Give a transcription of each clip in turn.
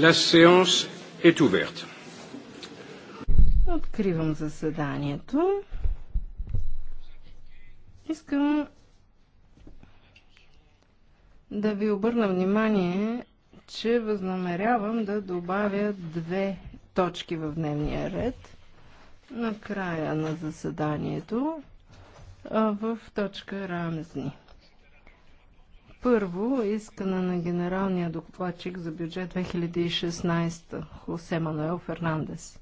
La séance est ouverte. Откривам заседанието. Искам да ви обърна внимание, че възнамерявам да добавя две точки в дневния ред на края на заседанието в точка Рамезни. Първо, искане на генералния докладчик за бюджет 2016 Хосе Мануел Фернандес.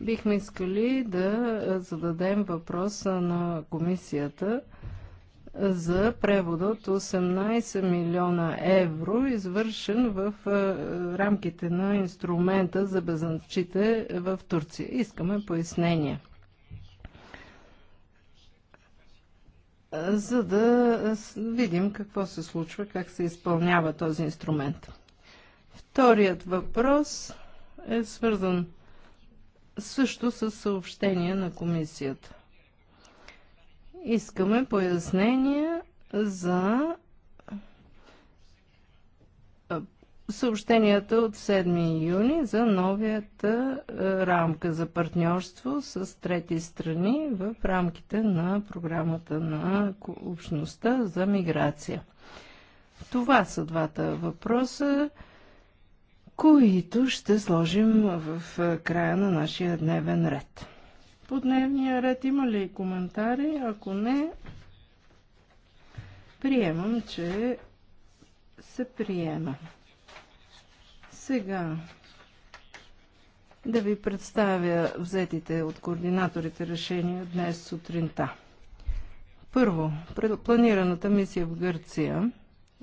Бихме искали да зададем въпроса на комисията за превода от 18 милиона евро, извършен в е, рамките на инструмента за безначите в Турция. Искаме пояснение. за да видим какво се случва, как се изпълнява този инструмент. Вторият въпрос е свързан също с съобщение на комисията. Искаме пояснение за съобщенията от 7 юни за новията е, рамка за партньорство с трети страни в рамките на програмата на общността за миграция. Това са двата въпроса, които ще сложим в е, края на нашия дневен ред. По дневния ред има ли коментари? Ако не, приемам, че се приема. Сега да ви представя взетите от координаторите решения днес сутринта. Първо, планираната мисия в Гърция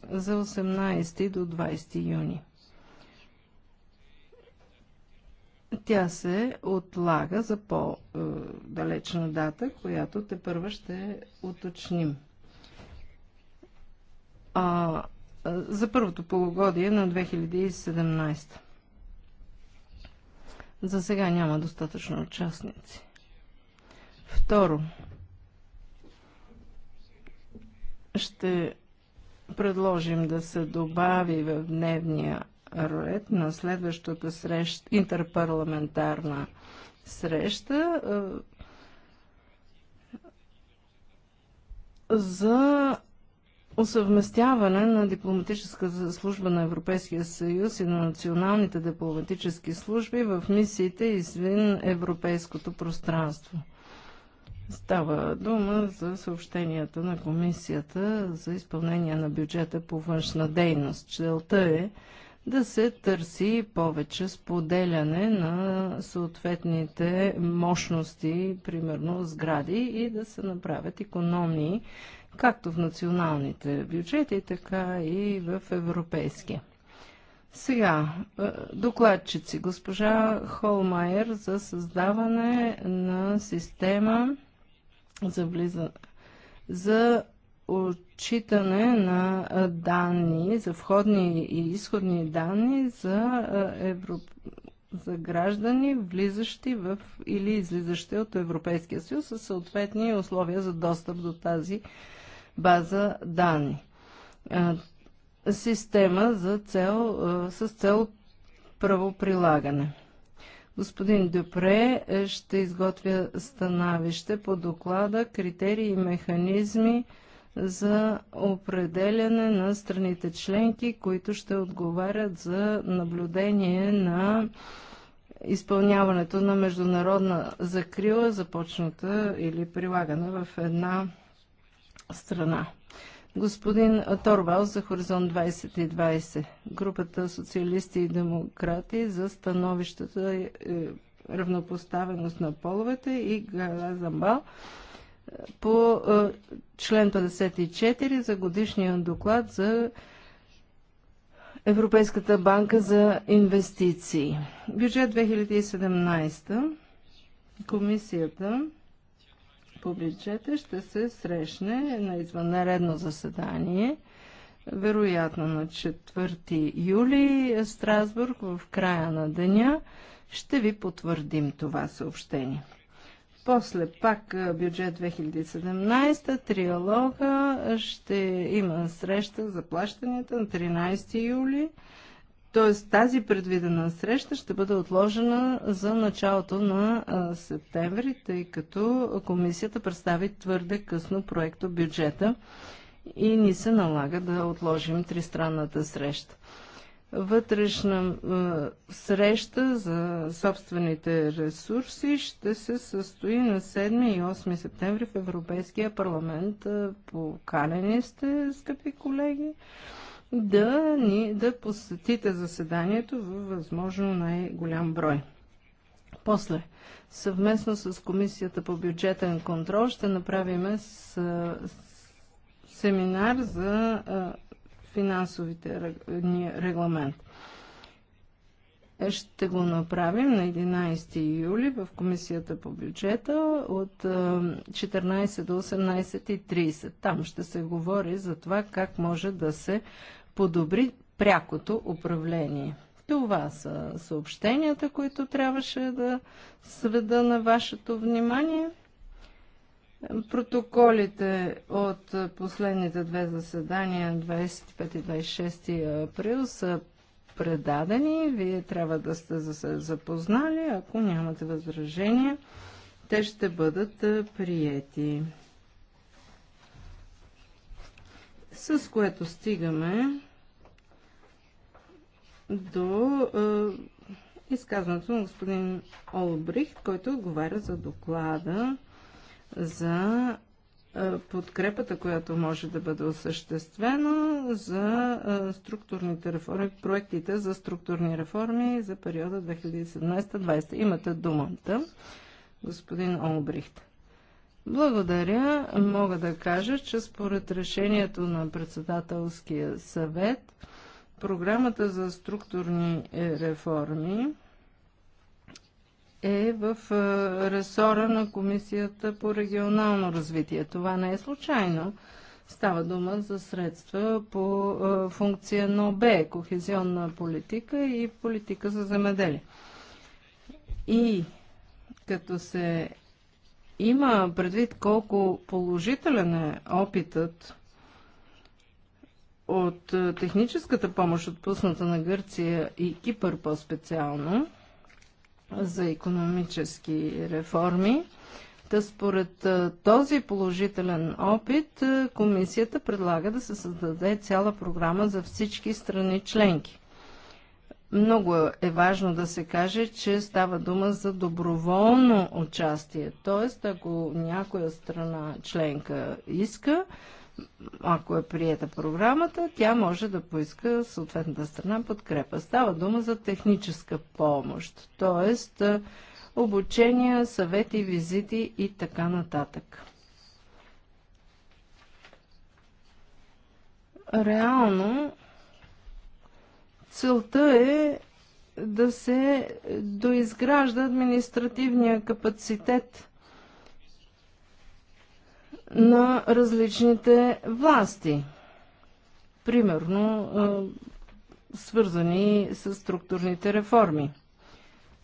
за 18 до 20 юни. Тя се отлага за по-далечна дата, която те първа ще уточним. А за първото полугодие на 2017. За сега няма достатъчно участници. Второ, ще предложим да се добави в дневния ред на следващата среща, интерпарламентарна среща за Осъвместяване на дипломатическа служба на Европейския съюз и на националните дипломатически служби в мисиите извън европейското пространство. Става дума за съобщенията на комисията за изпълнение на бюджета по външна дейност. Челта е да се търси повече споделяне на съответните мощности, примерно сгради, и да се направят економии както в националните бюджети, така и в европейския. Сега, е, докладчици, госпожа Холмайер за създаване на система за, влиза... за отчитане на данни, за входни и изходни данни за, е, евро... за граждани, влизащи в или излизащи от Европейския съюз, със съответни условия за достъп до тази база данни. Система за цел, с цел правоприлагане. Господин Дюпре е, ще изготвя становище по доклада критерии и механизми за определяне на страните членки, които ще отговарят за наблюдение на изпълняването на международна закрила, започната или прилагана в една страна. Господин Торвал за Хоризонт 2020, групата социалисти и демократи за становищата и е, равнопоставеност на половете и Гала Замбал е, по е, член 54 за годишния доклад за Европейската банка за инвестиции. Бюджет 2017. Комисията по бюджета ще се срещне на извънредно заседание, вероятно на 4 юли Страсбург в края на деня. Ще ви потвърдим това съобщение. После пак бюджет 2017, триалога, ще има среща за плащанията на 13 юли. Тоест тази предвидена среща ще бъде отложена за началото на септември, тъй като комисията представи твърде късно проекто бюджета и ни се налага да отложим тристранната среща. Вътрешна среща за собствените ресурси ще се състои на 7 и 8 септември в Европейския парламент. Поканени сте, скъпи колеги да, ни, да посетите заседанието във възможно най-голям брой. После, съвместно с Комисията по бюджетен контрол ще направим с, семинар за финансовите регламент. Е, ще го направим на 11 юли в Комисията по бюджета от 14 до 18.30. Там ще се говори за това как може да се подобри прякото управление. Това са съобщенията, които трябваше да сведа на вашето внимание. Протоколите от последните две заседания, 25 и 26 април, са предадени. Вие трябва да сте запознали. Ако нямате възражения, те ще бъдат е, приети. С което стигаме до е, изказването на господин Олбрихт, който отговаря за доклада за е, подкрепата, която може да бъде осъществена за е, структурните реформи, проектите за структурни реформи за периода 2017-2020. Имате думата, господин Олбрихт. Благодаря. Мога да кажа, че според решението на председателския съвет – Програмата за структурни е, реформи е в е, ресора на Комисията по регионално развитие. Това не е случайно. Става дума за средства по е, функция на б кохезионна политика и политика за земеделие. И като се има предвид колко положителен е опитът от е, техническата помощ, отпусната на Гърция и Кипър по-специално, за економически реформи. Та според е, този положителен опит, е, комисията предлага да се създаде цяла програма за всички страни членки. Много е важно да се каже, че става дума за доброволно участие. Тоест, ако някоя страна членка иска, ако е приета програмата, тя може да поиска съответната страна подкрепа. Става дума за техническа помощ, т.е. обучения, съвети, визити и така нататък. Реално целта е да се доизгражда административния капацитет – на различните власти. Примерно, свързани с структурните реформи.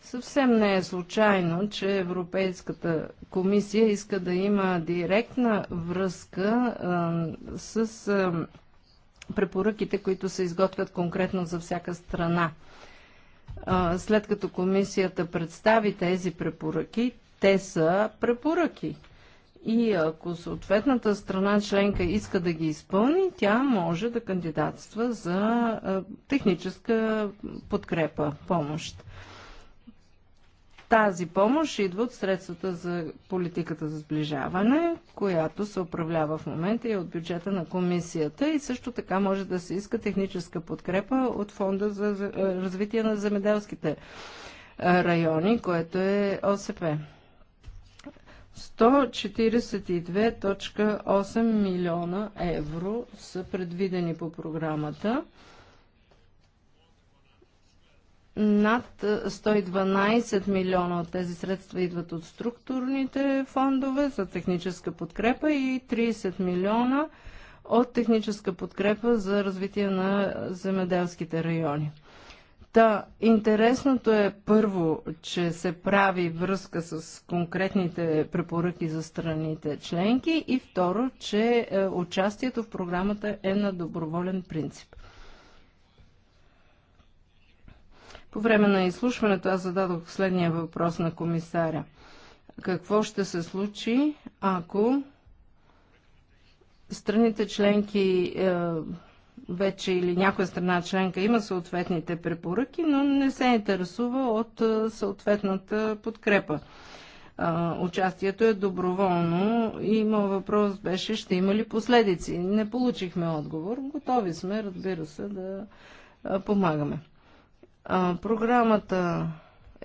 Съвсем не е случайно, че Европейската комисия иска да има директна връзка с препоръките, които се изготвят конкретно за всяка страна. след като комисията представи тези препоръки, те са препоръки. И ако съответната страна членка иска да ги изпълни, тя може да кандидатства за техническа подкрепа, помощ. Тази помощ идва от средствата за политиката за сближаване, която се управлява в момента и е от бюджета на комисията и също така може да се иска техническа подкрепа от фонда за развитие на земеделските райони, което е ОСП. 142.8 милиона евро са предвидени по програмата. Над 112 милиона от тези средства идват от структурните фондове за техническа подкрепа и 30 милиона от техническа подкрепа за развитие на земеделските райони. Та, интересното е първо, че се прави връзка с конкретните препоръки за страните членки и второ, че е, участието в програмата е на доброволен принцип. По време на изслушването аз зададох следния въпрос на комисаря. Какво ще се случи, ако страните членки е, вече или някоя страна членка има съответните препоръки, но не се интересува от съответната подкрепа. Участието е доброволно и моят въпрос беше, ще има ли последици? Не получихме отговор. Готови сме, разбира се, да помагаме. Програмата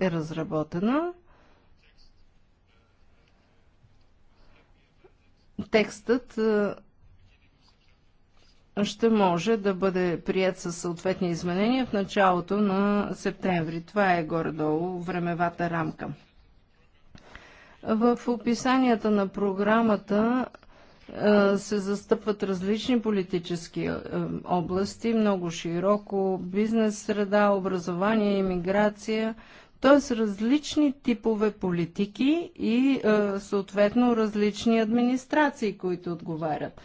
е разработена. Текстът ще може да бъде прият със съответни изменения в началото на септември. Това е горе-долу времевата рамка. В описанията на програмата е, се застъпват различни политически е, области, много широко, бизнес среда, образование, иммиграция, т.е. различни типове политики и е, съответно различни администрации, които отговарят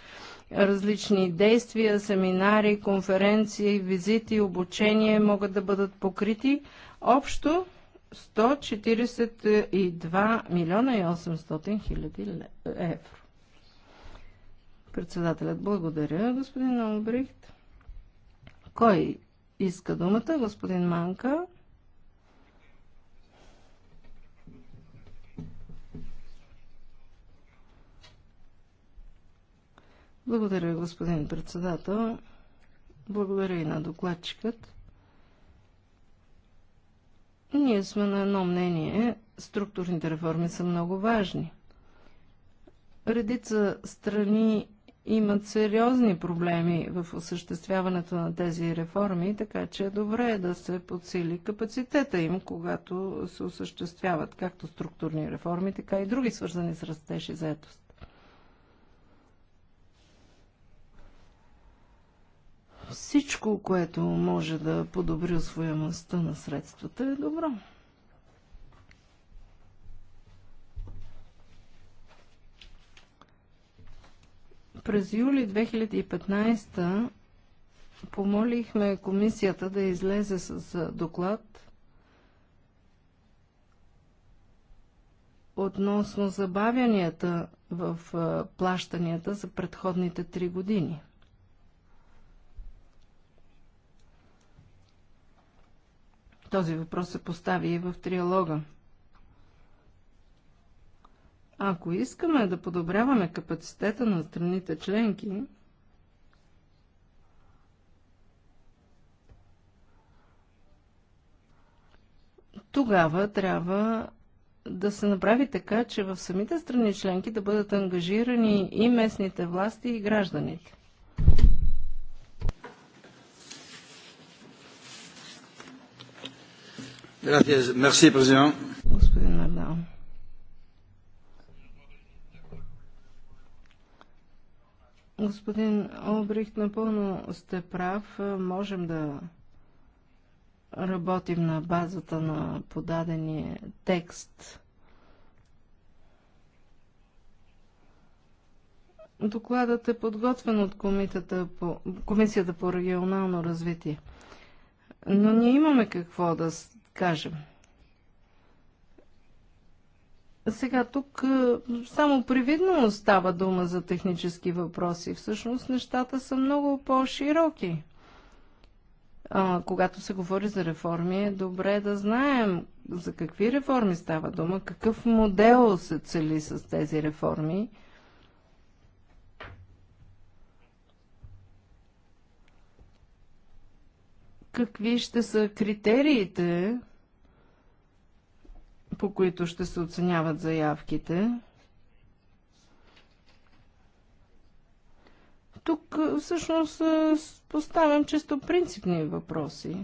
различни действия, семинари, конференции, визити, обучение могат да бъдат покрити. Общо 142 милиона и 800 хиляди евро. Председателят благодаря, господин Албрихт. Кой иска думата? Господин Манка. Благодаря, господин председател. Благодаря и на докладчикът. Ние сме на едно мнение. Структурните реформи са много важни. Редица страни имат сериозни проблеми в осъществяването на тези реформи, така че е добре да се подсили капацитета им, когато се осъществяват както структурни реформи, така и други свързани с растеж и заетост. Всичко, което може да подобри освоемостта на средствата е добро. През юли 2015 помолихме комисията да излезе с доклад относно забавянията в плащанията за предходните три години. Този въпрос се постави и в триалога. Ако искаме да подобряваме капацитета на страните членки, тогава трябва да се направи така, че в самите страни членки да бъдат ангажирани и местните власти, и гражданите. Господин Ардал. Господин Обрихт, напълно сте прав. Можем да работим на базата на подадения текст. Докладът е подготвен от по, Комисията по регионално развитие. Но ние имаме какво да кажем. Сега тук е, само привидно става дума за технически въпроси. Всъщност нещата са много по-широки. когато се говори за реформи, е добре да знаем за какви реформи става дума, какъв модел се цели с тези реформи какви ще са критериите, по които ще се оценяват заявките. Тук всъщност поставям чисто принципни въпроси.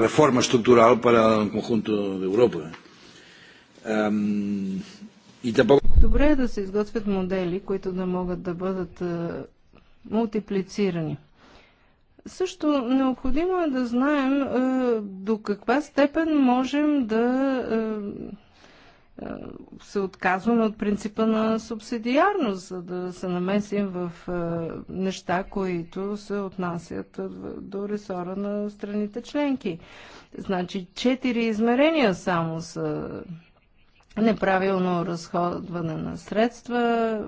Реформа структурал para el conjunto de Europa. Добре е да се изготвят модели, които да могат да бъдат мултиплицирани. Също необходимо е да знаем а, до каква степен можем да а, се отказваме от принципа на субсидиарност, за да се намесим в неща, които се отнасят до ресора на страните членки. Значи, четири измерения само са неправилно разходване на средства,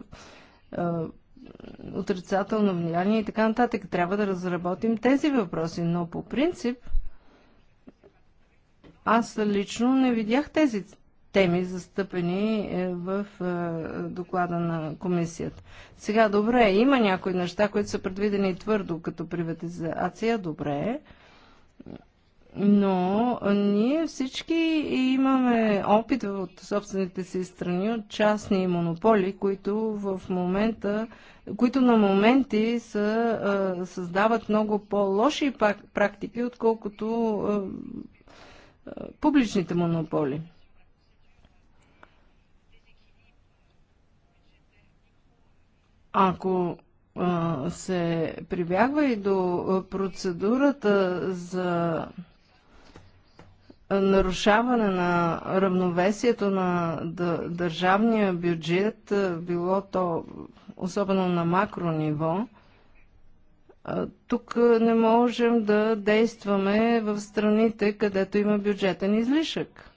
отрицателно влияние и така нататък. Трябва да разработим тези въпроси, но по принцип аз лично не видях тези теми застъпени е, в е, доклада на комисията. Сега, добре, има някои неща, които са предвидени твърдо като приватизация, добре но ние всички имаме опит от собствените си страни, от частни монополи, които в момента, които на моменти са, създават много по-лоши практики, отколкото публичните монополи. Ако се прибягва и до процедурата за нарушаване на равновесието на държавния бюджет, било то особено на макро ниво, тук не можем да действаме в страните, където има бюджетен излишък.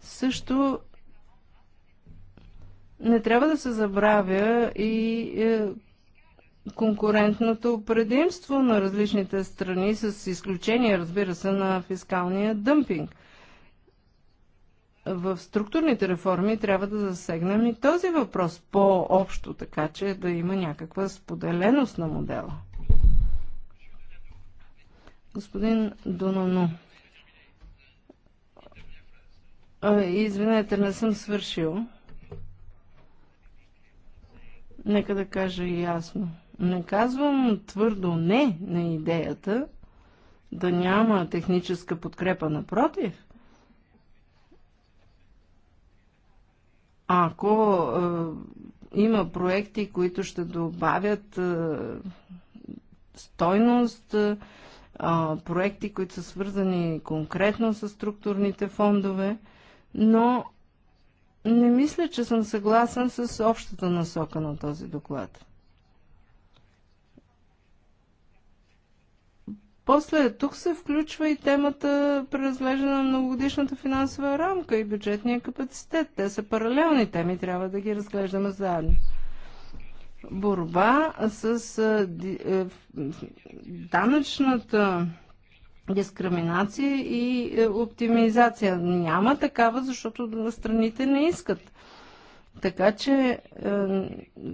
Също не трябва да се забравя и е, конкурентното предимство на различните страни, с изключение, разбира се, на фискалния дъмпинг. В структурните реформи трябва да засегнем и този въпрос по-общо, така че да има някаква споделеност на модела. Господин Донону, извинете, не съм свършил. Нека да кажа ясно. Не казвам твърдо не на идеята да няма техническа подкрепа, напротив. Ако е, има проекти, които ще добавят е, стойност, е, проекти, които са свързани конкретно с структурните фондове, но не мисля, че съм съгласен с общата насока на този доклад. После тук се включва и темата преразглеждане на многогодишната финансова рамка и бюджетния капацитет. Те са паралелни теми, трябва да ги разглеждаме заедно. Борба с данъчната дискриминация и оптимизация. Няма такава, защото страните не искат. Така че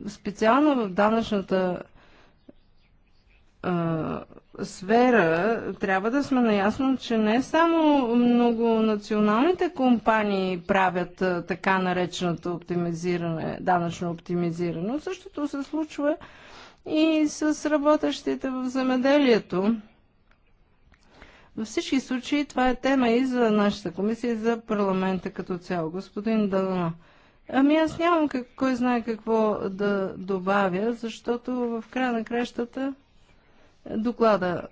специално в данъчната сфера трябва да сме наясно, че не само многонационалните компании правят така нареченото оптимизиране, данъчно оптимизиране. Същото се случва и с работещите в земеделието. Във всички случаи това е тема и за нашата комисия, и за парламента като цяло. Господин Дълно, ами аз нямам как, кой знае какво да добавя, защото в края на кращата Доклада,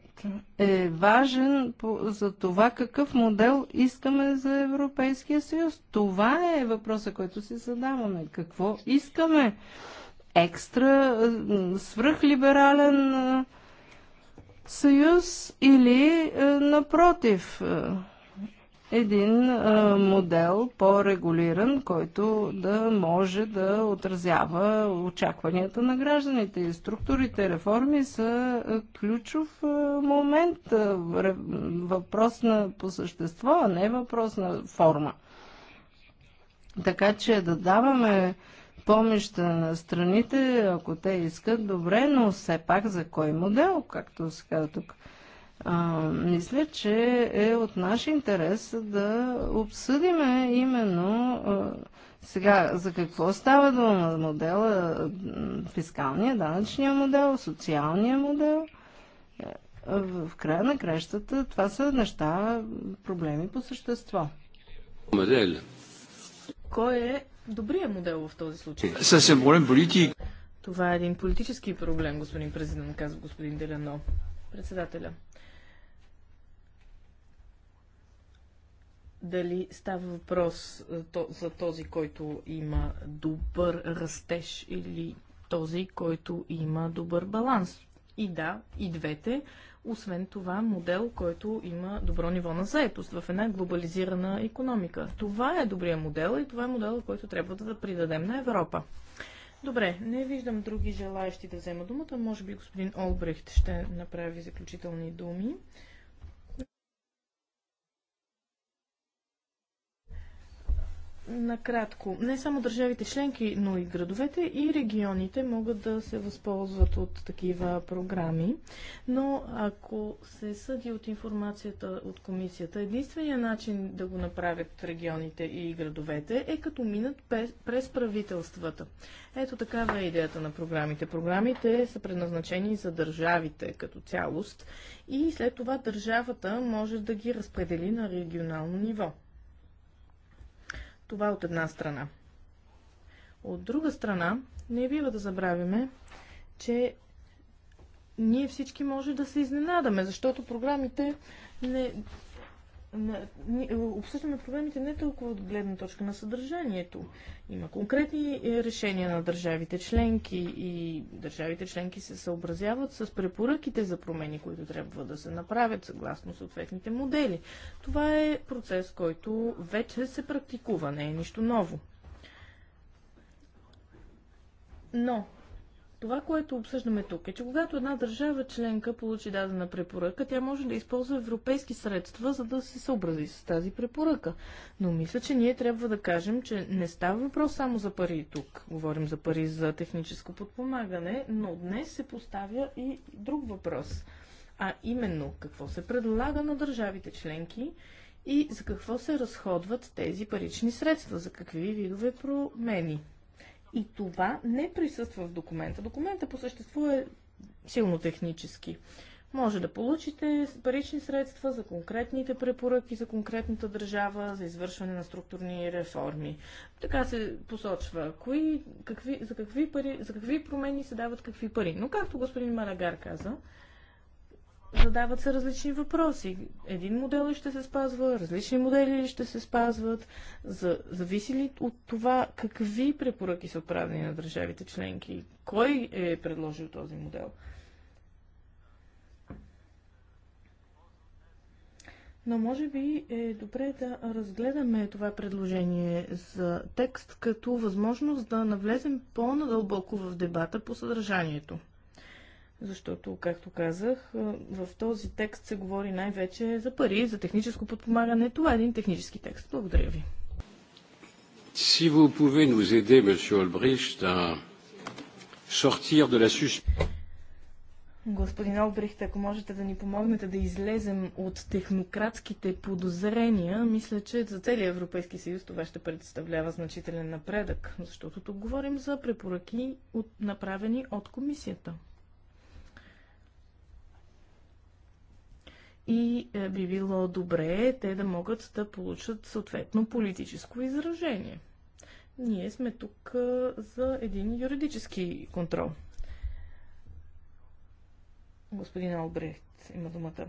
е важен за това какъв модел искаме за Европейския съюз. Това е въпроса, който си задаваме. Какво искаме? Екстра, свръхлиберален съюз или напротив? един а, модел по-регулиран, който да може да отразява очакванията на гражданите. И структурите реформи са ключов а, момент, въпрос на по същество, а не въпрос на форма. Така че да даваме помощ на страните, ако те искат, добре, но все пак за кой модел, както се казва тук. А, мисля, че е от наш интерес да обсъдиме именно а, сега за какво става дума модела, фискалния, данъчния модел, социалния модел. Е, в края на кращата това са неща, проблеми по същество. Модел. Кой е добрият модел в този случай? Съвсем болен политик. Това е един политически проблем, господин президент, казва господин Деляно. Председателя. дали става въпрос е, за този, който има добър растеж или този, който има добър баланс. И да, и двете. Освен това, модел, който има добро ниво на заетост в една глобализирана економика. Това е добрия модел и това е модел, който трябва да придадем на Европа. Добре, не виждам други желаящи да взема думата. Може би господин Олбрехт ще направи заключителни думи. накратко, не само държавите членки, но и градовете и регионите могат да се възползват от такива програми. Но ако се съди от информацията от комисията, единственият начин да го направят регионите и градовете е като минат през, през правителствата. Ето такава е идеята на програмите. Програмите са предназначени за държавите като цялост и след това държавата може да ги разпредели на регионално ниво. Това от една страна. От друга страна, не бива да забравяме, че ние всички може да се изненадаме, защото програмите не обсъждаме проблемите не толкова от гледна точка на съдържанието. Има конкретни е, решения на държавите членки и държавите членки се съобразяват с препоръките за промени, които трябва да се направят съгласно съответните модели. Това е процес, който вече се практикува, не е нищо ново. Но това, което обсъждаме тук е, че когато една държава членка получи дадена препоръка, тя може да използва европейски средства, за да се съобрази с тази препоръка. Но мисля, че ние трябва да кажем, че не става въпрос само за пари тук. Говорим за пари за техническо подпомагане, но днес се поставя и друг въпрос. А именно, какво се предлага на държавите членки и за какво се разходват тези парични средства, за какви видове промени. И това не присъства в документа. Документа по същество е силно технически. Може да получите парични средства за конкретните препоръки, за конкретната държава, за извършване на структурни реформи. Така се посочва кои, какви, за, какви пари, за какви промени се дават какви пари. Но както господин Малягар каза, задават се различни въпроси. Един модел ли ще се спазва, различни модели ли ще се спазват, за, зависи ли от това какви препоръки са отправени на държавите членки, кой е предложил този модел. Но може би е добре да разгледаме това предложение за текст като възможност да навлезем по-надълбоко в дебата по съдържанието защото, както казах, в този текст се говори най-вече за пари, за техническо подпомагане. Това е един технически текст. Благодаря ви. Si vous pouvez nous aider, monsieur à sortir de la Господин Олбрихт, ако можете да ни помогнете да излезем от технократските подозрения, мисля, че за целия Европейски съюз това ще представлява значителен напредък, защото тук говорим за препоръки, от, направени от комисията. и е, би било добре те да могат да получат съответно политическо изражение. Ние сме тук е, за един юридически контрол. Господин Албрехт има думата.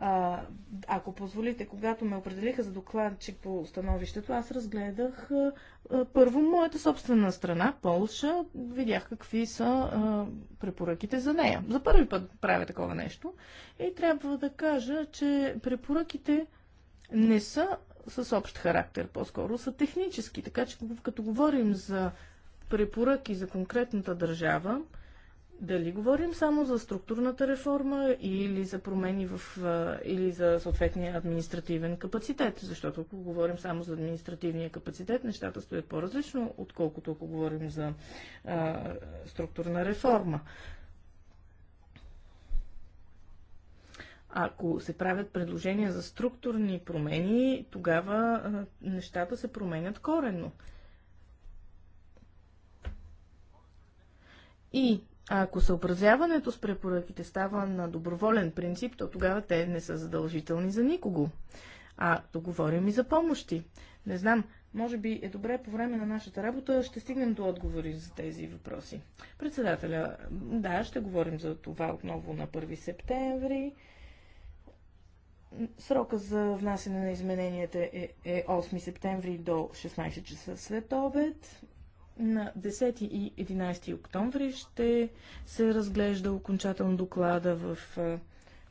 А, ако позволите, когато ме определиха за докладчик по становището, аз разгледах а, а, първо моята собствена страна, Полша, видях какви са а, препоръките за нея. За първи път правя такова нещо и трябва да кажа, че препоръките не са с общ характер, по-скоро са технически, така че като говорим за препоръки за конкретната държава, дали говорим само за структурната реформа или за промени в, или за съответния административен капацитет? Защото ако говорим само за административния капацитет, нещата стоят по-различно, отколкото ако говорим за а, структурна реформа. Ако се правят предложения за структурни промени, тогава а, нещата се променят коренно. И а ако съобразяването с препоръките става на доброволен принцип, то тогава те не са задължителни за никого. А то говорим и за помощи. Не знам, може би е добре по време на нашата работа ще стигнем до отговори за тези въпроси. Председателя, да, ще говорим за това отново на 1 септември. Срока за внасяне на измененията е, 8 е септември до 16 часа след обед. На 10 и 11 октомври ще се разглежда окончателно доклада в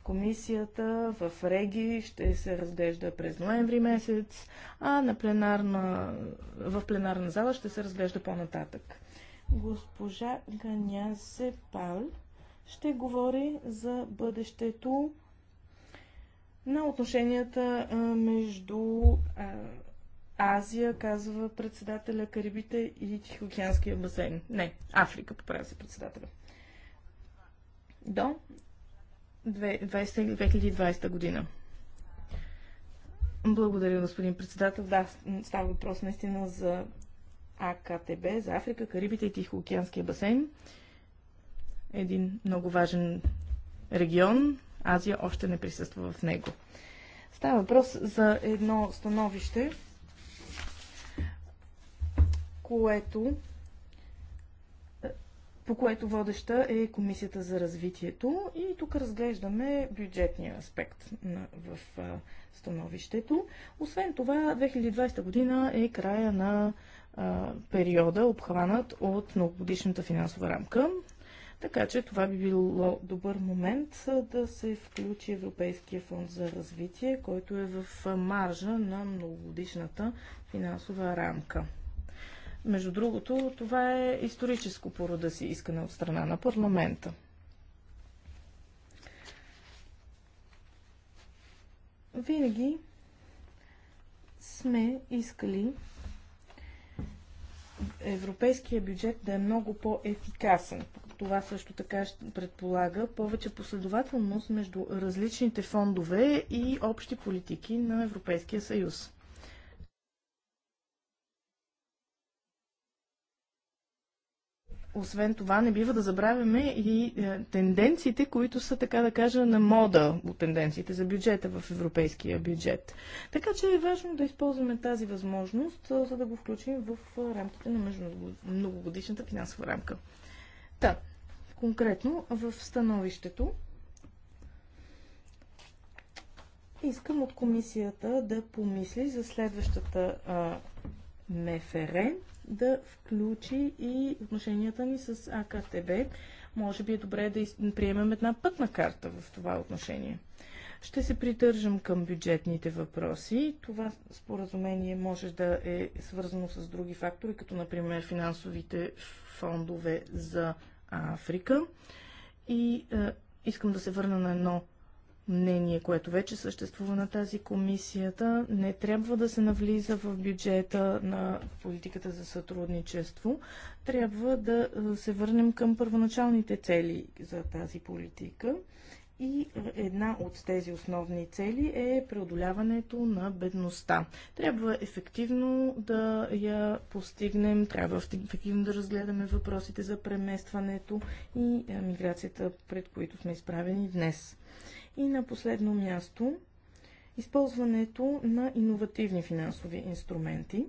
комисията, в Реги, ще се разглежда през ноември месец, а на пленарна, в пленарна зала ще се разглежда по-нататък. Госпожа Ганязе Пал ще говори за бъдещето на отношенията между Азия, казва председателя, Карибите и Тихоокеанския басейн. Не, Африка, поправя се председателя. До 2020 година. Благодаря, господин председател. Да, става въпрос наистина за АКТБ, за Африка, Карибите и Тихоокеанския басейн. Един много важен регион. Азия още не присъства в него. Става въпрос за едно становище, което, е, по което водеща е Комисията за развитието. И тук разглеждаме бюджетния аспект на, в а, становището. Освен това, 2020 година е края на а, периода, обхванат от многогодишната финансова рамка. Така че това би било добър момент да се включи Европейския фонд за развитие, който е в маржа на многогодишната финансова рамка. Между другото, това е историческо порода си искане от страна на парламента. Винаги сме искали европейския бюджет да е много по-ефикасен. Това също така предполага повече последователност между различните фондове и общи политики на Европейския съюз. Освен това, не бива да забравяме и е, тенденциите, които са, така да кажа, на мода от тенденциите за бюджета в европейския бюджет. Така че е важно да използваме тази възможност, е, за да го включим в е, рамките на многогодишната финансова рамка. Та, конкретно в становището искам от комисията да помисли за следващата МФР да включи и отношенията ни с АКТБ. Може би е добре да приемем една пътна карта в това отношение. Ще се придържам към бюджетните въпроси. Това споразумение може да е свързано с други фактори, като например финансовите фондове за Африка. И е, искам да се върна на едно мнение, което вече съществува на тази комисията. Не трябва да се навлиза в бюджета на политиката за сътрудничество. Трябва да се върнем към първоначалните цели за тази политика. И една от тези основни цели е преодоляването на бедността. Трябва ефективно да я постигнем, трябва ефективно да разгледаме въпросите за преместването и миграцията, пред които сме изправени днес. И на последно място, използването на иновативни финансови инструменти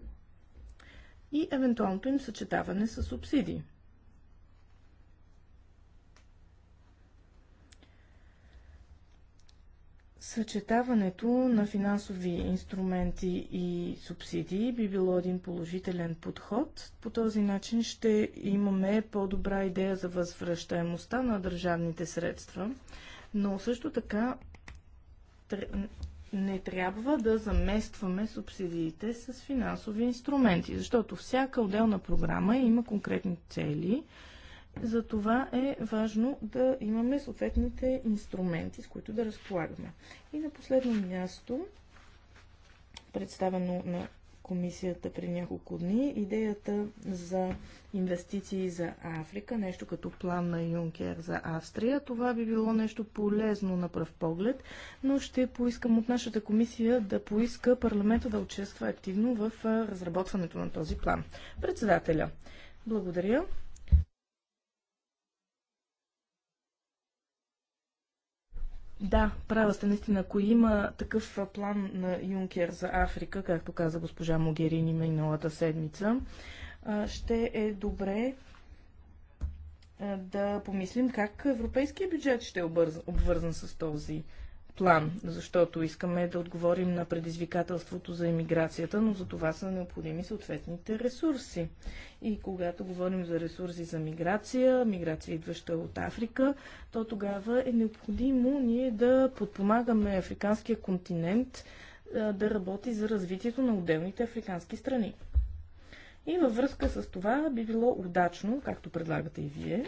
и евентуалното им съчетаване с субсидии. Съчетаването на финансови инструменти и субсидии би било един положителен подход. По този начин ще имаме по-добра идея за възвръщаемостта на държавните средства но също така не трябва да заместваме субсидиите с финансови инструменти, защото всяка отделна програма има конкретни цели. За това е важно да имаме съответните инструменти, с които да разполагаме. И на последно място, представено на комисията при няколко дни идеята за инвестиции за Африка, нещо като план на Юнкер за Австрия. Това би било нещо полезно на пръв поглед, но ще поискам от нашата комисия да поиска парламента да участва активно в разработването на този план. Председателя, благодаря. Да, права сте наистина. Ако има такъв план на Юнкер за Африка, както каза госпожа Могерини миналата седмица, ще е добре да помислим как европейския бюджет ще е обвързан с този план, защото искаме да отговорим на предизвикателството за иммиграцията, но за това са необходими съответните ресурси. И когато говорим за ресурси за миграция, миграция идваща от Африка, то тогава е необходимо ние да подпомагаме африканския континент да работи за развитието на отделните африкански страни. И във връзка с това би било удачно, както предлагате и вие,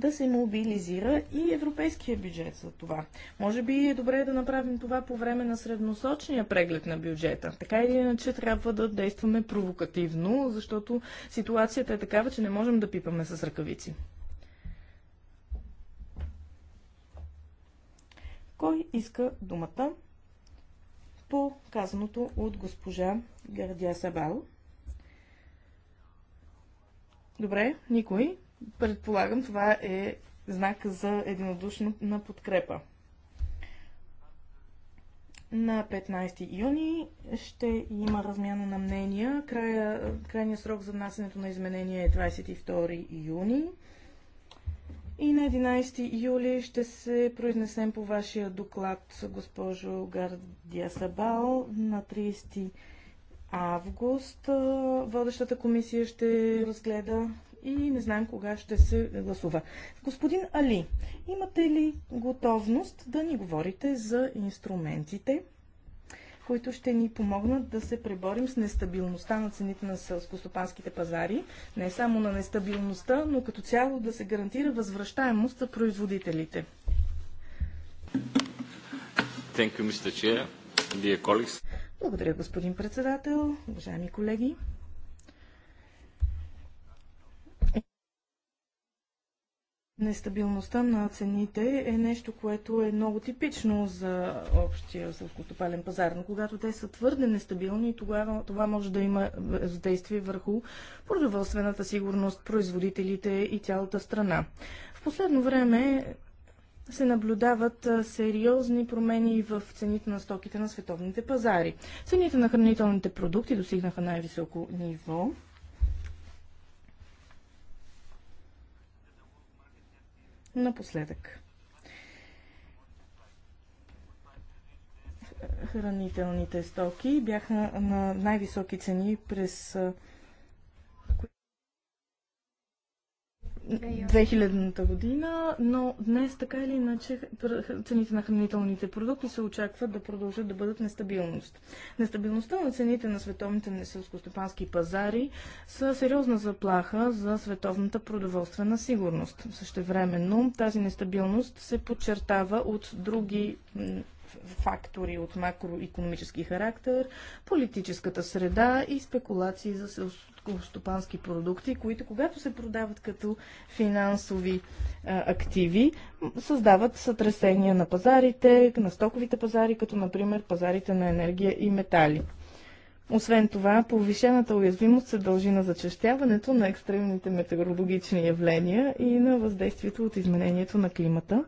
да се мобилизира и европейския бюджет за това. Може би е добре да направим това по време на средносочния преглед на бюджета. Така или иначе трябва да действаме провокативно, защото ситуацията е такава, че не можем да пипаме с ръкавици. Кой иска думата по казаното от госпожа Гардия Сабал? Добре, никой. Предполагам, това е знак за единодушна на подкрепа. На 15 юни ще има размяна на мнения. Края, крайният срок за внасянето на изменения е 22 юни. И на 11 юли ще се произнесем по вашия доклад, госпожо Гардия Сабал. На 30 август водещата комисия ще разгледа и не знаем кога ще се гласува. Господин Али, имате ли готовност да ни говорите за инструментите, които ще ни помогнат да се преборим с нестабилността на цените на селскостопанските пазари, не само на нестабилността, но като цяло да се гарантира възвръщаемост за производителите? Благодаря, господин председател, уважаеми колеги. Нестабилността на цените е нещо, което е много типично за общия селскостопален пазар, но когато те са твърде нестабилни, тогава това може да има въздействие върху продоволствената сигурност, производителите и цялата страна. В последно време се наблюдават сериозни промени в цените на стоките на световните пазари. Цените на хранителните продукти достигнаха най-високо ниво напоследък. Хранителните стоки бяха на най-високи цени през 2000-та година, но днес така или иначе цените на хранителните продукти се очакват да продължат да бъдат нестабилност. Нестабилността на цените на световните селскостопански пазари са сериозна заплаха за световната продоволствена сигурност. Същевременно тази нестабилност се подчертава от други фактори от макроекономически характер, политическата среда и спекулации за селскостопански продукти, които когато се продават като финансови а, активи, създават сътресения на пазарите, на стоковите пазари, като например пазарите на енергия и метали. Освен това, повишената уязвимост се дължи на зачастяването на екстремните метеорологични явления и на въздействието от изменението на климата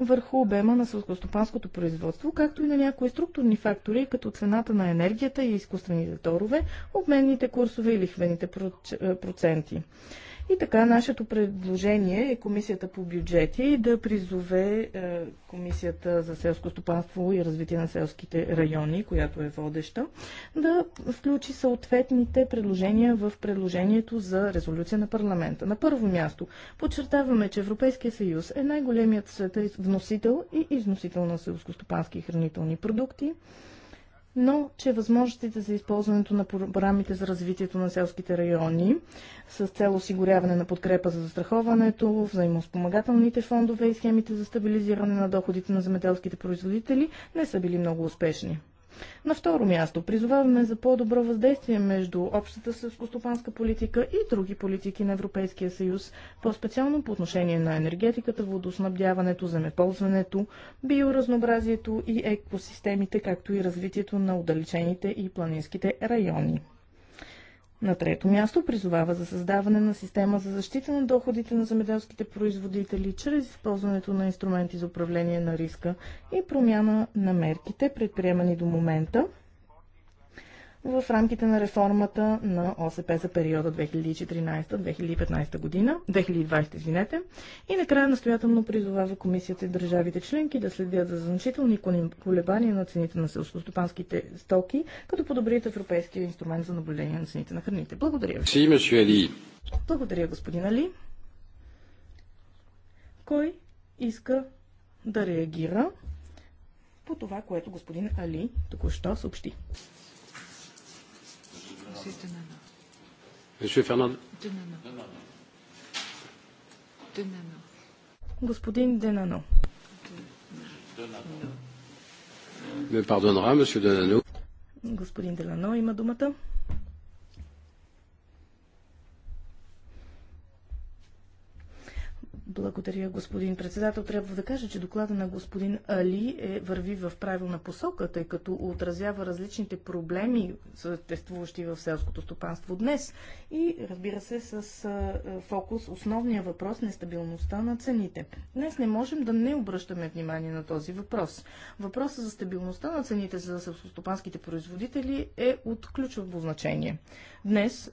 върху обема на сълскостопанското производство, както и на някои структурни фактори, като цената на енергията и изкуствените торове, обменните курсове и лихвените проценти. И така, нашето предложение е Комисията по бюджети да призове е, Комисията за селско стопанство и развитие на селските райони, която е водеща, да включи съответните предложения в предложението за резолюция на парламента. На първо място, подчертаваме, че Европейския съюз е най-големият вносител и износител на селскостопански и хранителни продукти но че възможностите за използването на програмите за развитието на селските райони с цел осигуряване на подкрепа за застраховането, взаимоспомагателните фондове и схемите за стабилизиране на доходите на земеделските производители не са били много успешни. На второ място, призоваваме за по-добро въздействие между общата селскостопанска политика и други политики на Европейския съюз, по-специално по отношение на енергетиката, водоснабдяването, земеползването, биоразнообразието и екосистемите, както и развитието на отдалечените и планинските райони. На трето място призовава за създаване на система за защита на доходите на земеделските производители чрез използването на инструменти за управление на риска и промяна на мерките, предприемани до момента, в рамките на реформата на ОСП за периода 2014-2015 година, 2020, извинете. И накрая настоятелно призовава комисията и държавите членки да следят за значителни колебания на цените на селскостопанските стоки, като подобрят Европейския инструмент за наблюдение на цените на храните. Благодаря ви. Sí, Благодаря, господин Али. Кой иска да реагира по това, което господин Али току-що съобщи? Monsieur Fernand. Денано. Господин Денано. Ме пардонера, Господин Делано има думата. Благодаря, господин председател. Трябва да кажа, че доклада на господин Али е, върви в правилна посока, тъй като отразява различните проблеми, съществуващи в селското стопанство днес. И, разбира се, с фокус основния въпрос – нестабилността на цените. Днес не можем да не обръщаме внимание на този въпрос. Въпросът за стабилността на цените за селскостопанските производители е от ключово значение. Днес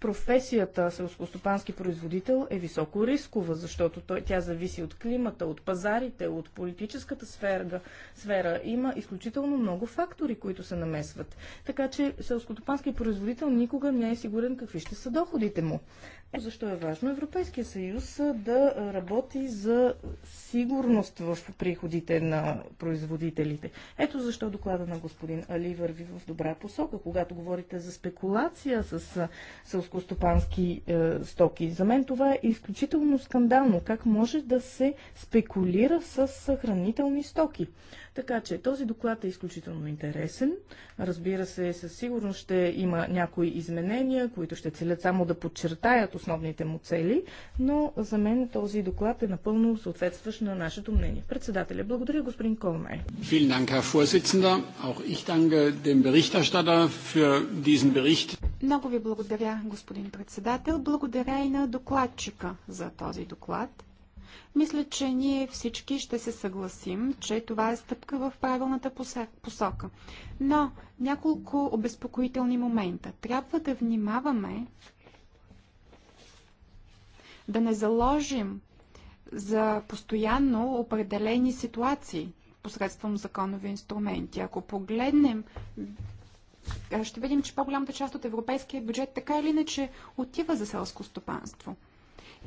професията селскостопански производител е високо рискова, защото той, тя зависи от климата, от пазарите, от политическата сфера, сфера. Има изключително много фактори, които се намесват. Така че селскостопански производител никога не е сигурен какви ще са доходите му. Защо е важно Европейския съюз да работи за сигурност в приходите на производителите? Ето защо доклада на господин Али върви в добра посока. Когато говорите за спекулация с селско-стопански е, стоки. За мен това е изключително скандално. Как може да се спекулира с хранителни стоки? Така че този доклад е изключително интересен. Разбира се, със сигурност ще има някои изменения, които ще целят само да подчертаят основните му цели, но за мен този доклад е напълно съответстващ на нашето мнение. Председателя, благодаря господин Колмай. Много ви благодаря, господин председател. Благодаря и на докладчика за този доклад. Мисля, че ние всички ще се съгласим, че това е стъпка в правилната посока. Но няколко обезпокоителни момента. Трябва да внимаваме да не заложим за постоянно определени ситуации посредством законови инструменти. Ако погледнем ще видим, че по-голямата част от европейския бюджет така или иначе отива за селско стопанство.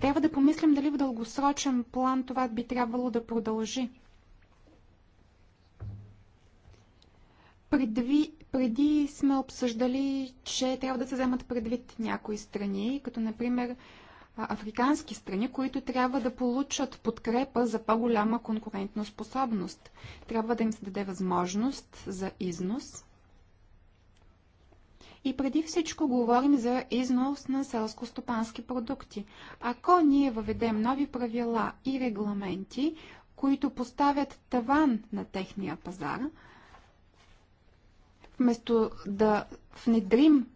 Трябва да помислим дали в дългосрочен план това би трябвало да продължи. Предви, преди сме обсъждали, че трябва да се вземат предвид някои страни, като например африкански страни, които трябва да получат подкрепа за по-голяма конкурентна способност. Трябва да им се даде възможност за износ и преди всичко говорим за износ на селско-стопански продукти. Ако ние въведем нови правила и регламенти, които поставят таван на техния пазар, вместо да внедрим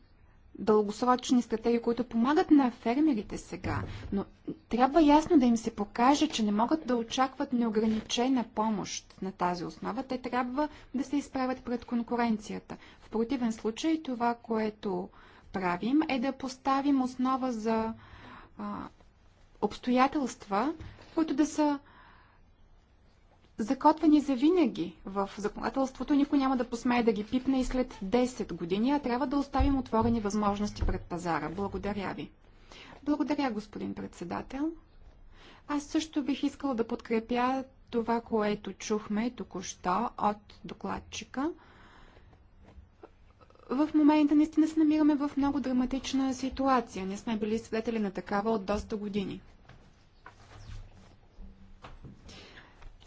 дългосрочни стратегии, които помагат на фермерите сега, но трябва ясно да им се покаже, че не могат да очакват неограничена помощ на тази основа. Те трябва да се изправят пред конкуренцията противен случай това, което правим, е да поставим основа за а, обстоятелства, които да са закотвани за винаги в законодателството. Никой няма да посмее да ги пипне и след 10 години, а трябва да оставим отворени възможности пред пазара. Благодаря ви. Благодаря, господин председател. Аз също бих искала да подкрепя това, което чухме току-що от докладчика – в момента наистина се намираме в много драматична ситуация. Ние сме били свидетели на такава от доста години.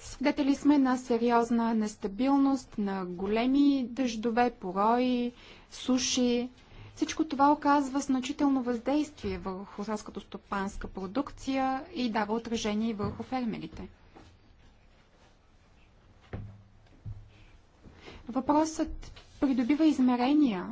Свидетели сме на сериозна нестабилност, на големи дъждове, порои, суши. Всичко това оказва значително въздействие върху селското стопанска продукция и дава отражение върху фермерите. Въпросът придобива измерения,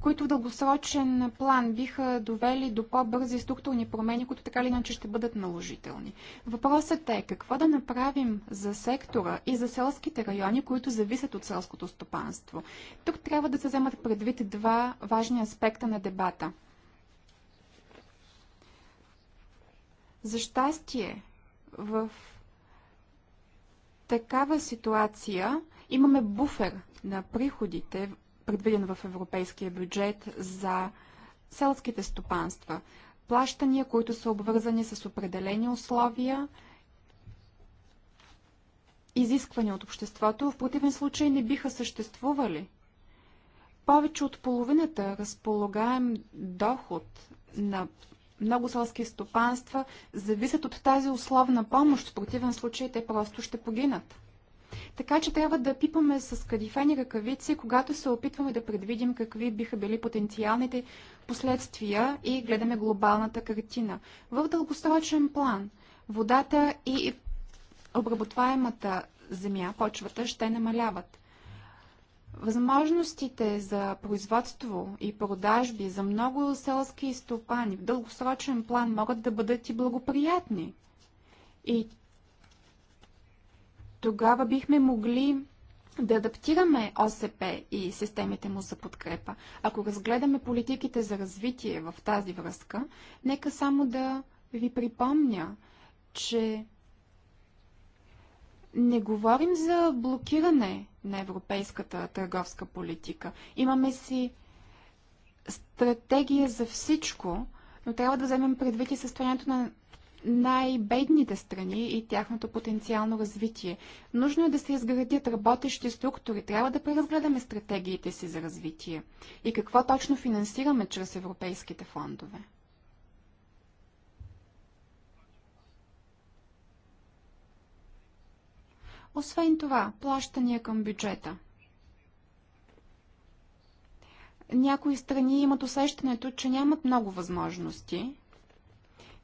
които в дългосрочен план биха довели до по-бързи структурни промени, които така или иначе ще бъдат наложителни. Въпросът е какво да направим за сектора и за селските райони, които зависят от селското стопанство. Тук трябва да се вземат предвид два важни аспекта на дебата. За щастие, в такава ситуация Имаме буфер на приходите, предвиден в европейския бюджет за селските стопанства. Плащания, които са обвързани с определени условия, изисквания от обществото, в противен случай не биха съществували. Повече от половината разполагаем доход на много селски стопанства зависят от тази условна помощ. В противен случай те просто ще погинат. Така че трябва да пипаме с кадифени ръкавици, когато се опитваме да предвидим какви биха били потенциалните последствия и гледаме глобалната картина. В дългосрочен план водата и обработваемата земя, почвата, ще намаляват. Възможностите за производство и продажби за много селски стопани в дългосрочен план могат да бъдат и благоприятни. И тогава бихме могли да адаптираме ОСП и системите му за подкрепа. Ако разгледаме политиките за развитие в тази връзка, нека само да ви припомня, че не говорим за блокиране на европейската търговска политика. Имаме си стратегия за всичко, но трябва да вземем предвид и състоянието на най-бедните страни и тяхното потенциално развитие. Нужно е да се изградят работещи структури. Трябва да преразгледаме стратегиите си за развитие. И какво точно финансираме чрез европейските фондове? Освен това, плащания към бюджета. Някои страни имат усещането, че нямат много възможности.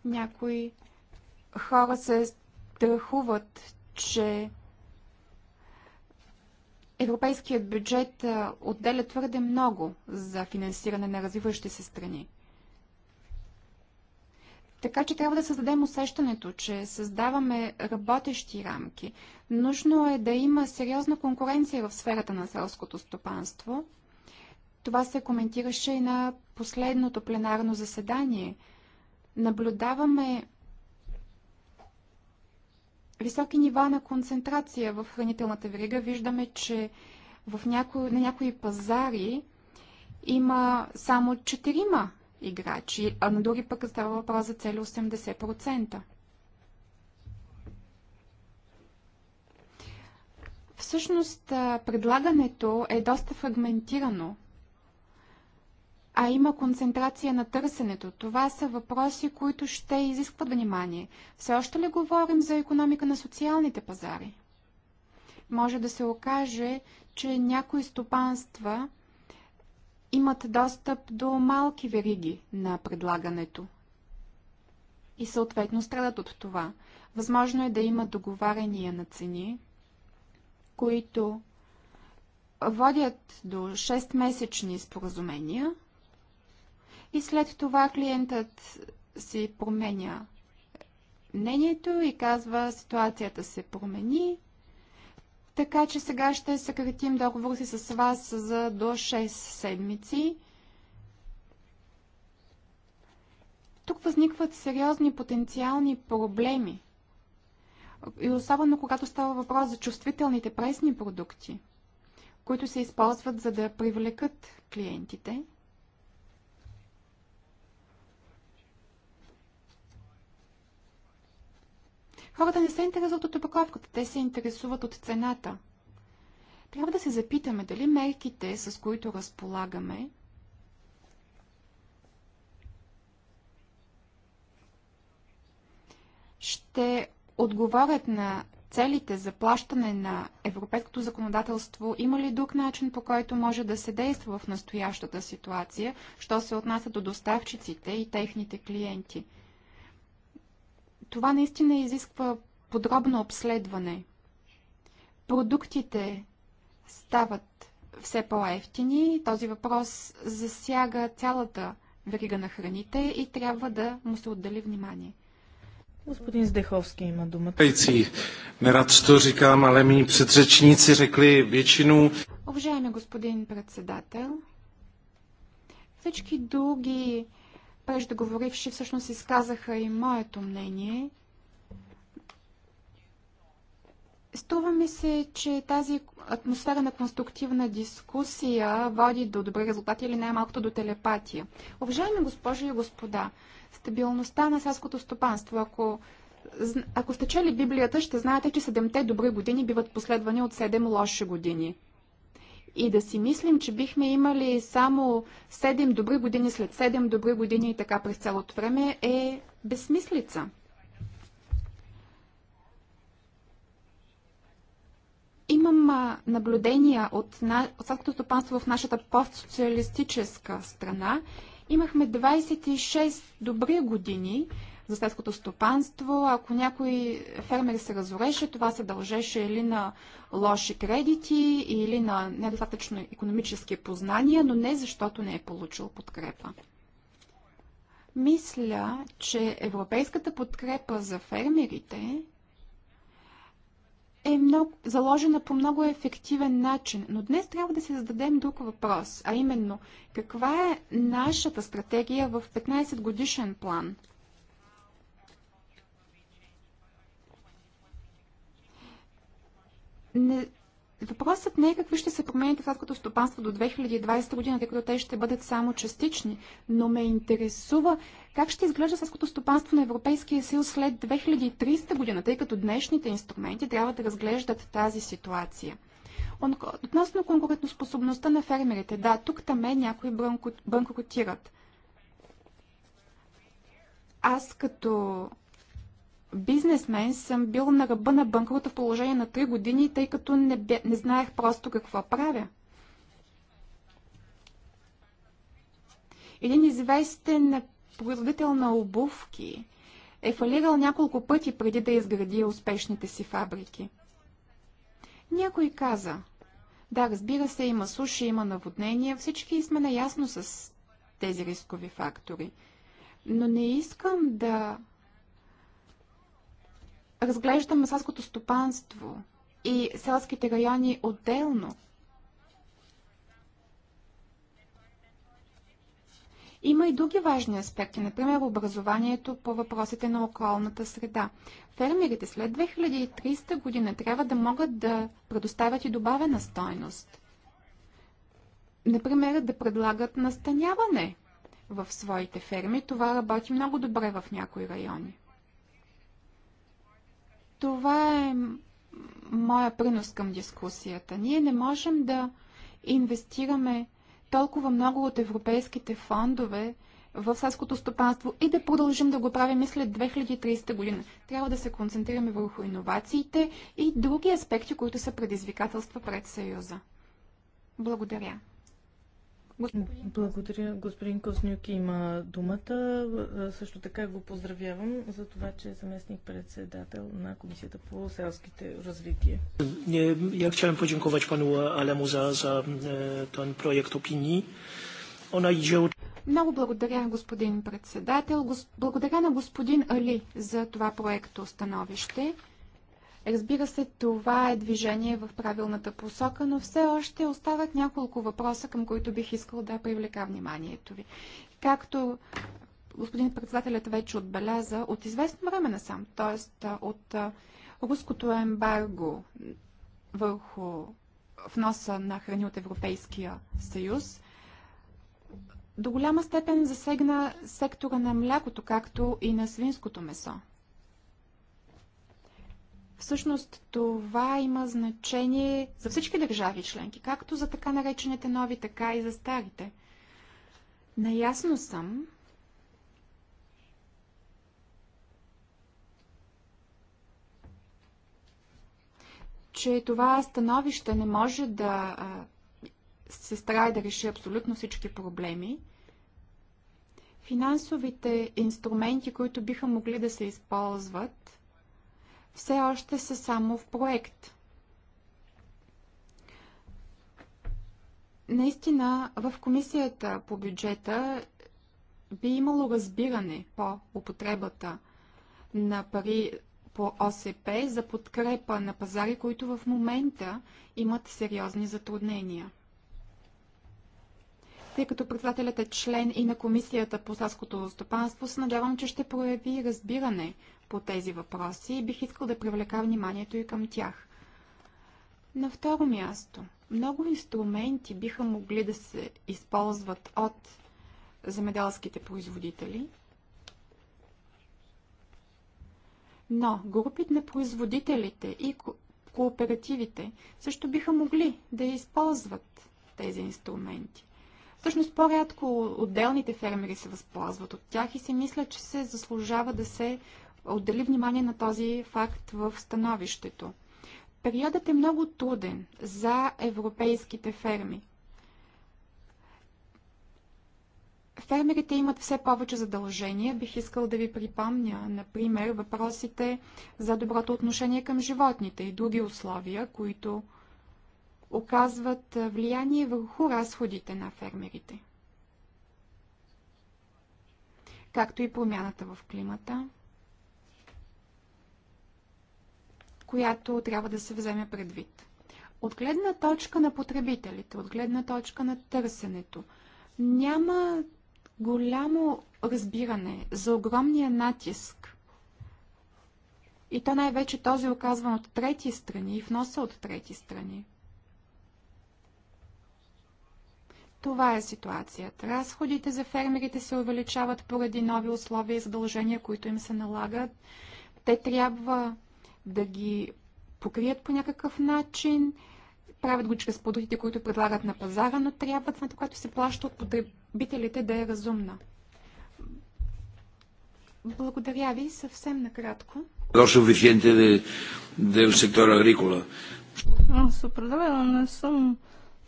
Някои хора се страхуват, че европейският бюджет отделя твърде много за финансиране на развиващи се страни. Така че трябва да създадем усещането, че създаваме работещи рамки. Нужно е да има сериозна конкуренция в сферата на селското стопанство. Това се коментираше и на последното пленарно заседание. Наблюдаваме високи нива на концентрация в хранителната верига. Виждаме, че в няко... на някои пазари има само 4 играчи, а на други пък става въпрос за цели 80%. Всъщност, предлагането е доста фрагментирано а има концентрация на търсенето. Това са въпроси, които ще изискват внимание. Все още ли говорим за економика на социалните пазари? Може да се окаже, че някои стопанства имат достъп до малки вериги на предлагането и съответно страдат от това. Възможно е да има договарения на цени, които водят до 6-месечни споразумения – и след това клиентът си променя мнението и казва ситуацията се промени, така че сега ще съкратим договор си с вас за до 6 седмици. Тук възникват сериозни потенциални проблеми. И особено когато става въпрос за чувствителните пресни продукти, които се използват за да привлекат клиентите – Хората не се интересуват от опаковката, те се интересуват от цената. Трябва да се запитаме дали мерките, с които разполагаме, ще отговорят на целите за плащане на европейското законодателство, има ли друг начин по който може да се действа в настоящата ситуация, що се отнася до доставчиците и техните клиенти? Това наистина изисква подробно обследване. Продуктите стават все по-ефтини. Този въпрос засяга цялата верига на храните и трябва да му се отдели внимание. Господин Здеховски има думата. Nerad to říkám, але mý předřečníci рекли většinu. Уважаеми господин председател, всички други преждеговоривши всъщност изказаха и моето мнение. Струва ми се, че тази атмосфера на конструктивна дискусия води до добри резултати или най-малкото до телепатия. Уважаеми госпожи и господа, стабилността на селското стопанство, ако, ако сте чели Библията, ще знаете, че седемте добри години биват последвани от седем лоши години и да си мислим, че бихме имали само 7 добри години след 7 добри години и така през цялото време е безсмислица. Имам наблюдения от, на... стопанство в нашата постсоциалистическа страна. Имахме 26 добри години за селското стопанство. Ако някой фермер се разореше, това се дължеше или на лоши кредити, или на недостатъчно економически познания, но не защото не е получил подкрепа. Мисля, че европейската подкрепа за фермерите е много, заложена по много ефективен начин. Но днес трябва да си зададем друг въпрос, а именно каква е нашата стратегия в 15 годишен план? не, Въпросът не е какви ще се променят в стопанство до 2020 година, тъй като те ще бъдат само частични, но ме интересува как ще изглежда селското стопанство на Европейския съюз след 2300 година, тъй като днешните инструменти трябва да разглеждат тази ситуация. Относно конкурентоспособността на фермерите, да, тук е някои банкротират. Аз като бизнесмен съм бил на ръба на банкрота в положение на 3 години, тъй като не, бе, не знаех просто какво правя. Един известен производител на обувки е фалирал няколко пъти преди да изгради успешните си фабрики. Някой каза, да, разбира се, има суши, има наводнения, всички сме наясно с тези рискови фактори. Но не искам да разглеждаме селското стопанство и селските райони отделно, Има и други важни аспекти, например образованието по въпросите на околната среда. Фермерите след 2300 година трябва да могат да предоставят и добавена стойност. Например, да предлагат настаняване в своите ферми. Това работи много добре в някои райони. Това е моя принос към дискусията. Ние не можем да инвестираме толкова много от европейските фондове в селското стопанство и да продължим да го правим след 2030 година. Трябва да се концентрираме върху иновациите и други аспекти, които са предизвикателства пред Съюза. Благодаря. Благодаря. Господин Коснюк има думата. Също така го поздравявам за това, че е заместник председател на Комисията по селските развитие. Я chciałem podziękować пану Алему за, за ten проект opinii. Она idzie от... Много благодаря, господин председател. Благодаря на господин Али за това проекто становище. Разбира се, това е движение в правилната посока, но все още остават няколко въпроса, към които бих искал да привлека вниманието ви. Както господин председателят вече отбеляза, от известно време насам, т.е. от руското ембарго върху вноса на храни от Европейския съюз, до голяма степен засегна сектора на млякото, както и на свинското месо. Всъщност това има значение за всички държави членки, както за така наречените нови, така и за старите. Наясно съм, че това становище не може да се старае да реши абсолютно всички проблеми. Финансовите инструменти, които биха могли да се използват, все още са само в проект. Наистина, в комисията по бюджета би имало разбиране по употребата на пари по ОСП за подкрепа на пазари, които в момента имат сериозни затруднения. Тъй като председателят е член и на Комисията по селското стопанство, се надявам, че ще прояви разбиране по тези въпроси и бих искал да привлека вниманието и към тях. На второ място, много инструменти биха могли да се използват от земеделските производители, но групите на производителите и кооперативите също биха могли да използват тези инструменти. Всъщност по-рядко отделните фермери се възползват от тях и си мисля, че се заслужава да се отдели внимание на този факт в становището. Периодът е много труден за европейските ферми. Фермерите имат все повече задължения. Бих искал да ви припомня, например, въпросите за доброто отношение към животните и други условия, които оказват влияние върху разходите на фермерите. Както и промяната в климата. която трябва да се вземе предвид. От гледна точка на потребителите, от гледна точка на търсенето, няма голямо разбиране за огромния натиск. И то най-вече този оказван от трети страни и вноса от трети страни. Това е ситуацията. Разходите за фермерите се увеличават поради нови условия и задължения, които им се налагат. Те трябва да ги покрият по някакъв начин, правят го чрез продуктите, които предлагат на пазара, но трябва цената, която се плаща от потребителите, да е разумна. Благодаря ви съвсем накратко. е в сектора Рикола. Аз определено не съм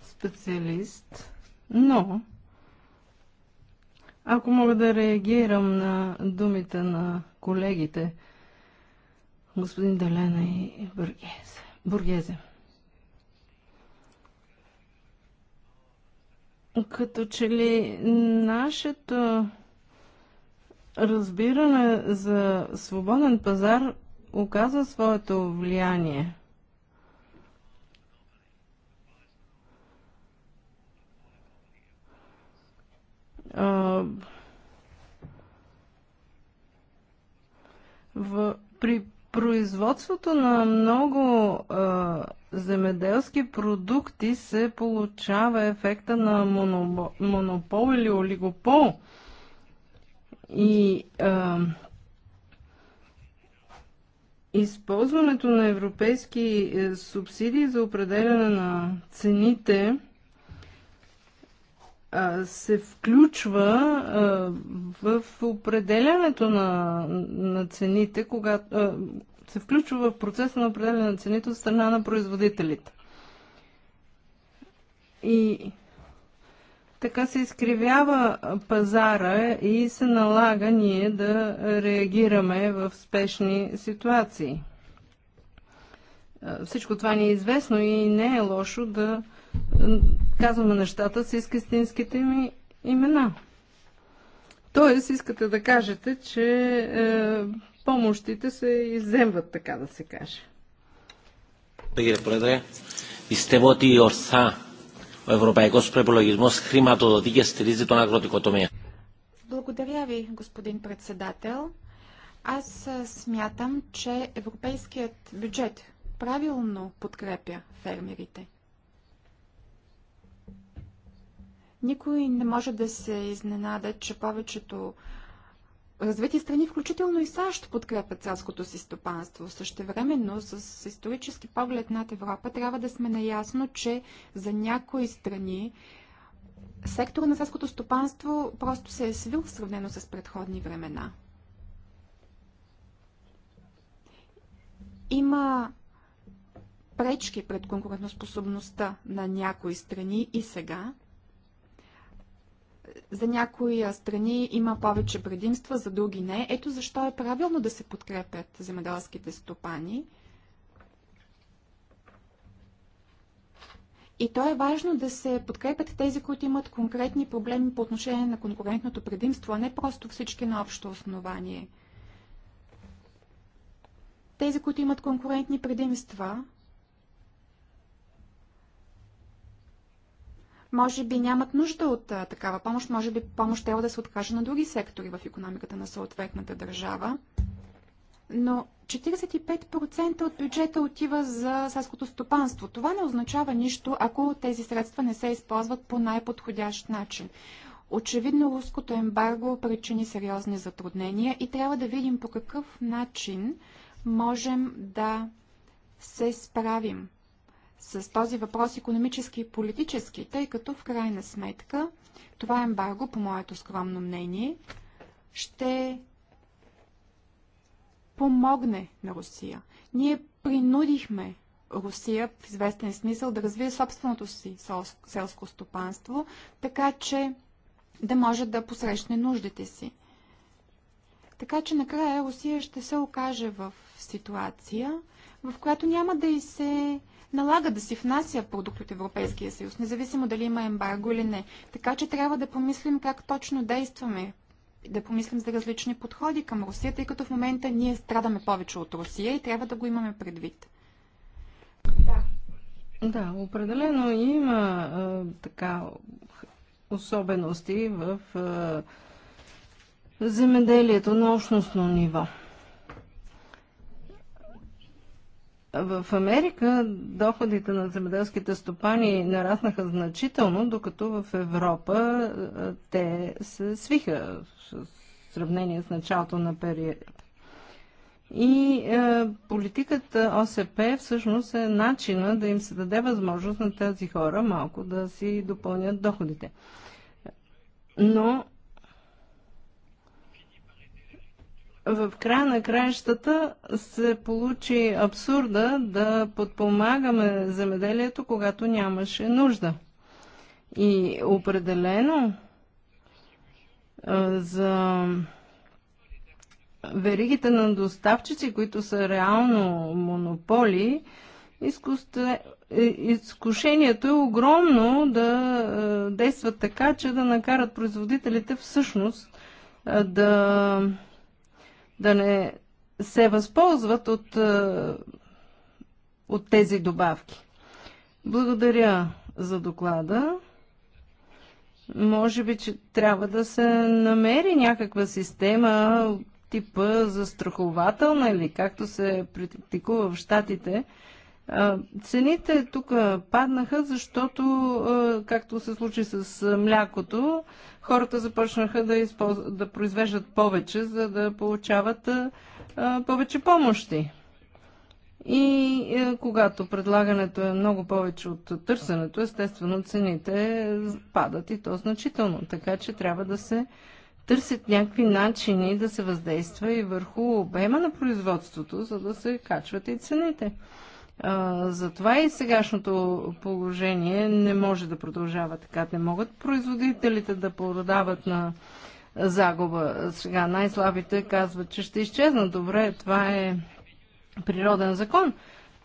специалист, но ако мога да реагирам на думите на колегите, господин Далена и Бургезе. Бургезе. Като че ли нашето разбиране за свободен пазар оказва своето влияние. А, в, при производството на много а, земеделски продукти се получава ефекта на монобо, монопол или олигопол. И а, използването на европейски е, субсидии за определяне на цените – се включва в определянето на, на цените, когато се включва в процеса на определяне на цените от страна на производителите. И така се изкривява пазара и се налага ние да реагираме в спешни ситуации. Всичко това ни е известно и не е лошо да казваме нещата с истинските ми имена. Тоест, искате да кажете, че е, помощите се иземват, така да се каже. Κύριε Πρόεδρε, πιστεύω ότι ορθά ο ευρωπαϊκός προϋπολογισμός χρηματοδοτεί και στηρίζει τον αγροτικό τομέα. Благодаря ви, господин председател. Аз смятам, че европейският бюджет правилно подкрепя фермерите. Никой не може да се изненада, че повечето развити страни, включително и САЩ, подкрепят селското си стопанство. но с исторически поглед над Европа, трябва да сме наясно, че за някои страни сектора на селското стопанство просто се е свил в сравнено с предходни времена. Има пречки пред конкурентоспособността на някои страни и сега, за някои страни има повече предимства, за други не. Ето защо е правилно да се подкрепят земеделските стопани. И то е важно да се подкрепят тези, които имат конкретни проблеми по отношение на конкурентното предимство, а не просто всички на общо основание. Тези, които имат конкурентни предимства, може би нямат нужда от а, такава помощ, може би помощ трябва да се откаже на други сектори в економиката на съответната държава. Но 45% от бюджета отива за селското стопанство. Това не означава нищо, ако тези средства не се използват по най-подходящ начин. Очевидно руското ембарго причини сериозни затруднения и трябва да видим по какъв начин можем да се справим с този въпрос економически и политически, тъй като в крайна сметка това ембарго, по моето скромно мнение, ще помогне на Русия. Ние принудихме Русия в известен смисъл да развие собственото си селско стопанство, така че да може да посрещне нуждите си. Така че накрая Русия ще се окаже в ситуация, в която няма да и се налага да си внася продукт от Европейския съюз, независимо дали има ембарго или не. Така че трябва да помислим как точно действаме да помислим за различни подходи към Русия, тъй като в момента ние страдаме повече от Русия и трябва да го имаме предвид. Да. Да, определено има а, така особености в а, земеделието на общностно ниво. В Америка доходите на земеделските стопани нараснаха значително, докато в Европа те се свиха в сравнение с началото на периода. И е, политиката ОСП всъщност е начина да им се даде възможност на тези хора малко да си допълнят доходите. Но в края на краищата се получи абсурда да подпомагаме земеделието, когато нямаше нужда. И определено за веригите на доставчици, които са реално монополи, е, е, изкушението е огромно да действат така, че да накарат производителите всъщност да да не се възползват от, е, от тези добавки. Благодаря за доклада. Може би, че трябва да се намери някаква система типа застрахователна или както се практикува в Штатите, Цените тук паднаха, защото, както се случи с млякото, хората започнаха да, използ... да произвеждат повече, за да получават повече помощи. И когато предлагането е много повече от търсенето, естествено цените падат и то значително. Така че трябва да се търсят някакви начини да се въздейства и върху обема на производството, за да се качват и цените. Затова и сегашното положение не може да продължава така. Не могат производителите да продават на загуба. Сега най-слабите казват, че ще изчезнат. Добре, това е природен закон.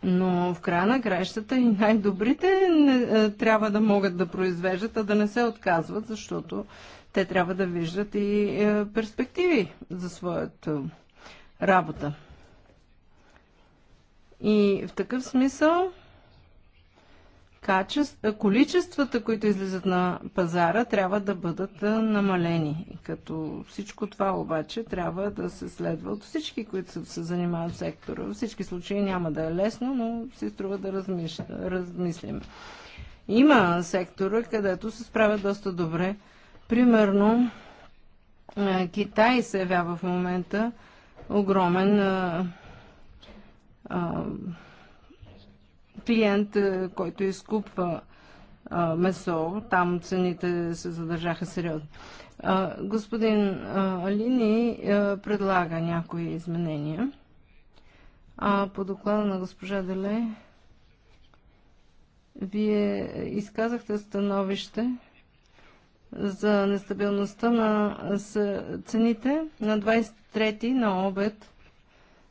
Но в края на краищата и най-добрите не, е, трябва да могат да произвеждат, а да не се отказват, защото те трябва да виждат и е, перспективи за своята работа. И в такъв смисъл качество, количествата, които излизат на пазара, трябва да бъдат намалени. Като всичко това обаче трябва да се следва от всички, които се занимават в сектора. В всички случаи няма да е лесно, но си струва да размислим. Има сектора, където се справят доста добре. Примерно, Китай се явява в момента огромен клиент, е, който изкупва месо, там цените се задържаха сериозно. господин Алини е, предлага някои изменения. А по доклада на госпожа Деле, вие изказахте становище за нестабилността на цените на 23 ти на обед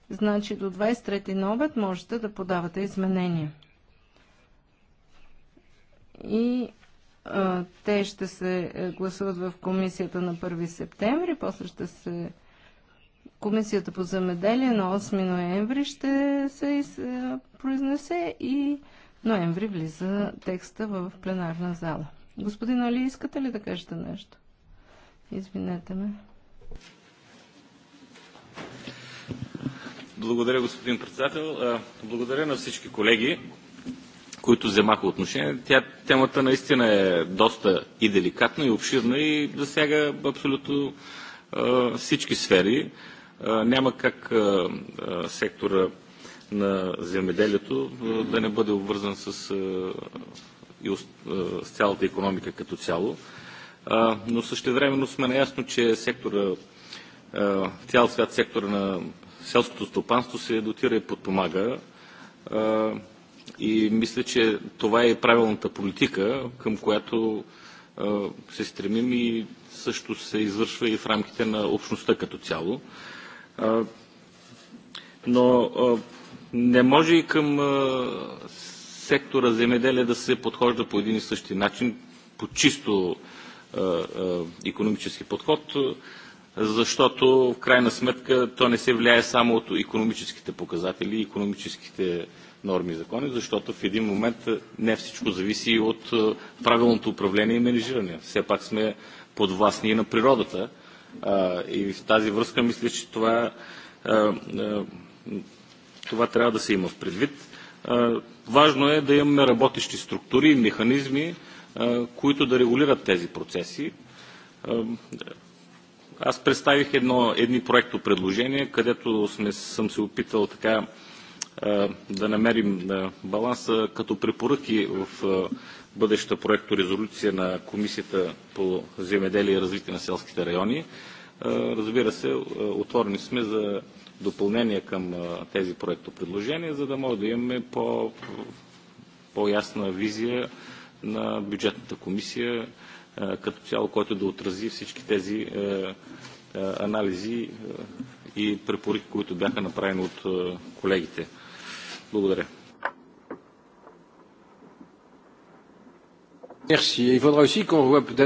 Значи до 23 на обед можете да подавате изменения. И а, те ще се е, гласуват в комисията на 1 септември, после ще се комисията по земеделие на 8 ноември ще се е, произнесе и ноември влиза текста в пленарна зала. Господин Али, искате ли да кажете нещо? Извинете ме. Благодаря, господин председател. Благодаря на всички колеги, които вземаха отношение. Тя, темата наистина е доста и деликатна, и обширна, и засяга абсолютно всички сфери. няма как сектора на земеделието да не бъде обвързан с, с цялата економика като цяло. Но същевременно сме наясно, че сектора цял свят сектора на селското стопанство се дотира и подпомага. И мисля, че това е правилната политика, към която се стремим и също се извършва и в рамките на общността като цяло. Но не може и към сектора земеделие да се подхожда по един и същи начин, по чисто економически подход защото в крайна сметка то не се влияе само от економическите показатели и економическите норми и закони, защото в един момент е, не всичко зависи и от е, правилното управление и менежиране. Все пак сме подвластни и на природата. И в тази връзка мисля, че това, е, това трябва да се има в предвид. Важно е да имаме работещи структури и механизми, които да регулират тези процеси. Аз представих едно, едни проекто предложения, където сме, съм се опитал така да намерим баланса като препоръки в бъдеща проекторезолюция на Комисията по земеделие и развитие на селските райони. Разбира се, отворени сме за допълнение към тези проектопредложения, за да може да имаме по, по-ясна визия на бюджетната комисия е, като цяло, който да отрази всички тези е, е, анализи и препоръки, които бяха направени от колегите. Благодаря. Мерси. Il faudra aussi qu'on revoie peut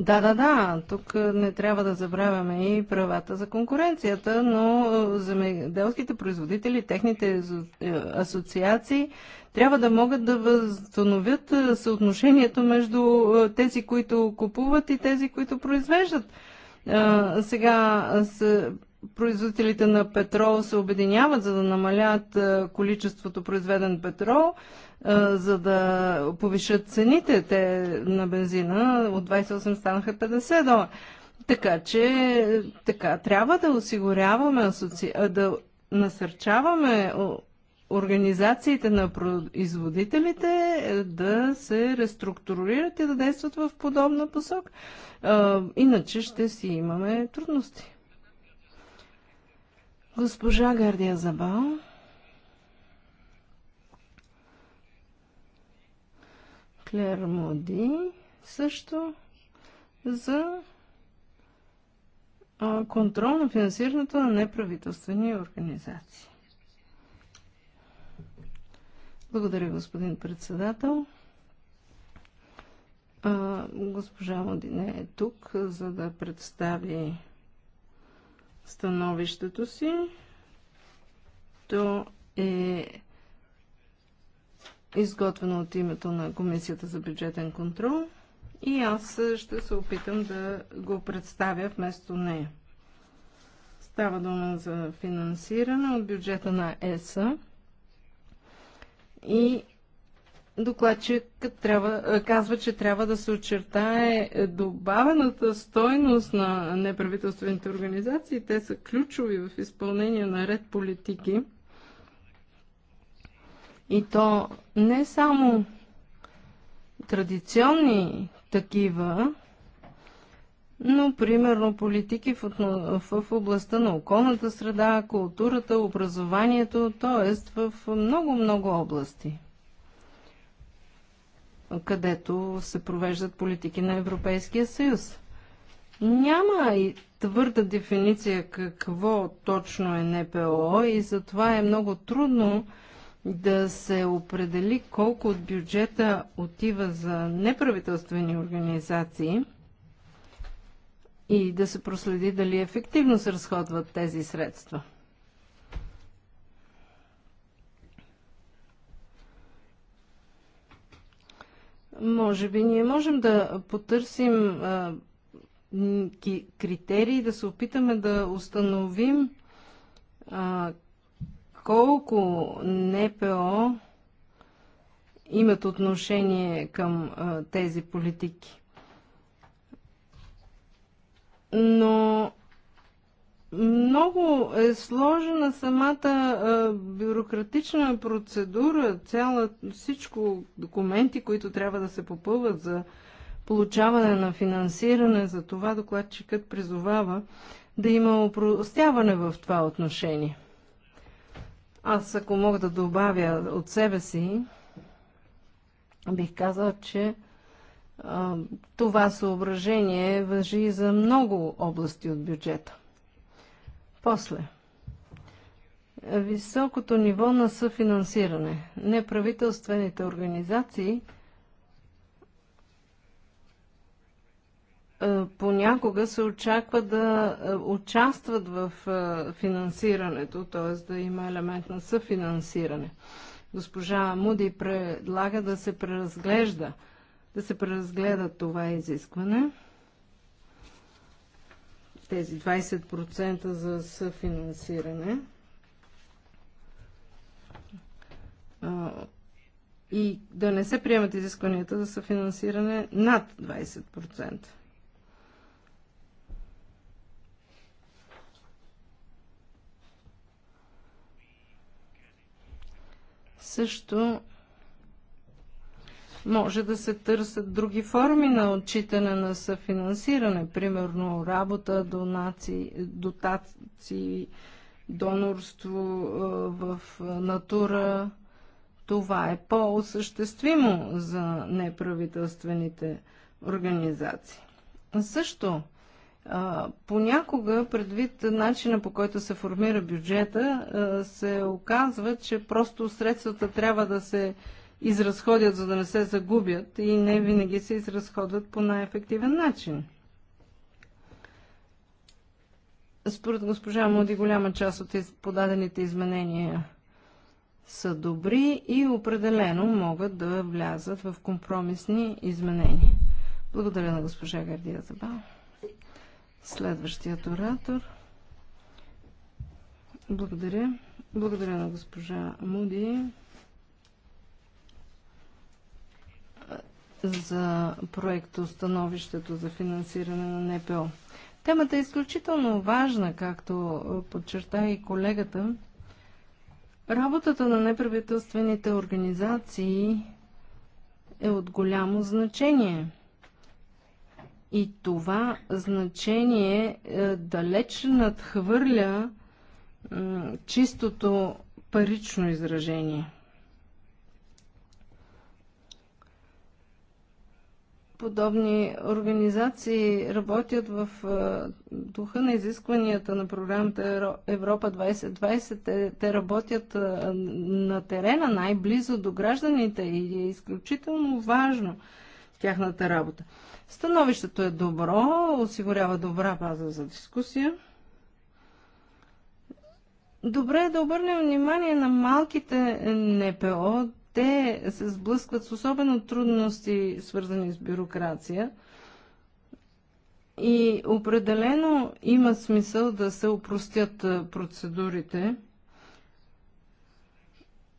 да, да, да. Тук не трябва да забравяме и правата за конкуренцията, но земеделските производители, техните е, асоциации трябва да могат да възстановят съотношението между тези, които купуват и тези, които произвеждат. Сега производителите на петрол се обединяват, за да намалят е, количеството произведен петрол, е, за да повишат цените те на бензина. От 28 станаха 50 долара. Така че така, трябва да осигуряваме, е, да насърчаваме организациите на производителите да се реструктурират и да действат в подобна посок. Иначе ще си имаме трудности. Госпожа Гардия Забал. Клер Моди също за контрол на финансирането на неправителствени организации. Благодаря, господин председател. Госпожа госпожа не е тук, за да представи становището си. То е изготвено от името на Комисията за бюджетен контрол и аз ще се опитам да го представя вместо нея. Става дума за финансиране от бюджета на ЕСА и Докладчик трябва, е, казва, че трябва да се очертае добавената стойност на неправителствените организации. Те са ключови в изпълнение на ред политики. И то не само традиционни такива, но примерно политики в, в областта на околната среда, културата, образованието, т.е. в много-много области където се провеждат политики на Европейския съюз. Няма и твърда дефиниция какво точно е НПО и затова е много трудно да се определи колко от бюджета отива за неправителствени организации и да се проследи дали ефективно се разходват тези средства. Може би ние можем да потърсим а, критерии, да се опитаме да установим а, колко НПО имат отношение към а, тези политики. Но много е сложена самата бюрократична процедура, цяла, всичко документи, които трябва да се попълват за получаване на финансиране, за това докладчикът призовава да има упростяване в това отношение. Аз, ако мога да добавя от себе си, бих казал, че а, това съображение въжи и за много области от бюджета. После. Високото ниво на съфинансиране. Неправителствените организации е, понякога се очаква да е, участват в е, финансирането, т.е. да има елемент на съфинансиране. Госпожа Муди предлага да се преразглежда, да се преразгледа това изискване тези 20% за съфинансиране. И да не се приемат изискванията за съфинансиране над 20%. Също може да се търсят други форми на отчитане на съфинансиране, примерно работа, донации, дотации, донорство в натура. Това е по-осъществимо за неправителствените организации. Също понякога, предвид начина по който се формира бюджета, се оказва, че просто средствата трябва да се изразходят, за да не се загубят и не винаги се изразходват по най-ефективен начин. Според госпожа Моди, голяма част от подадените изменения са добри и определено могат да влязат в компромисни изменения. Благодаря на госпожа Гардия Забал. Следващият оратор. Благодаря. Благодаря на госпожа Муди за проекта становището за финансиране на НПО. Темата е изключително важна, както подчерта и колегата. Работата на неправителствените организации е от голямо значение. И това значение е, далеч надхвърля чистото парично изражение – подобни организации работят в духа на изискванията на програмата Европа 2020. Те, те работят на терена, най-близо до гражданите и е изключително важно тяхната работа. Становището е добро, осигурява добра база за дискусия. Добре е да обърнем внимание на малките НПО, те се сблъскват с особено трудности, свързани с бюрокрация. И определено има смисъл да се упростят процедурите,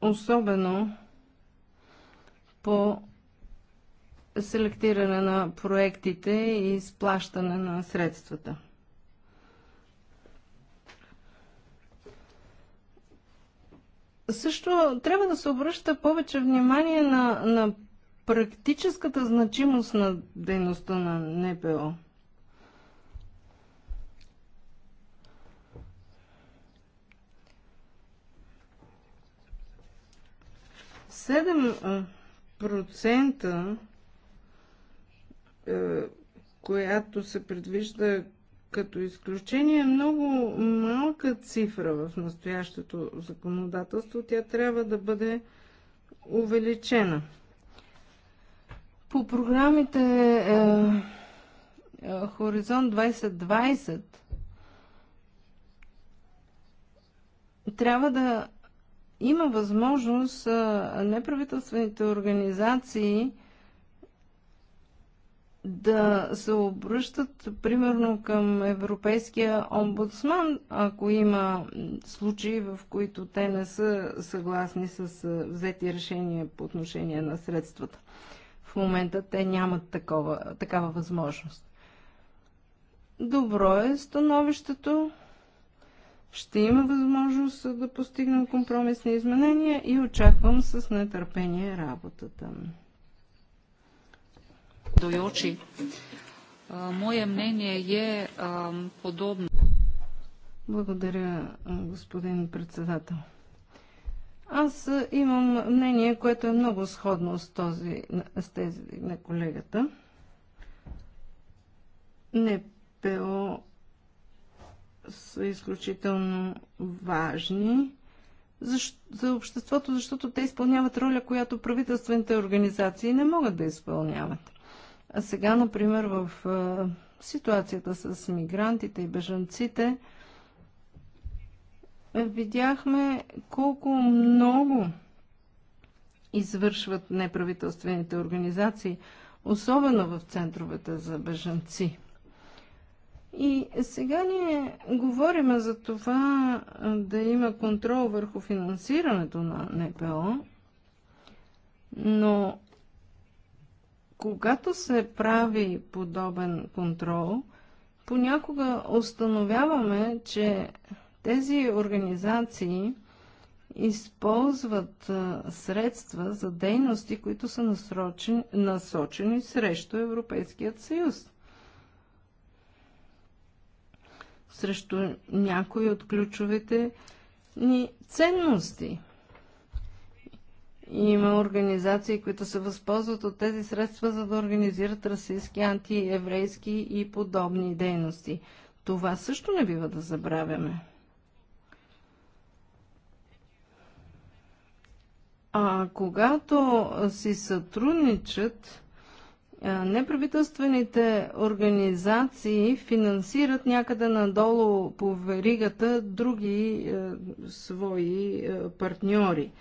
особено по селектиране на проектите и сплащане на средствата. също трябва да се обръща повече внимание на, на практическата значимост на дейността на НПО. Седем процента е, която се предвижда като изключение е много малка цифра в настоящото законодателство. Тя трябва да бъде увеличена. По програмите е, е, Хоризонт 2020 трябва да има възможност е, неправителствените организации да се обръщат примерно към Европейския омбудсман, ако има случаи, в които те не са съгласни с взети решения по отношение на средствата. В момента те нямат такова, такава възможност. Добро е становището. Ще има възможност да постигнем компромисни изменения и очаквам с нетърпение работата Dojoči. Е, Мое мнение е, е подобно. Благодаря, е, господин председател. Аз имам мнение, което е много сходно с, този, с тези на колегата. НПО са изключително важни за обществото, защото те изпълняват роля, която правителствените организации не могат да изпълняват. А сега, например, в ситуацията с мигрантите и бежанците, видяхме колко много извършват неправителствените организации, особено в центровете за бежанци. И сега ние говорим за това да има контрол върху финансирането на НПО, но когато се прави подобен контрол, понякога установяваме, че тези организации използват средства за дейности, които са насочени, насочени срещу Европейският съюз. Срещу някои от ключовите ни ценности – има организации, които се възползват от тези средства, за да организират расистски, антиеврейски и подобни дейности. Това също не бива да забравяме. А когато си сътрудничат, неправителствените организации финансират някъде надолу по веригата други е, свои е, партньори.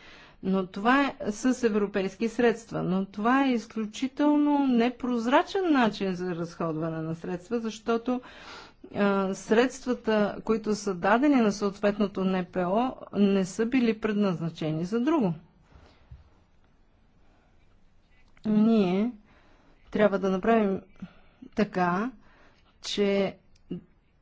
Но това е с европейски средства. Но това е изключително непрозрачен начин за разходване на средства, защото средствата, които са дадени на съответното НПО, не са били предназначени за друго. Ние трябва да направим така, че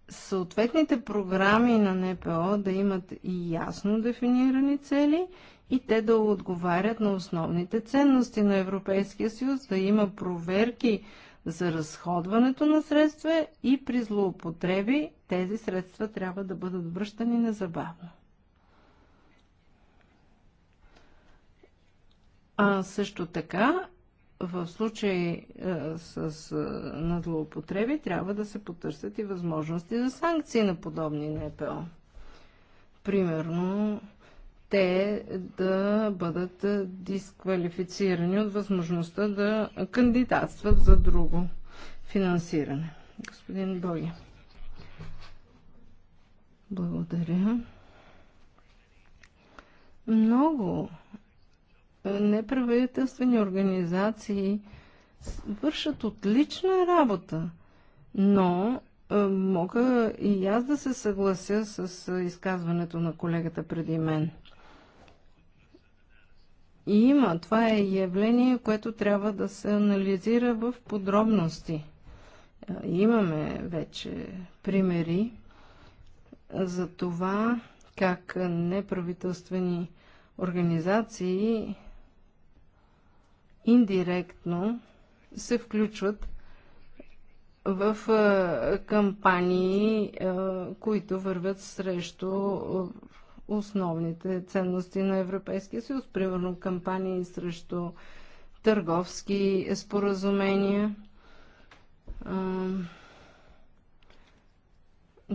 съответните програми на НПО да имат и ясно дефинирани цели и те да отговарят на основните ценности на Европейския съюз, да има проверки за разходването на средства и при злоупотреби тези средства трябва да бъдат връщани незабавно. А също така, в случай с е, на злоупотреби, трябва да се потърсят и възможности за санкции на подобни НПО. Примерно, те да бъдат дисквалифицирани от възможността да кандидатстват за друго финансиране. Господин Боги. Благодаря. Много неправителствени организации вършат отлична работа, но е, мога и аз да се съглася с е, изказването на колегата преди мен – има. Това е явление, което трябва да се анализира в подробности. Имаме вече примери за това как неправителствени организации индиректно се включват в кампании, които вървят срещу основните ценности на Европейския съюз, примерно кампании срещу търговски споразумения.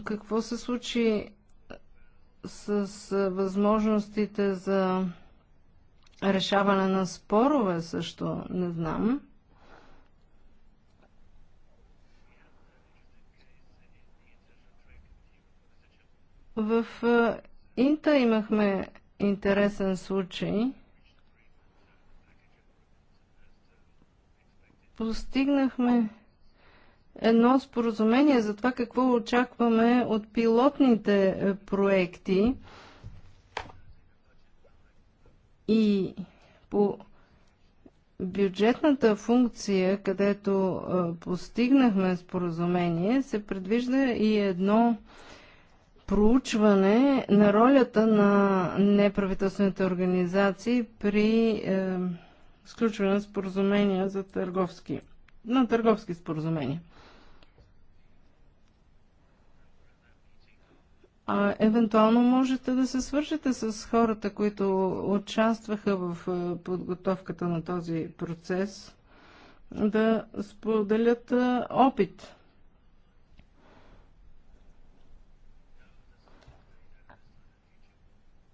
Какво се случи с възможностите за решаване на спорове също не знам. В Инта имахме интересен случай. Постигнахме едно споразумение за това какво очакваме от пилотните е, проекти и по бюджетната функция, където е, постигнахме споразумение, се предвижда и едно а, проучване на ролята на неправителствените организации при е, сключване на споразумения за търговски, на търговски споразумения. А, евентуално можете да се свържете с хората, които участваха в е, подготовката на този процес, да споделят е, опит.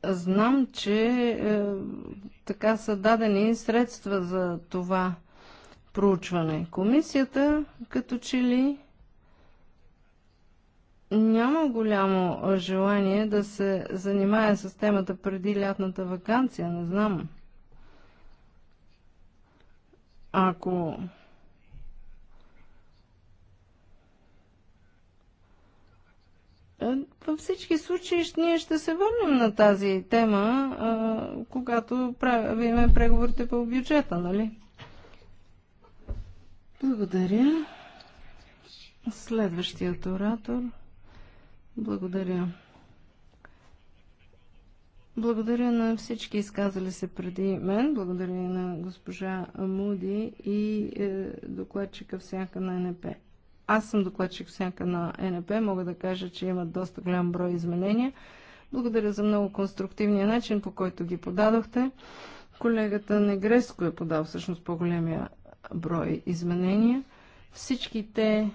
Знам, че е, така са дадени средства за това проучване. Комисията като че ли няма голямо желание да се занимае с темата преди лятната вакансия, не знам. Ако Е, във всички случаи ние ще се върнем на тази тема, когато правиме преговорите по бюджета, нали? Благодаря. Следващият оратор. Благодаря. Благодаря на всички изказали се преди мен. Благодаря на госпожа Муди и е, докладчика всяка на НП. Аз съм докладчик сянка на НП, мога да кажа, че имат доста голям брой изменения. Благодаря за много конструктивния начин, по който ги подадохте. Колегата Негреско е подал всъщност по-големия брой изменения. Всички те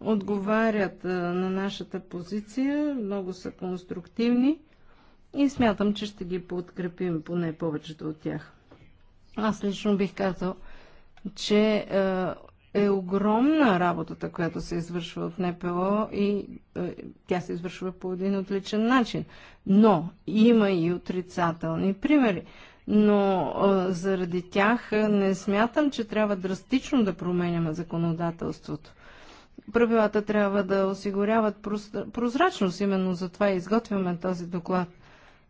отговарят на нашата позиция, много са конструктивни и смятам, че ще ги подкрепим поне повечето от тях. Аз лично бих казал, че е, е огромна работата, която се извършва от НПО и е, тя се извършва по един отличен начин. Но има и отрицателни примери. Но е, заради тях е, не смятам, че трябва драстично да променяме законодателството. Правилата трябва да осигуряват прозрачност, именно за това изготвяме този доклад.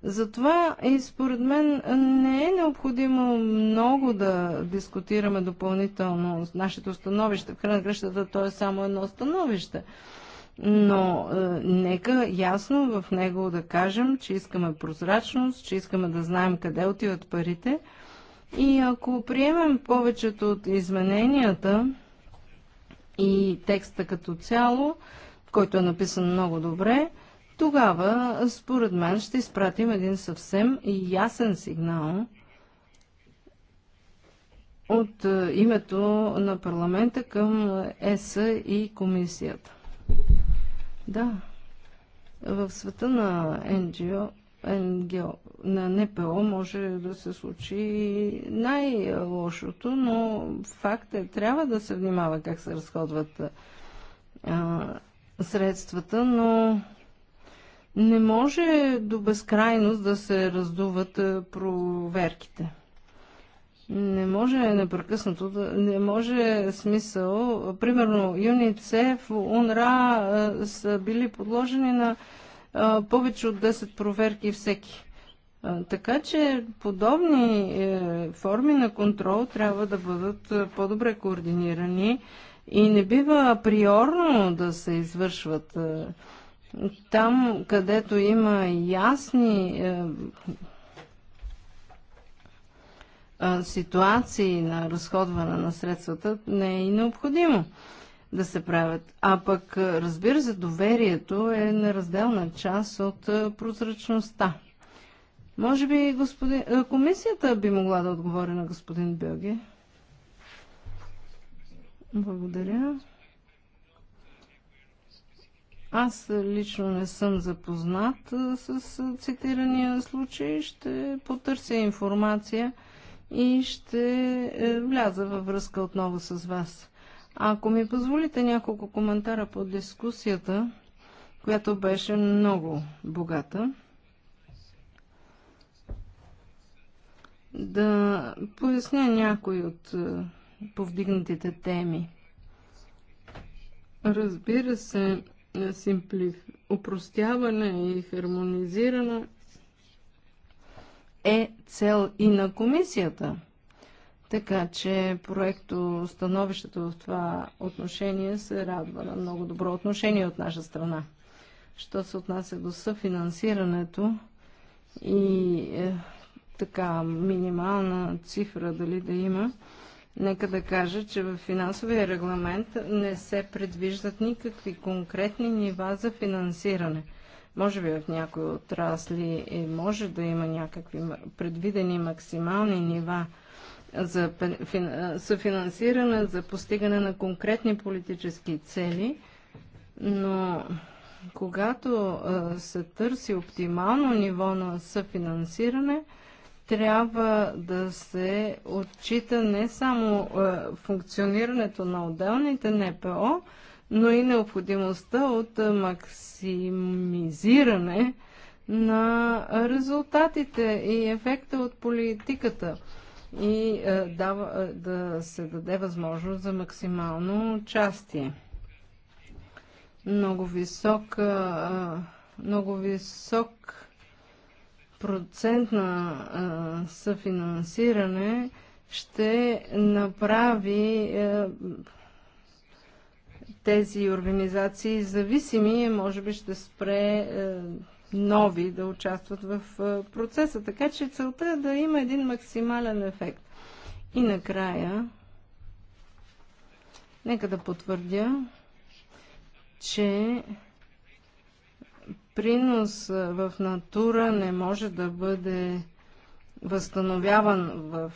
Затова и според мен не е необходимо много да дискутираме допълнително нашето становище. В край на кръщата то е само едно становище. Но е, нека ясно в него да кажем, че искаме прозрачност, че искаме да знаем къде отиват парите. И ако приемем повечето от измененията и текста като цяло, който е написан много добре, тогава според мен ще изпратим един съвсем ясен сигнал от е, името на парламента към ЕС и комисията. Да, в света на НГО, НГО на НПО може да се случи най-лошото, но факт е, трябва да се внимава как се разходват а, е, средствата, но не може до безкрайност да се раздуват е, проверките. Не може непрекъснато, не може смисъл. Примерно ЮНИЦЕФ, УНРА е, са били подложени на е, повече от 10 проверки всеки. така че подобни форми на контрол трябва да бъдат по-добре координирани и не бива априорно да се извършват. Там, където има ясни е, е, ситуации на разходване на средствата, не е и необходимо да се правят. А пък, е, разбира се, доверието е неразделна част от прозрачността. Може би господин... комисията би могла да отговори на господин Бюге. Благодаря. Аз лично не съм запознат с цитирания случай. Ще потърся информация и ще е, вляза във връзка отново с вас. Ако ми позволите няколко коментара по дискусията, която беше много богата, да поясня някои от е, повдигнатите теми. Разбира се, симплиф... упростяване и хармонизиране е цел и на комисията. Така че проекто становището в това отношение се радва на много добро отношение от наша страна. Що се отнася до съфинансирането и е, така минимална цифра дали да има, Нека да кажа, че в финансовия регламент не се предвиждат никакви конкретни нива за финансиране. Може би в някои отрасли може да има някакви предвидени максимални нива за съфинансиране, за постигане на конкретни политически цели, но когато се търси оптимално ниво на съфинансиране – трябва да се отчита не само е, функционирането на отделните НПО, но и необходимостта от е, максимизиране на резултатите и ефекта от политиката и е, да, да се даде възможност за максимално участие. Много висок, много висок процент на а, съфинансиране ще направи а, е, тези организации зависими, може би ще спре а, е, нови да участват в а, е, процеса. Така че целта е да има един максимален ефект. И накрая, нека да потвърдя, че принос в натура не може да бъде възстановяван в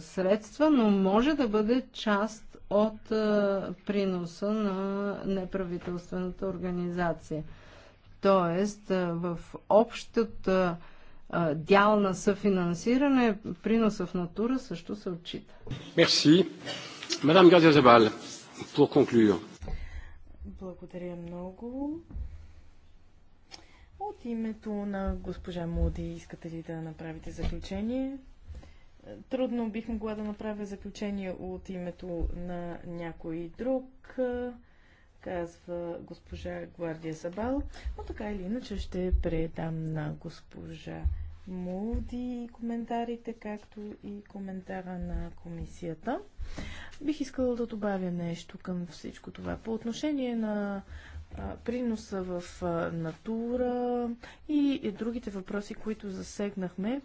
средства, но може да бъде част от приноса на неправителствената организация. Тоест, в общата дял на съфинансиране, приноса в натура също се отчита. Мерси. Мадам Газиазабал, по conclure. Благодаря много. От името на госпожа Муди искате ли да направите заключение? Трудно бих могла да направя заключение от името на някой друг, казва госпожа Гвардия Сабал, но така или иначе ще предам на госпожа Муди коментарите, както и коментара на комисията. Бих искала да добавя нещо към всичко това. По отношение на приноса в натура и другите въпроси, които засегнахме,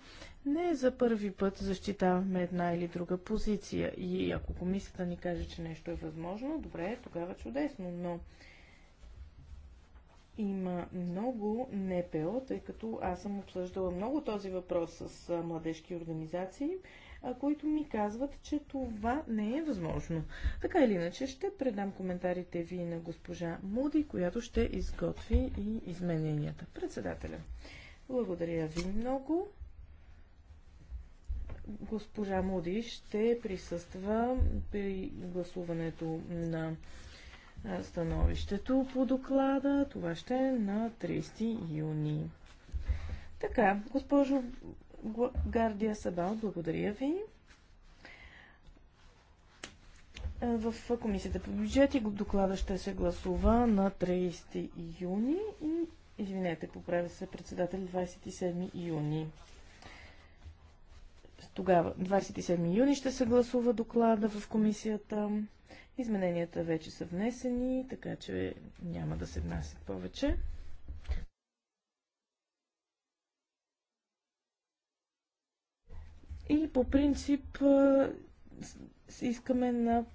не за първи път защитаваме една или друга позиция. И ако комисията ни каже, че нещо е възможно, добре, тогава чудесно, но има много НПО, тъй като аз съм обсъждала много този въпрос с младежки организации които ми казват, че това не е възможно. Така или иначе, ще предам коментарите ви на госпожа Муди, която ще изготви и измененията. Председателя, благодаря ви много госпожа Муди ще присъства при гласуването на становището по доклада. Това ще е на 30 юни. Така, госпожо Гардия Сабал, благодаря ви. Е, в Комисията по бюджети, доклада ще се гласува на 30 юни и, извинете, поправя се председател 27 юни. Тогава, 27 юни ще се гласува доклада в комисията. Измененията вече са внесени, така че няма да се внасят повече. И по принцип искаме на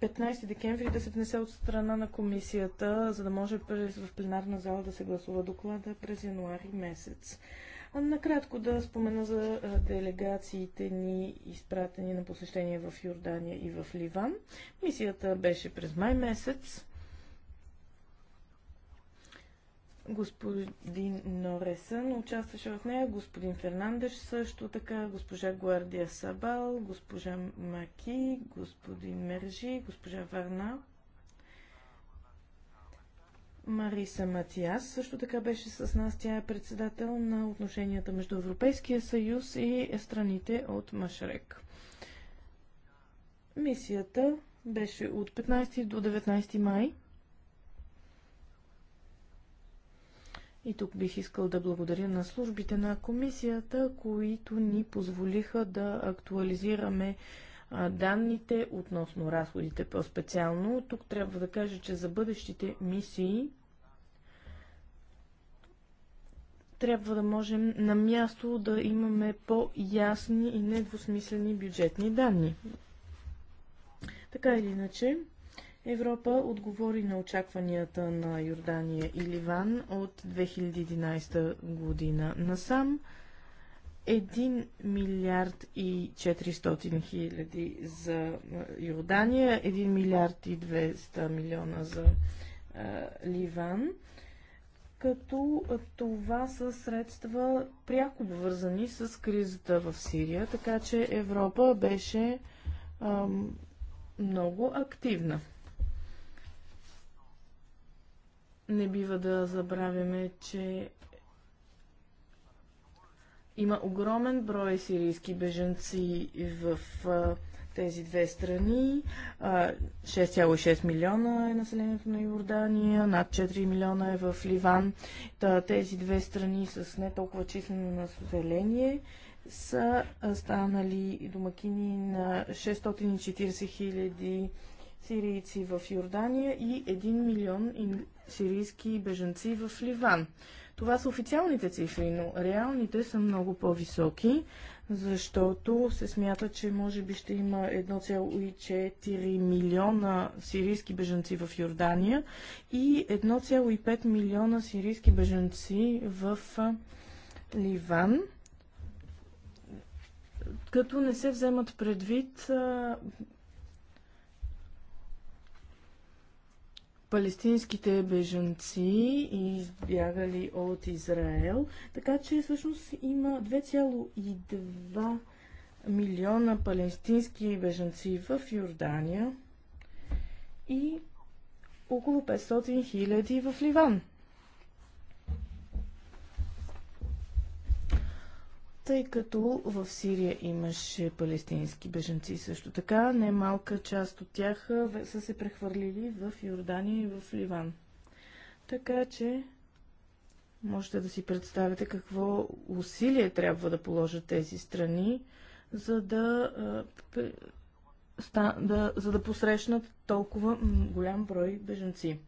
15 декември да се внесе от страна на комисията, за да може през, в пленарна зала да се гласува доклада през януари месец. А накратко да спомена за делегациите ни, изпратени на посещение в Йордания и в Ливан. Мисията беше през май месец. господин Норесън участваше в нея, господин Фернандеш също така, госпожа Гуардия Сабал, госпожа Маки, господин Мержи, госпожа Варна. Мариса Матиас също така беше с нас. Тя е председател на отношенията между Европейския съюз и страните от Машрек. Мисията беше от 15 до 19 май И тук бих искал да благодаря на службите на комисията, които ни позволиха да актуализираме данните относно разходите по-специално. Тук трябва да кажа, че за бъдещите мисии трябва да можем на място да имаме по-ясни и недвусмислени бюджетни данни. Така или иначе, Европа отговори на очакванията на Йордания и Ливан от 2011 година насам. 1 милиард и 400 хиляди за Йордания, 1 милиард и 200 милиона за а, Ливан, като това са средства пряко вързани с кризата в Сирия, така че Европа беше а, много активна. не бива да забравяме, че има огромен брой сирийски беженци в а, тези две страни. 6,6 милиона е населението на Йордания, над 4 милиона е в Ливан. Та, тези две страни с не толкова числено население са станали домакини на 640 хиляди 000 сирийци в Йордания и 1 милион сирийски бежанци в Ливан. Това са официалните цифри, но реалните са много по-високи, защото се смята, че може би ще има 1,4 милиона сирийски бежанци в Йордания и 1,5 милиона сирийски бежанци в Ливан като не се вземат предвид а, палестинските бежанци избягали от Израел. Така че всъщност има 2,2 милиона палестински бежанци в Йордания и около 500 хиляди в Ливан. тъй като в Сирия имаше палестински беженци също така. Немалка част от тях са се прехвърлили в Йордания и в Ливан. Така че можете да си представите какво усилие трябва да положат тези страни, за да, да, за да посрещнат толкова голям брой беженци.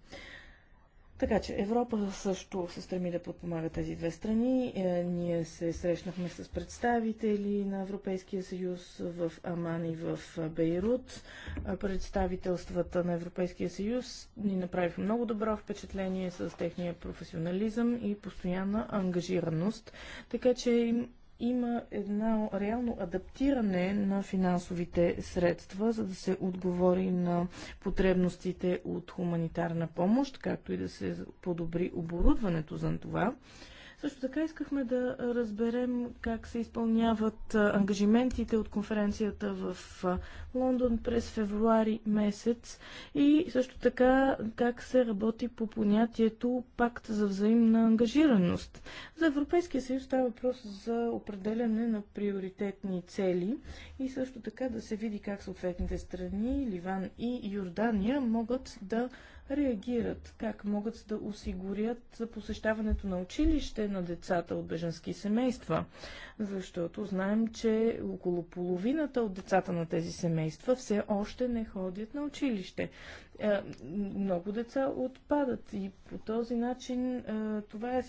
Така че Европа също се стреми да подпомага тези две страни. Е, ние се срещнахме с представители на Европейския съюз в Аман и в Бейрут. Е, представителствата на Европейския съюз ни направиха много добро впечатление с техния професионализъм и постоянна ангажираност. Така че им има едно реално адаптиране на финансовите средства, за да се отговори на потребностите от хуманитарна помощ, както и да се подобри оборудването за това. Също така искахме да разберем как се изпълняват ангажиментите от конференцията в Лондон през февруари месец и също така как се работи по понятието пакт за взаимна ангажираност. За Европейския съюз става въпрос за определяне на приоритетни цели и също така да се види как съответните страни, Ливан и Йордания, могат да реагират, как могат да осигурят посещаването на училище на децата от беженски семейства. Защото знаем, че около половината от децата на тези семейства все още не ходят на училище. Е, много деца отпадат и по този начин е, това е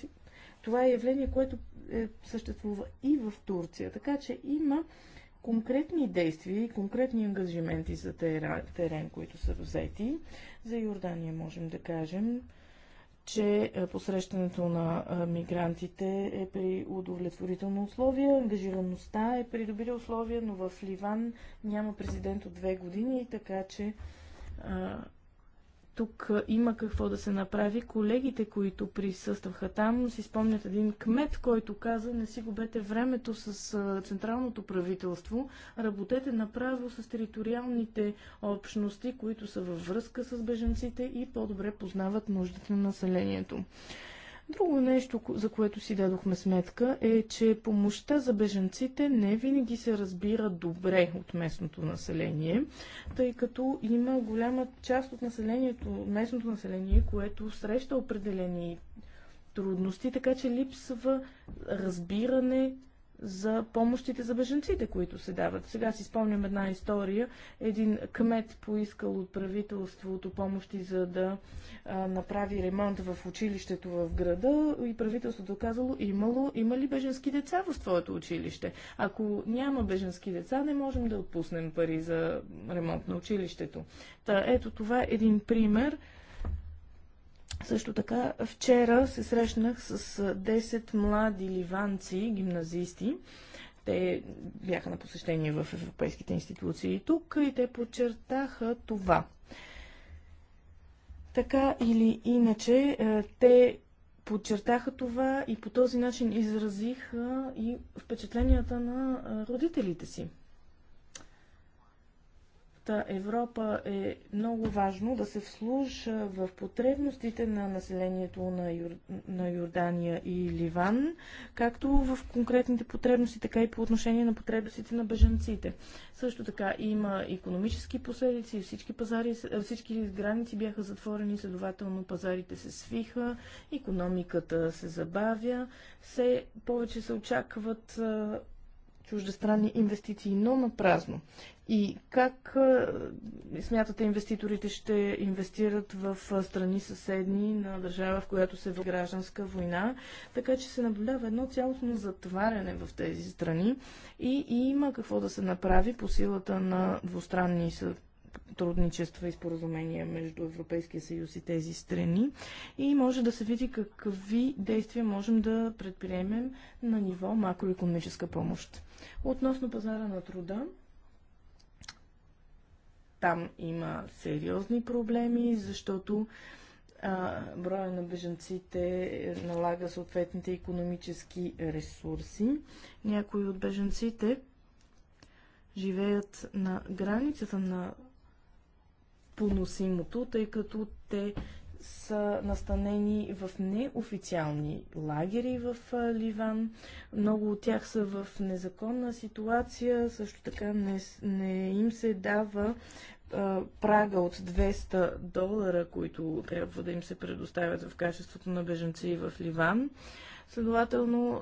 това е явление, което е, съществува и в Турция. Така че има конкретни действия и конкретни ангажименти за терен, които са взети. За Йордания можем да кажем, че е, посрещането на е, мигрантите е при удовлетворително условие, ангажираността е при добри условия, но в Ливан няма президент от две години, така че е, тук има какво да се направи. Колегите, които присъстваха там, си спомнят един кмет, който каза, не си губете времето с централното правителство, работете направо с териториалните общности, които са във връзка с беженците и по-добре познават нуждите на населението. Друго нещо, за което си дадохме сметка, е, че помощта за беженците не винаги се разбира добре от местното население, тъй като има голяма част от населението, местното население, което среща определени трудности, така че липсва разбиране за помощите за беженците, които се дават. Сега си спомням една история. Един кмет поискал от правителството помощи за да а, направи ремонт в училището в града и правителството казало, имало, има ли беженски деца в твоето училище? Ако няма беженски деца, не можем да отпуснем пари за ремонт на училището. Та, ето това е един пример също така, вчера се срещнах с 10 млади ливанци, гимназисти. Те бяха на посещение в европейските институции и тук и те подчертаха това. Така или иначе, е, те подчертаха това и по този начин изразиха и впечатленията на е, родителите си. Та Европа е много важно да се вслуша в потребностите на населението на, Юр... на Йордания и Ливан, както в конкретните потребности, така и по отношение на потребностите на бежанците. Също така има економически последици, всички, пазари, всички граници бяха затворени, следователно пазарите се свиха, економиката се забавя, все повече се очакват чуждестранни инвестиции, но на празно. И как смятате инвеститорите ще инвестират в страни съседни на държава, в която се води гражданска война, така че се наблюдава едно цялостно затваряне в тези страни и, и има какво да се направи по силата на двустранни сътрудничества и споразумения между Европейския съюз и тези страни и може да се види какви действия можем да предприемем на ниво макроекономическа помощ. Относно пазара на труда, там има сериозни проблеми, защото а, броя на бежанците налага съответните економически ресурси. Някои от бежанците живеят на границата на поносимото, тъй като те са настанени в неофициални лагери в Ливан. Много от тях са в незаконна ситуация, също така не, не им се дава а, прага от 200 долара, които трябва да им се предоставят в качеството на беженци в Ливан. Следователно,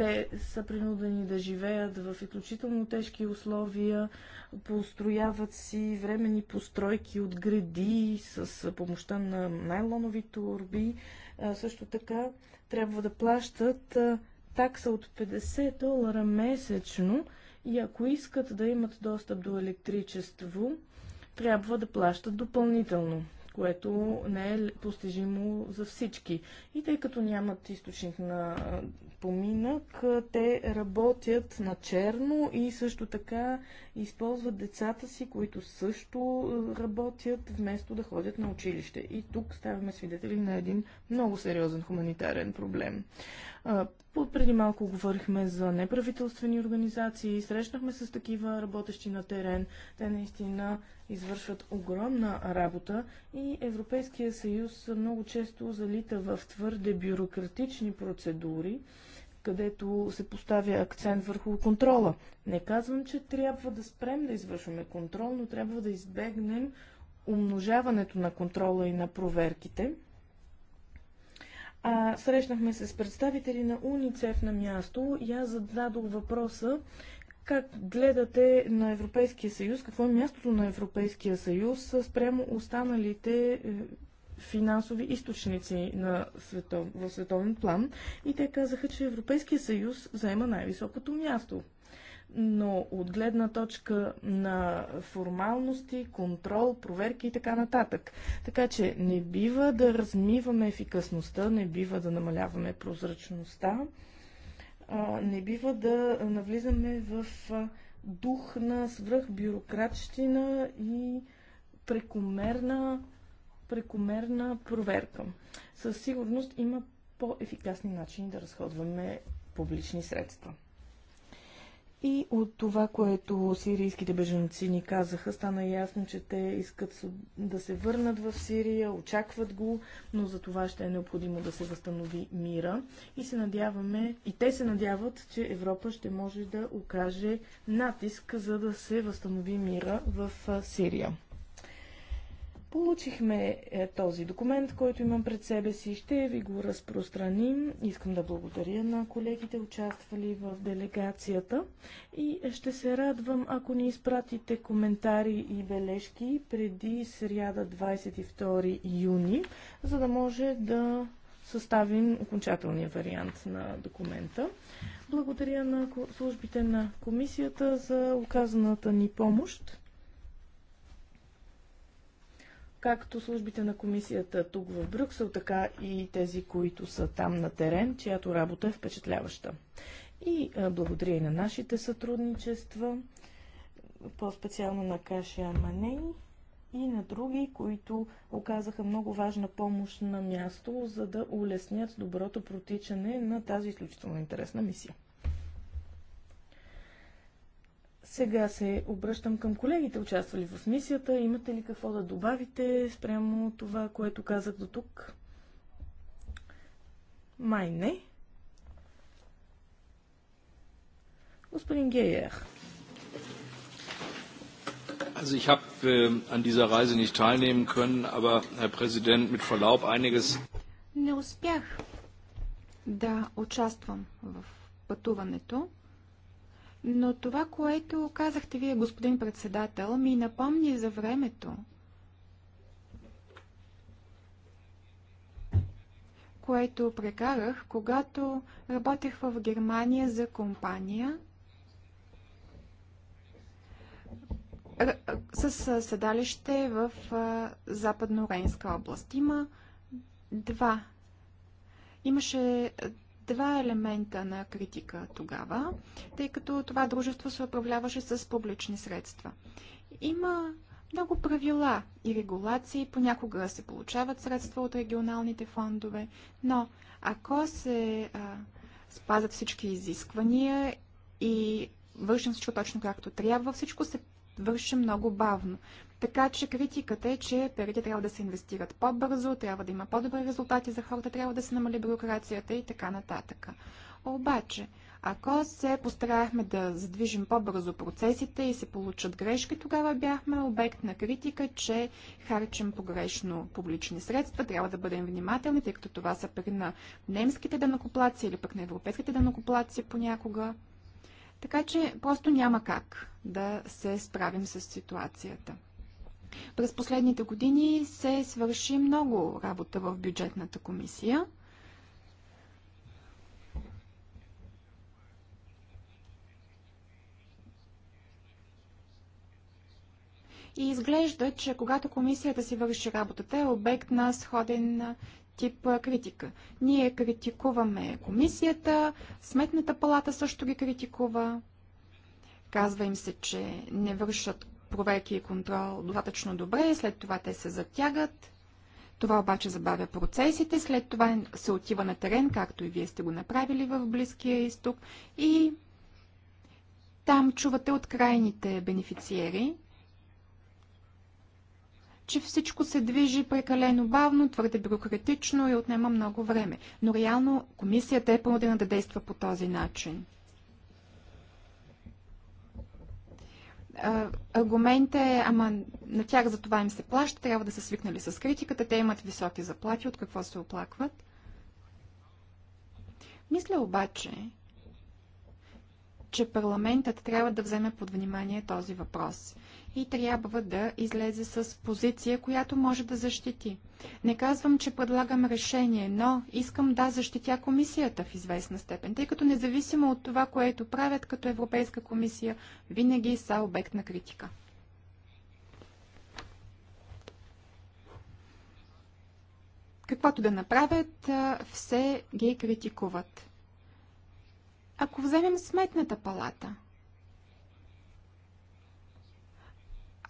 те са принудени да живеят в изключително тежки условия, построяват си времени постройки от гради с помощта на найлонови турби. Също така трябва да плащат такса от 50 долара месечно и ако искат да имат достъп до електричество, трябва да плащат допълнително което не е постижимо за всички. И тъй като нямат източник на поминък, те работят на черно и също така използват децата си, които също е, работят, вместо да ходят на училище. И тук ставаме свидетели на един много сериозен хуманитарен проблем. Преди малко говорихме за неправителствени организации, срещнахме с такива работещи на терен. Те наистина извършват огромна работа и Европейския съюз много често залита в твърде бюрократични процедури, където се поставя акцент върху контрола. Не казвам, че трябва да спрем да извършваме контрол, но трябва да избегнем умножаването на контрола и на проверките. А, срещнахме се с представители на УНИЦЕФ на място и аз зададох въпроса как гледате на Европейския съюз, какво е мястото на Европейския съюз спрямо останалите е, финансови източници на светов, в световен план и те казаха, че Европейския съюз заема най-високото място. Но от гледна точка на формалности, контрол, проверки и така нататък. Така че не бива да размиваме ефикасността, не бива да намаляваме прозрачността, не бива да навлизаме в дух на свръхбюрократщина и прекомерна прекомерна проверка. Със сигурност има по-ефикасни начини да разходваме публични средства. И от това, което сирийските беженци ни казаха, стана ясно, че те искат да се върнат в Сирия, очакват го, но за това ще е необходимо да се възстанови мира. И се надяваме, и те се надяват, че Европа ще може да окаже натиск, за да се възстанови мира в Сирия. Получихме е, този документ, който имам пред себе си. Ще ви го разпространим. Искам да благодаря на колегите, участвали в делегацията. И ще се радвам, ако ни изпратите коментари и бележки преди сряда 22 юни, за да може да съставим окончателния вариант на документа. Благодаря на службите на комисията за оказаната ни помощ както службите на комисията тук в Брюксел, така и тези, които са там на терен, чиято работа е впечатляваща. И благодаря и на нашите сътрудничества, по-специално на Кашия Маней и на други, които оказаха много важна помощ на място, за да улеснят доброто протичане на тази изключително интересна мисия. Сега се обръщам към колегите, участвали в мисията. Имате ли какво да добавите спрямо това, което казах до тук? Май не. Господин Гейер. Also ich habe äh, an dieser Reise nicht teilnehmen können, aber Herr Präsident, mit Verlaub einiges. Не успях да участвам в пътуването, но това, което казахте вие, господин председател, ми напомни за времето, което прекарах, когато работех в Германия за компания с седалище в Западно-Рейнска област. Има два. Имаше два елемента на критика тогава, тъй като това дружество се управляваше с публични средства. Има много правила и регулации, понякога се получават средства от регионалните фондове, но ако се а, спазят всички изисквания и вършим всичко точно както трябва, всичко се върши много бавно. Така че критиката е, че парите трябва да се инвестират по-бързо, трябва да има по-добри резултати за хората, трябва да се намали бюрокрацията и така нататък. Обаче, ако се постарахме да задвижим по-бързо процесите и се получат грешки, тогава бяхме обект на критика, че харчим погрешно публични средства, трябва да бъдем внимателни, тъй като това са пари на немските данокоплаци или пък на европейските данокоплаци понякога. Така че просто няма как да се справим с ситуацията. През последните години се свърши много работа в бюджетната комисия. И изглежда, че когато комисията си върши работата, е обект на сходен тип критика. Ние критикуваме комисията, Сметната палата също ги критикува. Казва им се, че не вършат проверки и контрол достатъчно добре, след това те се затягат. Това обаче забавя процесите, след това се отива на терен, както и вие сте го направили в Близкия изток и там чувате от крайните бенефициери, че всичко се движи прекалено бавно, твърде бюрократично и отнема много време. Но реално комисията е понудена да действа по този начин. аргумент е, ама на тях за това им се плаща, трябва да са свикнали с критиката, те имат високи заплати, от какво се оплакват. Мисля обаче, че парламентът трябва да вземе под внимание този въпрос и трябва да излезе с позиция, която може да защити. Не казвам, че предлагам решение, но искам да защитя комисията в известна степен, тъй като независимо от това, което правят като Европейска комисия, винаги са обект на критика. Каквото да направят, все ги критикуват. Ако вземем сметната палата –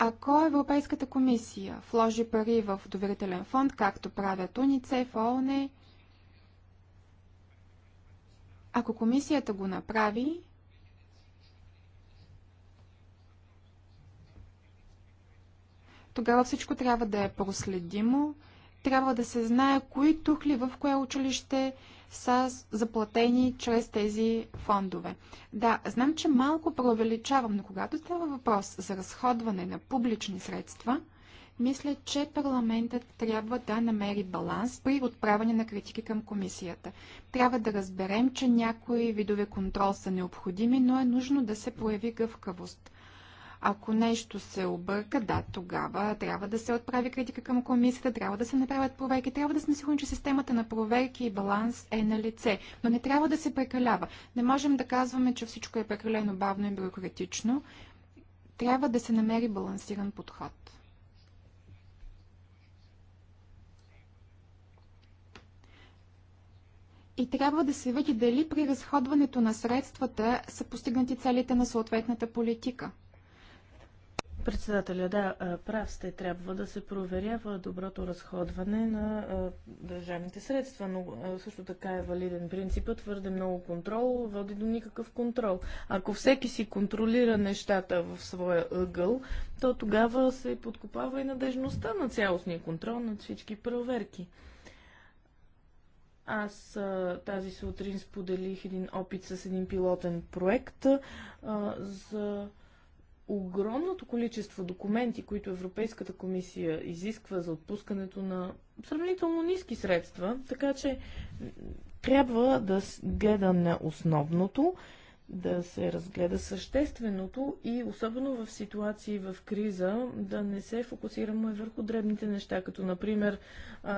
Ако Европейската комисия вложи пари в доверителен фонд, както правят УНИЦЕФ, ООН, ако комисията го направи, тогава всичко трябва да е проследимо, трябва да се знае кои тухли в кое училище са заплатени чрез тези фондове. Да, знам, че малко преувеличавам, но когато става въпрос за разходване на публични средства, мисля, че парламентът трябва да намери баланс при отправяне на критики към комисията. Трябва да разберем, че някои видове контрол са необходими, но е нужно да се прояви гъвкавост. Ако нещо се обърка, да, тогава трябва да се отправи критика към комисията, трябва да се направят проверки, трябва да сме сигурни, че системата на проверки и баланс е на лице. Но не трябва да се прекалява. Не можем да казваме, че всичко е прекалено бавно и бюрократично. Трябва да се намери балансиран подход. и трябва да се види дали при разходването на средствата са постигнати целите на съответната политика. Председателя, да, прав сте, трябва да се проверява доброто разходване на държавните средства, но също така е валиден принципът, твърде много контрол води до никакъв контрол. Ако всеки си контролира нещата в своя ъгъл, то тогава се подкопава и надежността на цялостния контрол над всички проверки. Аз тази сутрин споделих един опит с един пилотен проект за огромното количество документи, които Европейската комисия изисква за отпускането на сравнително ниски средства, така че трябва да гледа на основното, да се разгледа същественото и особено в ситуации в криза да не се фокусираме върху дребните неща, като например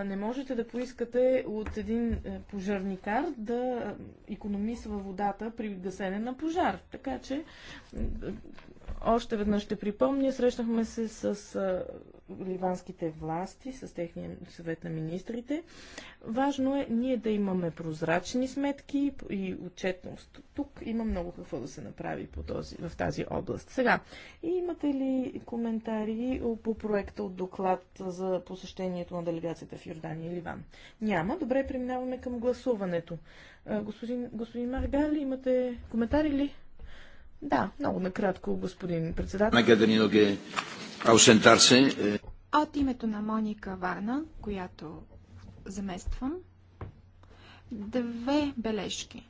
не можете да поискате от един е, пожарникар да економисва водата при гасене на пожар. Така че още веднъж ще припомня, срещнахме се с а, ливанските власти, с техния съвет на министрите. Важно е ние да имаме прозрачни сметки и отчетност. Тук има много какво да се направи по този, в тази област. Сега, имате ли коментари по проекта от доклад за посещението на делегацията в Йордания и Ливан? Няма. Добре, преминаваме към гласуването. А, господин, господин Маргали, имате коментари ли? Да, много накратко, господин председател. От името на Моника Варна, която замествам, две бележки.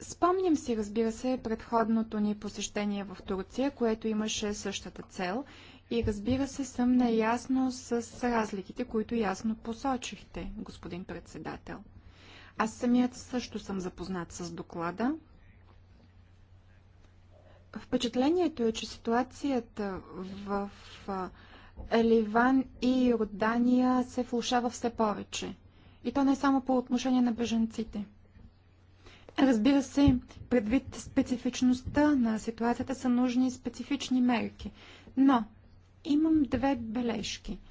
Спомням си, разбира се, предходното ни посещение в Турция, което имаше същата цел и разбира се съм наясно с разликите, които ясно посочихте, господин председател. Аз самият също съм запознат с доклада. Впечатлението е, че ситуацията в Ливан и Йордания се влушава все повече. И то не само по отношение на беженците. Разбира се, предвид специфичността на ситуацията са нужни специфични мерки. Но имам две бележки –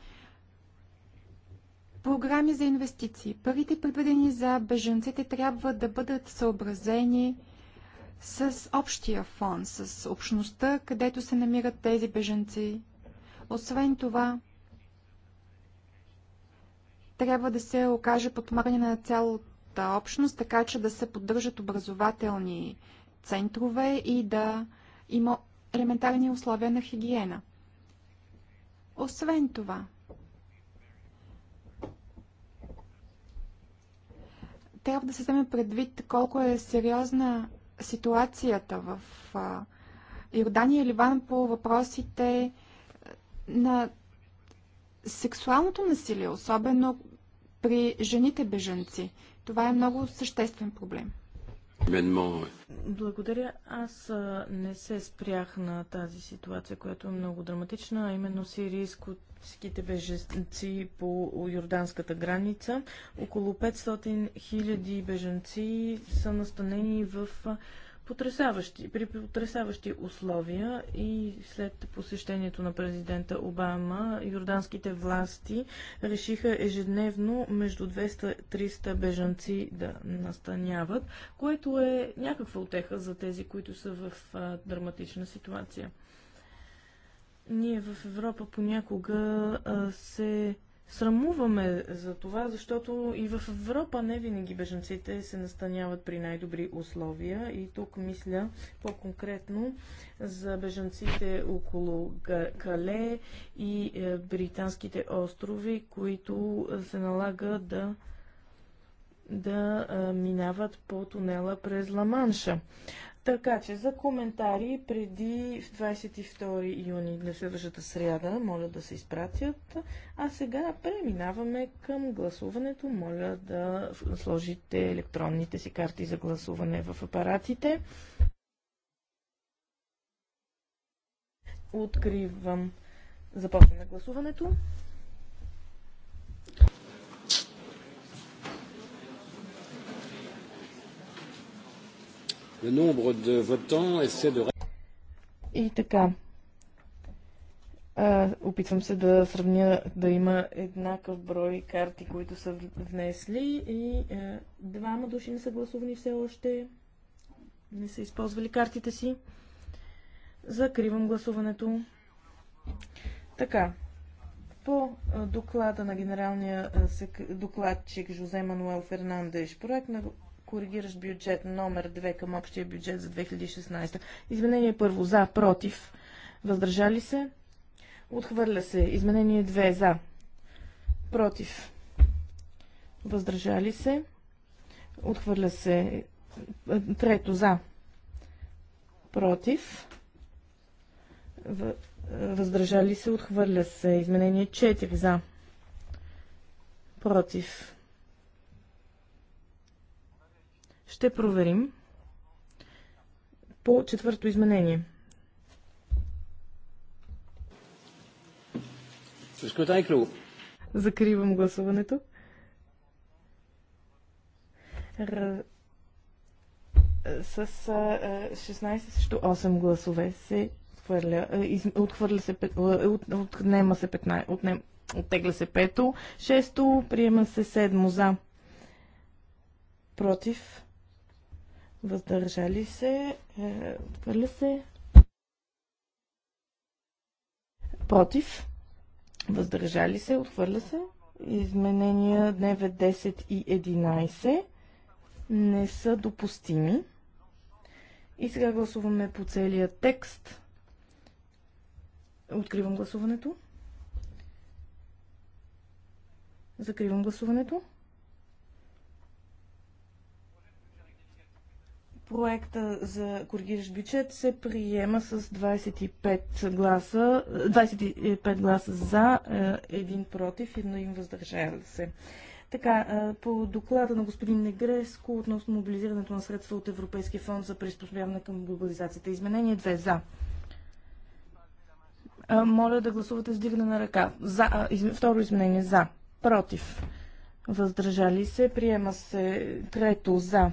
Програми за инвестиции. Парите, предвидени за беженците, трябва да бъдат съобразени с общия фон, с общността, където се намират тези беженци. Освен това, трябва да се окаже подпомагане на цялата общност, така че да се поддържат образователни центрове и да има елементарни условия на хигиена. Освен това, трябва да се вземе предвид колко е сериозна ситуацията в Йордания и Ливан по въпросите на сексуалното насилие, особено при жените бежанци. Това е много съществен проблем. Благодаря. Аз не се спрях на тази ситуация, която е много драматична, а именно сирийските беженци по йорданската граница. Около 500 000 беженци са настанени в потрясаващи, при потрясаващи условия и след посещението на президента Обама, юрданските власти решиха ежедневно между 200-300 бежанци да настаняват, което е някаква отеха за тези, които са в а, драматична ситуация. Ние в Европа понякога а, се срамуваме за това, защото и в Европа не винаги беженците се настаняват при най-добри условия. И тук мисля по-конкретно за беженците около Кале и е, британските острови, които се налага да да е, минават по тунела през Ламанша. Така че за коментари преди 22 юни на следващата сряда, моля да се изпратят. А сега преминаваме към гласуването. Моля да сложите електронните си карти за гласуване в апаратите. Откривам. Започваме гласуването. Le nombre de votants essaie de... И така. А, опитвам се да сравня да има еднакъв брой карти, които са внесли и а, двама души не са гласувани все още. Не са използвали картите си. Закривам гласуването. Така. По доклада на генералния докладчик Жозе Мануел Фернандеш, проект на коригиращ бюджет номер 2 към общия бюджет за 2016. Изменение първо за, против, въздържали се, отхвърля се. Изменение 2 за, против, въздържали се, отхвърля се. Трето за, против, въздържали се, отхвърля се. Изменение 4 за, против, Ще проверим по четвърто изменение. Закривам гласуването. Р... С 16 срещу 8 гласове се отхвърля, из... отхвърля се, от... отнема се 15, отнем, оттегля се пето, 6, приема се 7 за, против, въздържали се, е, отхвърля се, против, въздържали се, отхвърля се, изменения 9, 10 и 11 не са допустими. И сега гласуваме по целия текст. Откривам гласуването. Закривам гласуването. Проекта за коригиращ бюджет се приема с 25 гласа, 25 гласа за, е, един против, едно им въздържал се. Така, е, по доклада на господин Негреско относно мобилизирането на средства от Европейския фонд за приспособяване към глобализацията. Изменение 2 за. Е, моля да гласувате с дигане на ръка. За, второ изменение за. Против. Въздържали се. Приема се трето за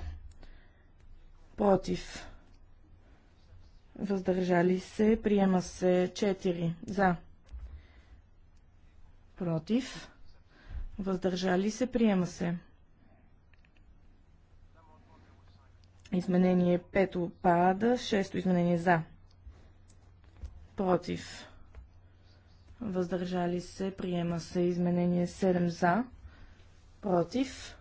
против, въздържали се, приема се 4 за, против, въздържали се, приема се. Изменение 5 опада. 6 изменение за, против, въздържали се, приема се, изменение 7 за, против,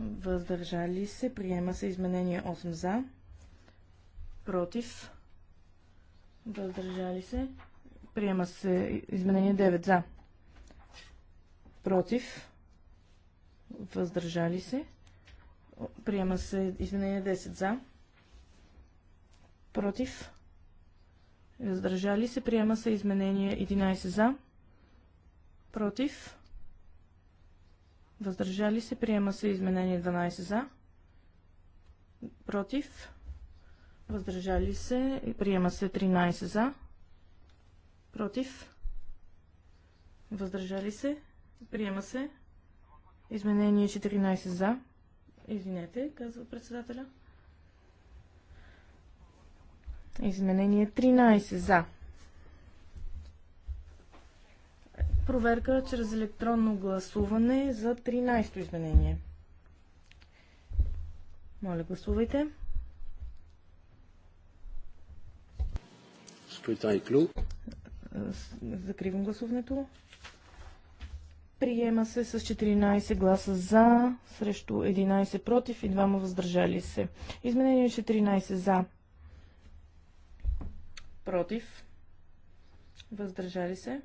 въздържали се, приема се изменение 8 за, против, въздържали се, приема се изменение 9 за, против, въздържали се, приема се изменение 10 за, против, въздържали се, приема се изменение 11 за, против, Въздържали се. Приема се изменение 12 за. Против. Въздържали се. Приема се 13 за. Против. Въздържали се. Приема се. Изменение 14 за. Извинете, казва председателя. Изменение 13 за. проверка чрез електронно гласуване за 13-то изменение. Моля, гласувайте. Скритай е клюк. Закривам гласуването. Приема се с 14 гласа за, срещу 11 против и 2 въздържали се. Изменение 14 за, против, въздържали се.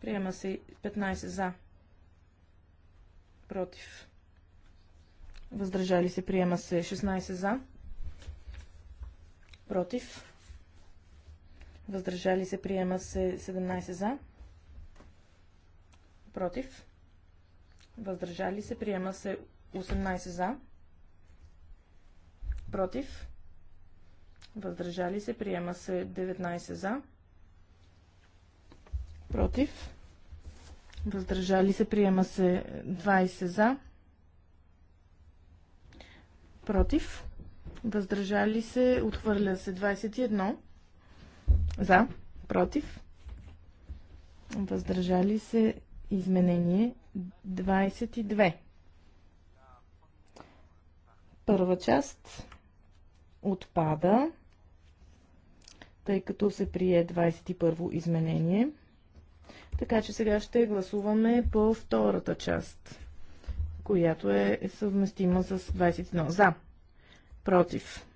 Приема се 15 за. Против. Въздържали се. Приема се 16 за. Против. Въздържали се. Приема се 17 за. Против. Въздържали се. Приема се 18 за. Против. Въздържали се. Приема се 19 за. Против. Въздържали се. Приема се 20 за. Против. Въздържали се. Отхвърля се 21. За. Против. Въздържали се. Изменение 22. Първа част отпада, тъй като се прие 21 изменение. Така че сега ще гласуваме по втората част, която е съвместима с 21. За. Против.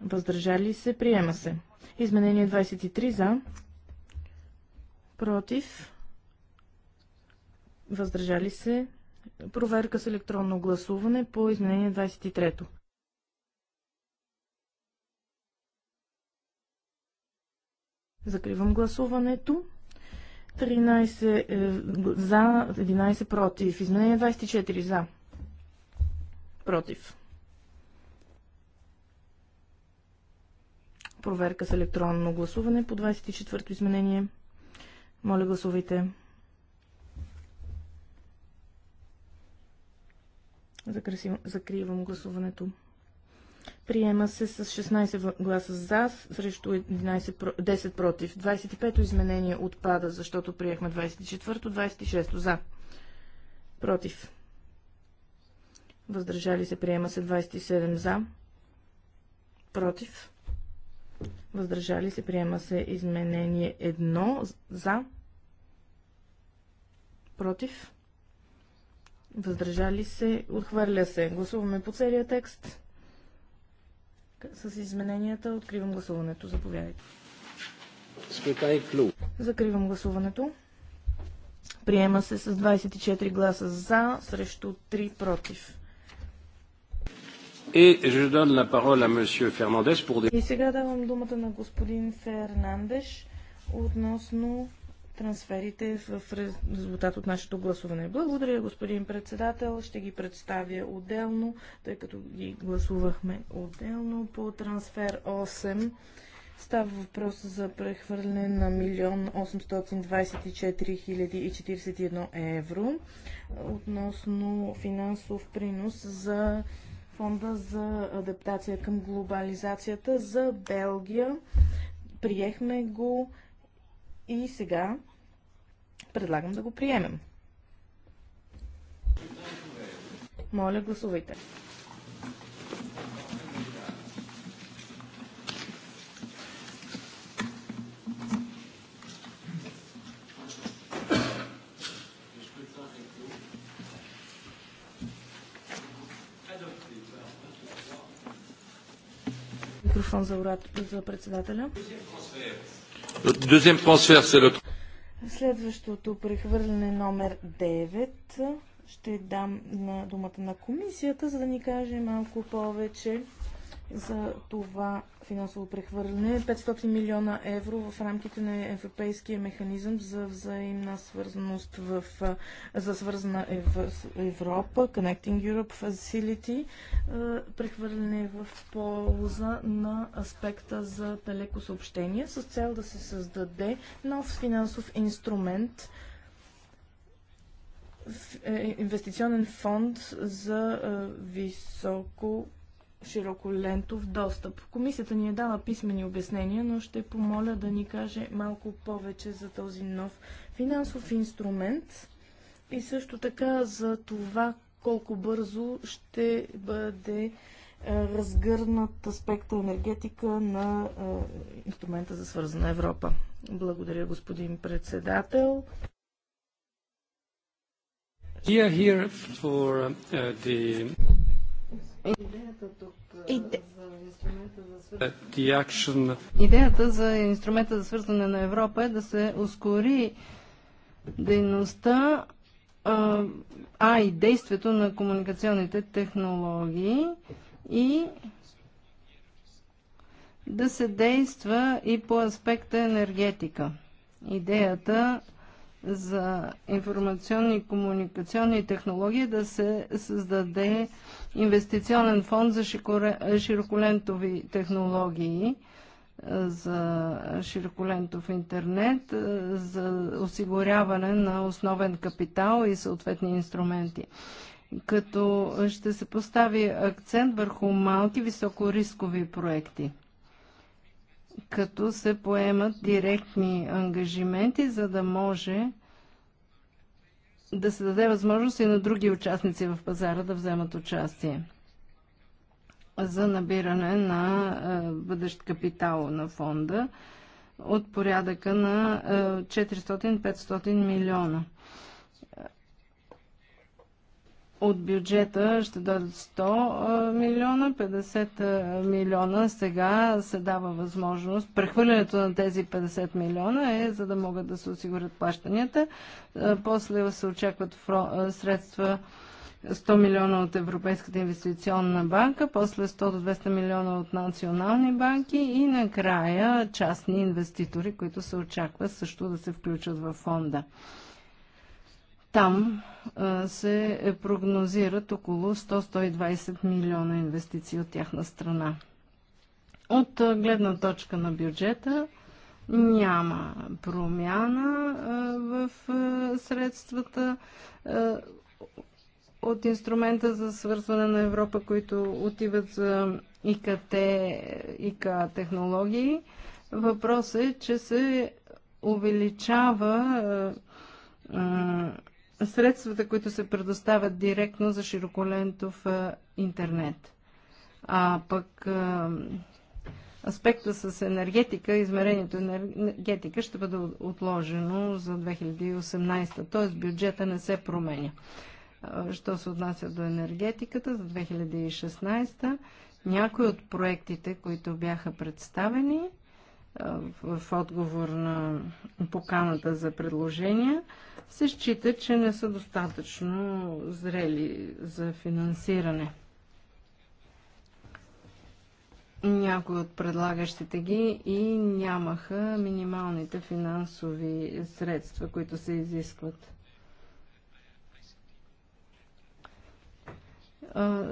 Въздържали се. Приема се. Изменение 23 за. Против. Въздържали се. Проверка с електронно гласуване по изменение 23. Закривам гласуването. 13 е, за, 11 против. Изменение 24 за. Против. Проверка с електронно гласуване по 24-то изменение. Моля гласувайте. Закривам гласуването. Приема се с 16 гласа за, срещу 11, 10 против. 25-то изменение отпада, защото приехме 24-то, 26-то за. Против. Въздържали се. Приема се 27 за. Против. Въздържали се. Приема се изменение 1 за. Против. Въздържали се. Отхвърля се. Гласуваме по целия текст. С измененията откривам гласуването. Заповядайте. Закривам гласуването. Приема се с 24 гласа за, срещу 3 против. И сега давам думата на господин Фернандеш относно трансферите в резултат от нашето гласуване. Благодаря, господин председател. Ще ги представя отделно, тъй като ги гласувахме отделно по трансфер 8. Става въпрос за прехвърляне на 1 824 041 евро относно финансов принос за фонда за адаптация към глобализацията за Белгия. Приехме го и сега предлагам да го приемем. Моля, гласувайте. Микрофон за, за председателя. Deuxième transfert, c'est le... Следващото прехвърляне номер 9 ще дам на думата на комисията, за да ни каже малко повече за това финансово прехвърляне. 500 милиона евро в рамките на Европейския механизъм за взаимна свързаност в, за свързана Ев, Европа, Connecting Europe Facility, е, прехвърляне в полза на аспекта за далекосъобщения с цел да се създаде нов финансов инструмент е, инвестиционен фонд за е, високо широколентов достъп. Комисията ни е дала писмени обяснения, но ще помоля да ни каже малко повече за този нов финансов инструмент и също така за това колко бързо ще бъде е, разгърнат аспекта енергетика на е, инструмента за свързана Европа. Благодаря, господин председател. Here, here for, uh, the... Е, е, Идеята за инструмента за свързване... на Европа е да се ускори дейността а, а и действието на комуникационните технологии и да се действа и по аспекта енергетика. Идеята за информационни и комуникационни технологии е да се създаде инвестиционен фонд за широколентови технологии, е, за широколентов интернет, е, за осигуряване на основен капитал и съответни инструменти. Като ще се постави акцент върху малки високорискови проекти като се поемат директни ангажименти, за да може да се даде възможност и на други участници в пазара да вземат участие за набиране на е, бъдещ капитал на фонда от порядъка на 400-500 е, милиона от бюджета ще дадат 100 милиона, 50 милиона сега се дава възможност. Прехвърлянето на тези 50 милиона е за да могат да се осигурят плащанията. После се очакват средства 100 милиона от Европейската инвестиционна банка, после 100 до 200 милиона от национални банки и накрая частни инвеститори, които се очаква също да се включат в фонда. Там се прогнозират около 100-120 милиона инвестиции от тяхна страна. От гледна точка на бюджета няма промяна в средствата от инструмента за свързване на Европа, които отиват за ИКТ, ИК технологии. Въпрос е, че се увеличава средствата, които се предоставят директно за широколентов интернет. А пък аспекта с енергетика, измерението енергетика ще бъде отложено за 2018, т.е. бюджета не се променя. Що се отнася до енергетиката за 2016, някои от проектите, които бяха представени, в отговор на поканата за предложения, се счита, че не са достатъчно зрели за финансиране. Някои от предлагащите ги и нямаха минималните финансови средства, които се изискват.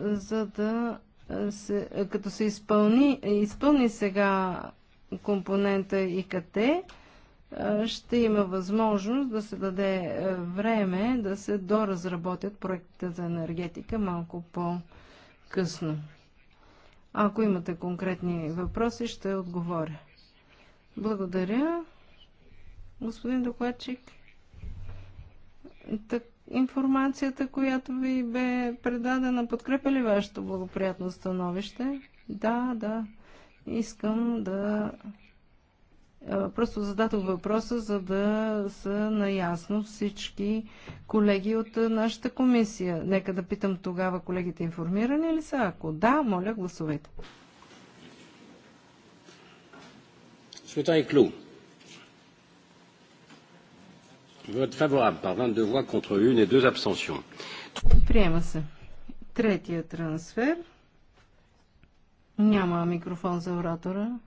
За да се, като се изпълни, изпълни сега компонента ИКТ, ще има възможност да се даде е, време да се доразработят проектите за енергетика малко по-късно. Ако имате конкретни въпроси, ще отговоря. Благодаря, господин докладчик. Так, информацията, която ви бе предадена, подкрепя ли вашето благоприятно становище? Да, да, Искам да... Просто зададох въпроса, за да са наясно всички колеги от нашата комисия. Нека да питам тогава колегите информирани ли са? Ако да, моля гласувайте. Scrutin est clos. Vote favorable par 22 voix contre une et deux abstentions. Приема се. Третия трансфер. Няма микрофон за оратора.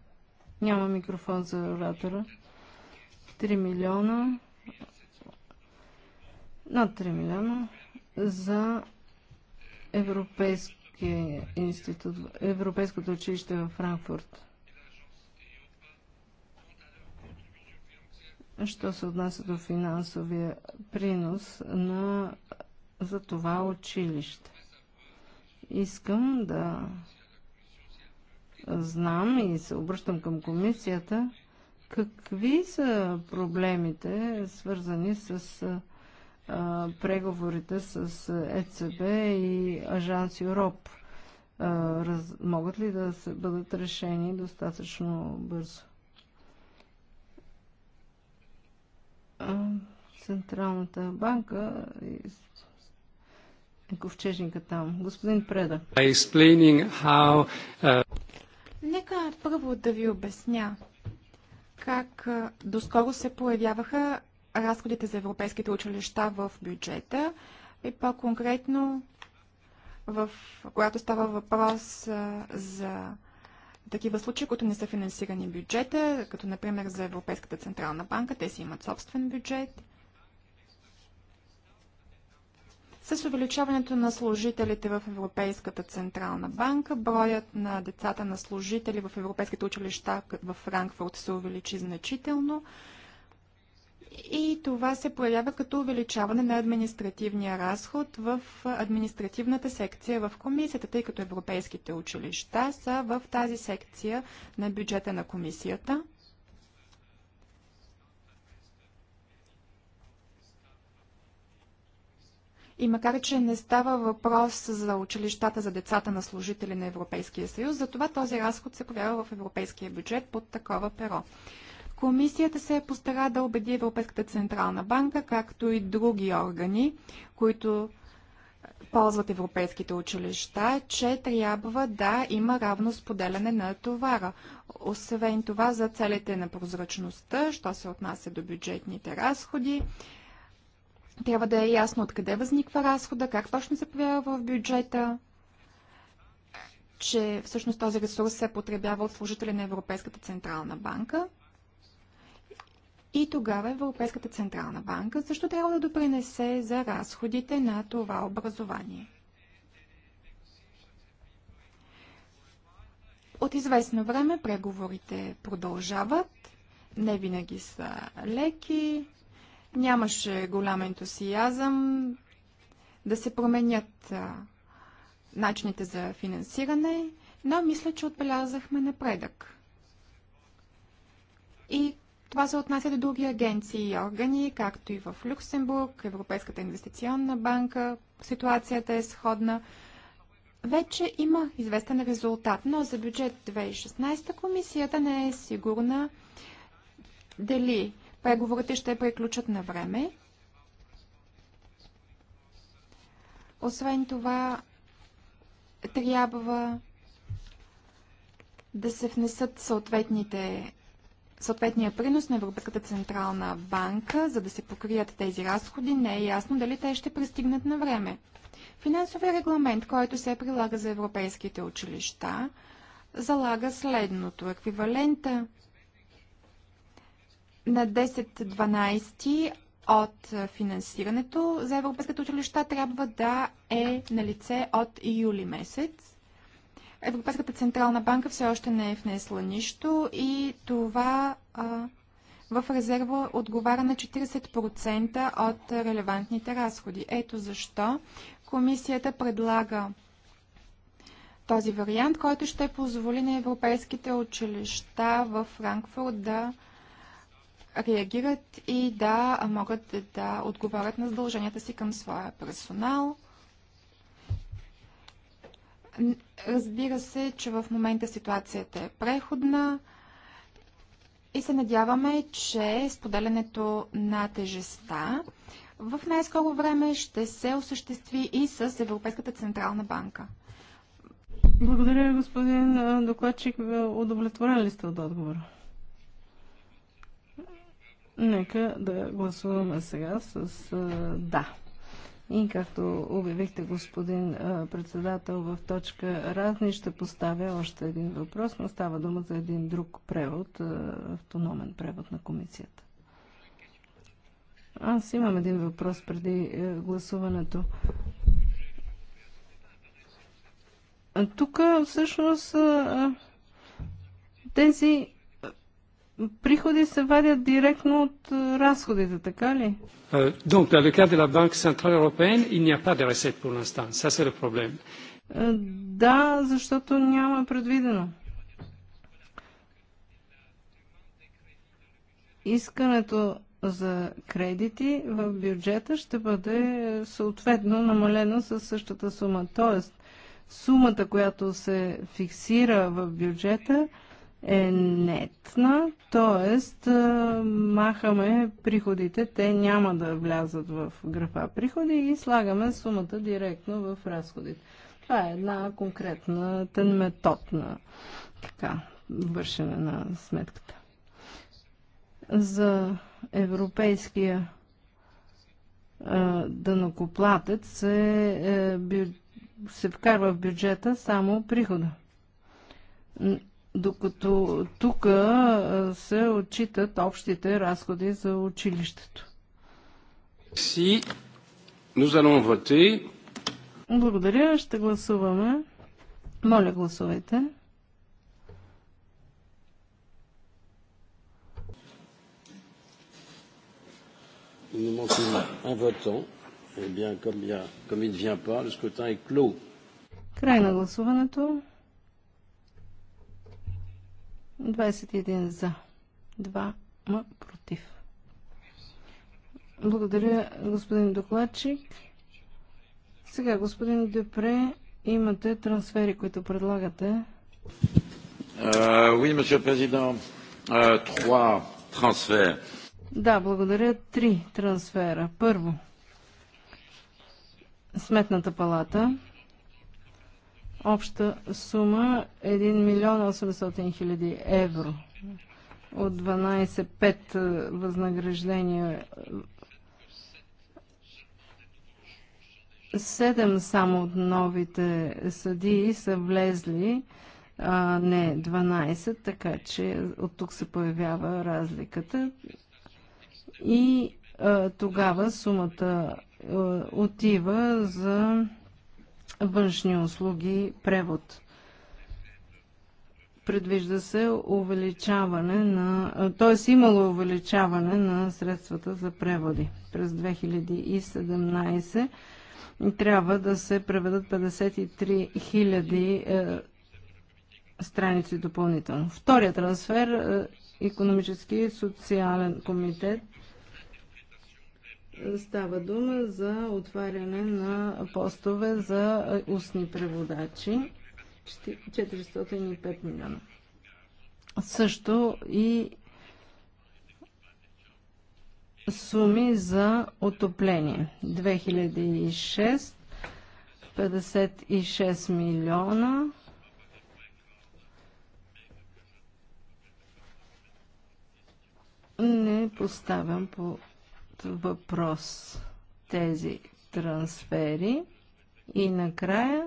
Няма микрофон за оратора. 3 милиона. Над 3 милиона за Европейския институт, Европейското училище във Франкфурт. Що се отнася до финансовия принос на, за това училище? Искам да знам и се обръщам към комисията, какви са проблемите, свързани с а, преговорите с ЕЦБ и Ажанс Европ? раз, могат ли да се бъдат решени достатъчно бързо? Централната банка и ковчежника там. Господин Преда. Нека първо да ви обясня как доскоро се появяваха разходите за европейските училища в бюджета и по-конкретно в, когато става въпрос за такива случаи, които не са финансирани бюджета, като например за Европейската централна банка, те си имат собствен бюджет – С увеличаването на служителите в Европейската централна банка, броят на децата на служители в европейските училища в Франкфурт се увеличи значително и това се проявява като увеличаване на административния разход в административната секция в комисията, тъй като европейските училища са в тази секция на бюджета на комисията. И макар, че не става въпрос за училищата за децата на служители на Европейския съюз, затова този разход се повярва в европейския бюджет под такова перо. Комисията се е постара да убеди Европейската централна банка, както и други органи, които ползват европейските училища, че трябва да има равно споделяне на товара. Освен това, за целите на прозрачността, що се отнася до бюджетните разходи, трябва да е ясно откъде възниква разхода, как точно се появява в бюджета, че всъщност този ресурс се потребява от служители на Европейската централна банка. И тогава Европейската централна банка също трябва да допринесе за разходите на това образование. От известно време преговорите продължават, не винаги са леки, Нямаше голям ентусиазъм да се променят начините за финансиране, но мисля, че отбелязахме напредък. И това се отнася до други агенции и органи, както и в Люксембург, Европейската инвестиционна банка. Ситуацията е сходна. Вече има известен резултат, но за бюджет 2016 комисията не е сигурна дали преговорите ще приключат на време. Освен това, трябва да се внесат съответните съответния принос на Европейската централна банка, за да се покрият тези разходи, не е ясно дали те ще пристигнат на време. Финансовия регламент, който се прилага за европейските училища, залага следното. Еквивалента на 10-12 от финансирането за Европейската училища трябва да е на лице от юли месец. Европейската централна банка все още не е внесла нищо и това в резерва отговаря на 40% от релевантните разходи. Ето защо комисията предлага този вариант, който ще позволи на европейските училища в Франкфурт да реагират и да могат да отговарят на задълженията си към своя персонал. Разбира се, че в момента ситуацията е преходна и се надяваме, че споделянето на тежеста в най-скоро време ще се осъществи и с Европейската Централна банка. Благодаря, господин докладчик. Удовлетворен ли сте от отговора? Нека да гласуваме сега с да. И както обявихте, господин председател, в точка разни ще поставя още един въпрос, но става дума за един друг превод, автономен превод на комисията. Аз имам един въпрос преди гласуването. Тук всъщност тези приходи се вадят директно от е, разходите, така ли? Е, donc, dans le cas de la Banque Centrale Européenne, il n'y a pas de recette pour l'instant. Ça, c'est le problème. Е, да, защото няма предвидено. Искането за кредити в бюджета ще бъде съответно намалено със същата сума. Тоест, сумата, която се фиксира в бюджета, е нетна, т.е. махаме приходите, те няма да влязат в графа приходи и слагаме сумата директно в разходите. Това е една конкретна метод на така, вършене на сметката. За европейския дънокоплатец се, е, се вкарва в бюджета само прихода докато тук се отчитат общите разходи за училището. Си, nous allons voter. Благодаря, ще гласуваме. Моля, гласувайте. Il nous manque un votant. Eh bien, comme il, y a, comme il ne vient pas, le scrutin est clos. Край на гласуването. 21 за. 2 м. против. Благодаря, господин докладчик. Сега, господин Депре, имате трансфери, които предлагате. Уи, uh, oui, президент. Три трансфера. Да, благодаря. Три трансфера. Първо, Сметната палата Обща сума 1 милион 800 хиляди евро. От 12-5 е, възнаграждения 7 само от новите съдии са влезли, а не 12, така че от тук се появява разликата. И а, е, тогава сумата а, е, отива за външни услуги, превод. Предвижда се увеличаване на... т.е. имало увеличаване на средствата за преводи. През 2017 трябва да се преведат 53 000 е, страници допълнително. Втория трансфер економически и социален комитет Става дума за отваряне на постове за устни преводачи. 405 милиона. Също и суми за отопление. 2006 56 милиона. Не поставям по въпрос тези трансфери. И накрая,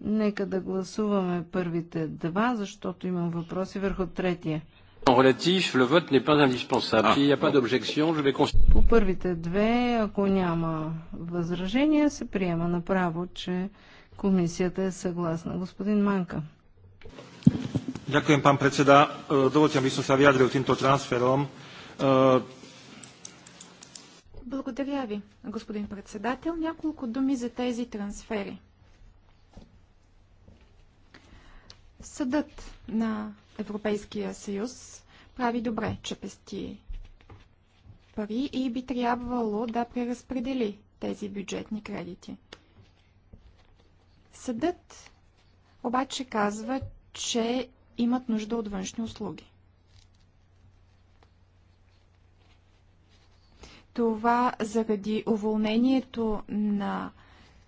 нека да гласуваме първите два, защото имам въпроси върху третия. По първите две, ако няма възражения, се приема направо, че комисията е съгласна. Господин Манка. Ďakujem, пан predseda. Е, dovolte, aby съм се вядрил тимто трансфером. Благодаря ви, господин председател. Няколко думи за тези трансфери. Съдът на Европейския съюз прави добре, че пести пари и би трябвало да преразпредели тези бюджетни кредити. Съдът обаче казва, че имат нужда от външни услуги. Това заради уволнението на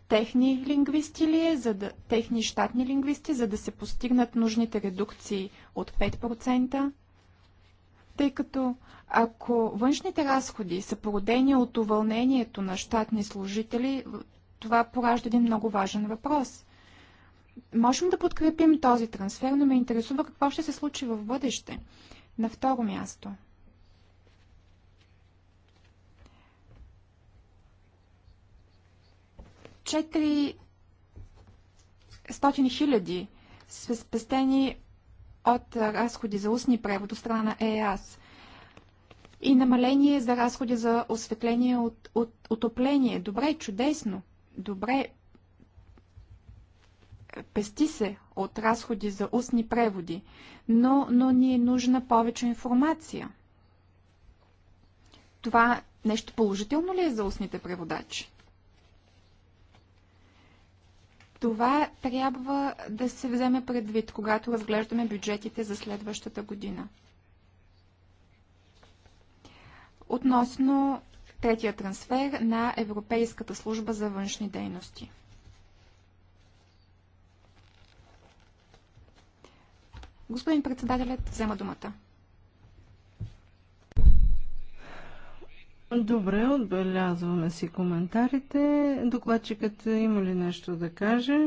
техни лингвисти ли е, за да, техни щатни лингвисти, за да се постигнат нужните редукции от 5%? Тъй като ако външните разходи са породени от увълнението на щатни служители, това поражда един много важен въпрос. Можем да подкрепим този трансфер, но ме интересува какво ще се случи в бъдеще. На второ място – 400 хиляди са спестени от разходи за устни превод от страна на ЕАС и намаление за разходи за осветление от, от отопление. Добре, чудесно. Добре, пести се от разходи за устни преводи, но, но ни е нужна повече информация. Това нещо положително ли е за устните преводачи? Това трябва да се вземе предвид, когато разглеждаме бюджетите за следващата година. Относно третия трансфер на Европейската служба за външни дейности. Господин председателят взема думата. Добре, отбелязваме си коментарите. Докладчикът има ли нещо да каже?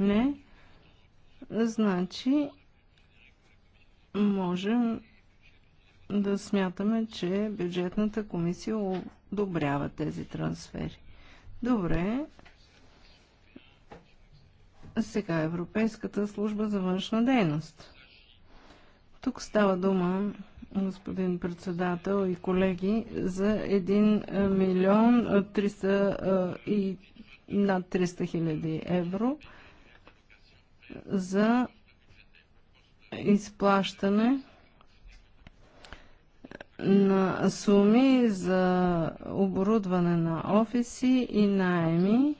Не. Значи, можем да смятаме, че бюджетната комисия одобрява тези трансфери. Добре. Сега Европейската служба за външна дейност. Тук става дума господин председател и колеги, за 1 е, милион 300 е, е, и над 300 хиляди евро за изплащане на суми за оборудване на офиси и найеми,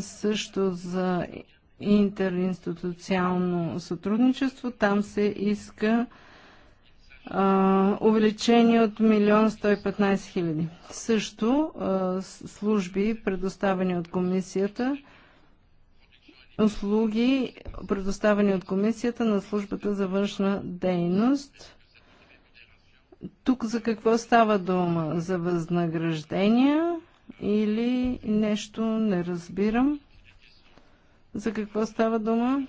също за интеринституционално сътрудничество. Там се иска увеличение от 1 115 хиляди. Също служби, предоставени от комисията, услуги, предоставени от комисията на службата за външна дейност. Тук за какво става дума? За възнаграждения или нещо не разбирам? За какво става дума?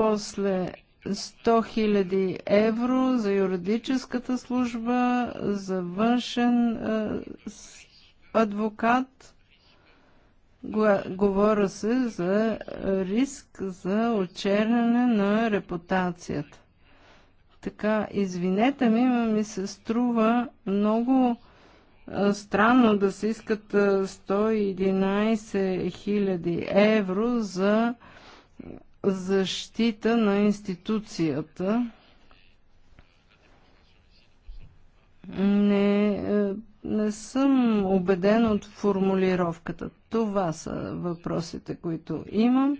после 100 000 евро за юридическата служба, за външен е, адвокат. Говоря се за риск за очерняне на репутацията. Така, извинете ми, но ми се струва много е, странно да се искат 111 е, 000 евро за защита на институцията не, е, не съм убеден от формулировката. Това са въпросите, които имам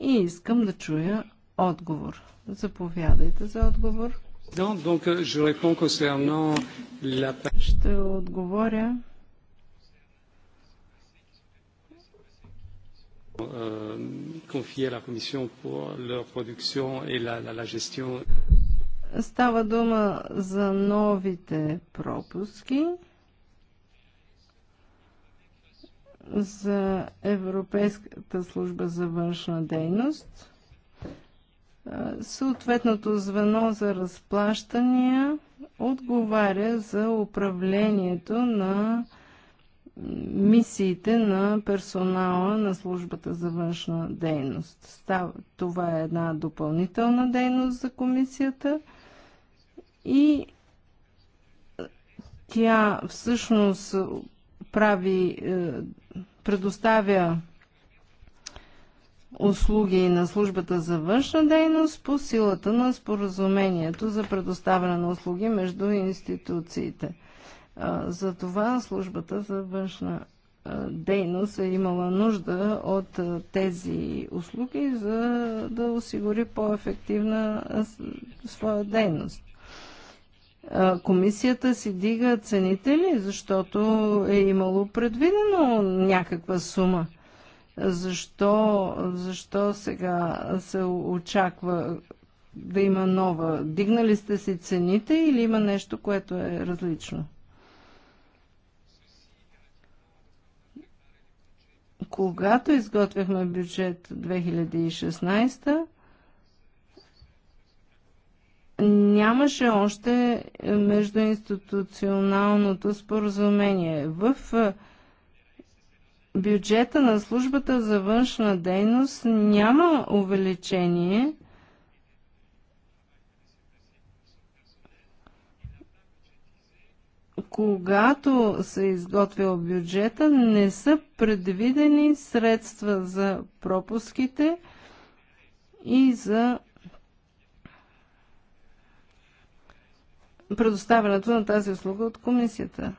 и искам да чуя отговор. Заповядайте за отговор. Euh, Ще отговоря Euh, confiée à la Commission pour leur production et la, la, la gestion. Става дума за новите пропуски, за Европейската служба за външна дейност, съответното звено за разплащания отговаря за управлението на мисиите на персонала на службата за външна дейност. Това е една допълнителна дейност за комисията и тя всъщност прави, е, предоставя услуги на службата за външна дейност по силата на споразумението за предоставяне на услуги между институциите. Затова службата за външна дейност е имала нужда от тези услуги, за да осигури по-ефективна своя дейност. Комисията си дига цените ли, защото е имало предвидено някаква сума? Защо, защо сега се очаква да има нова? Дигнали сте си цените или има нещо, което е различно? когато изготвяхме бюджет 2016, нямаше още междуинституционалното споразумение. В бюджета на службата за външна дейност няма увеличение – когато се изготвя бюджета, не са предвидени средства за пропуските и за предоставянето на тази услуга от комисията.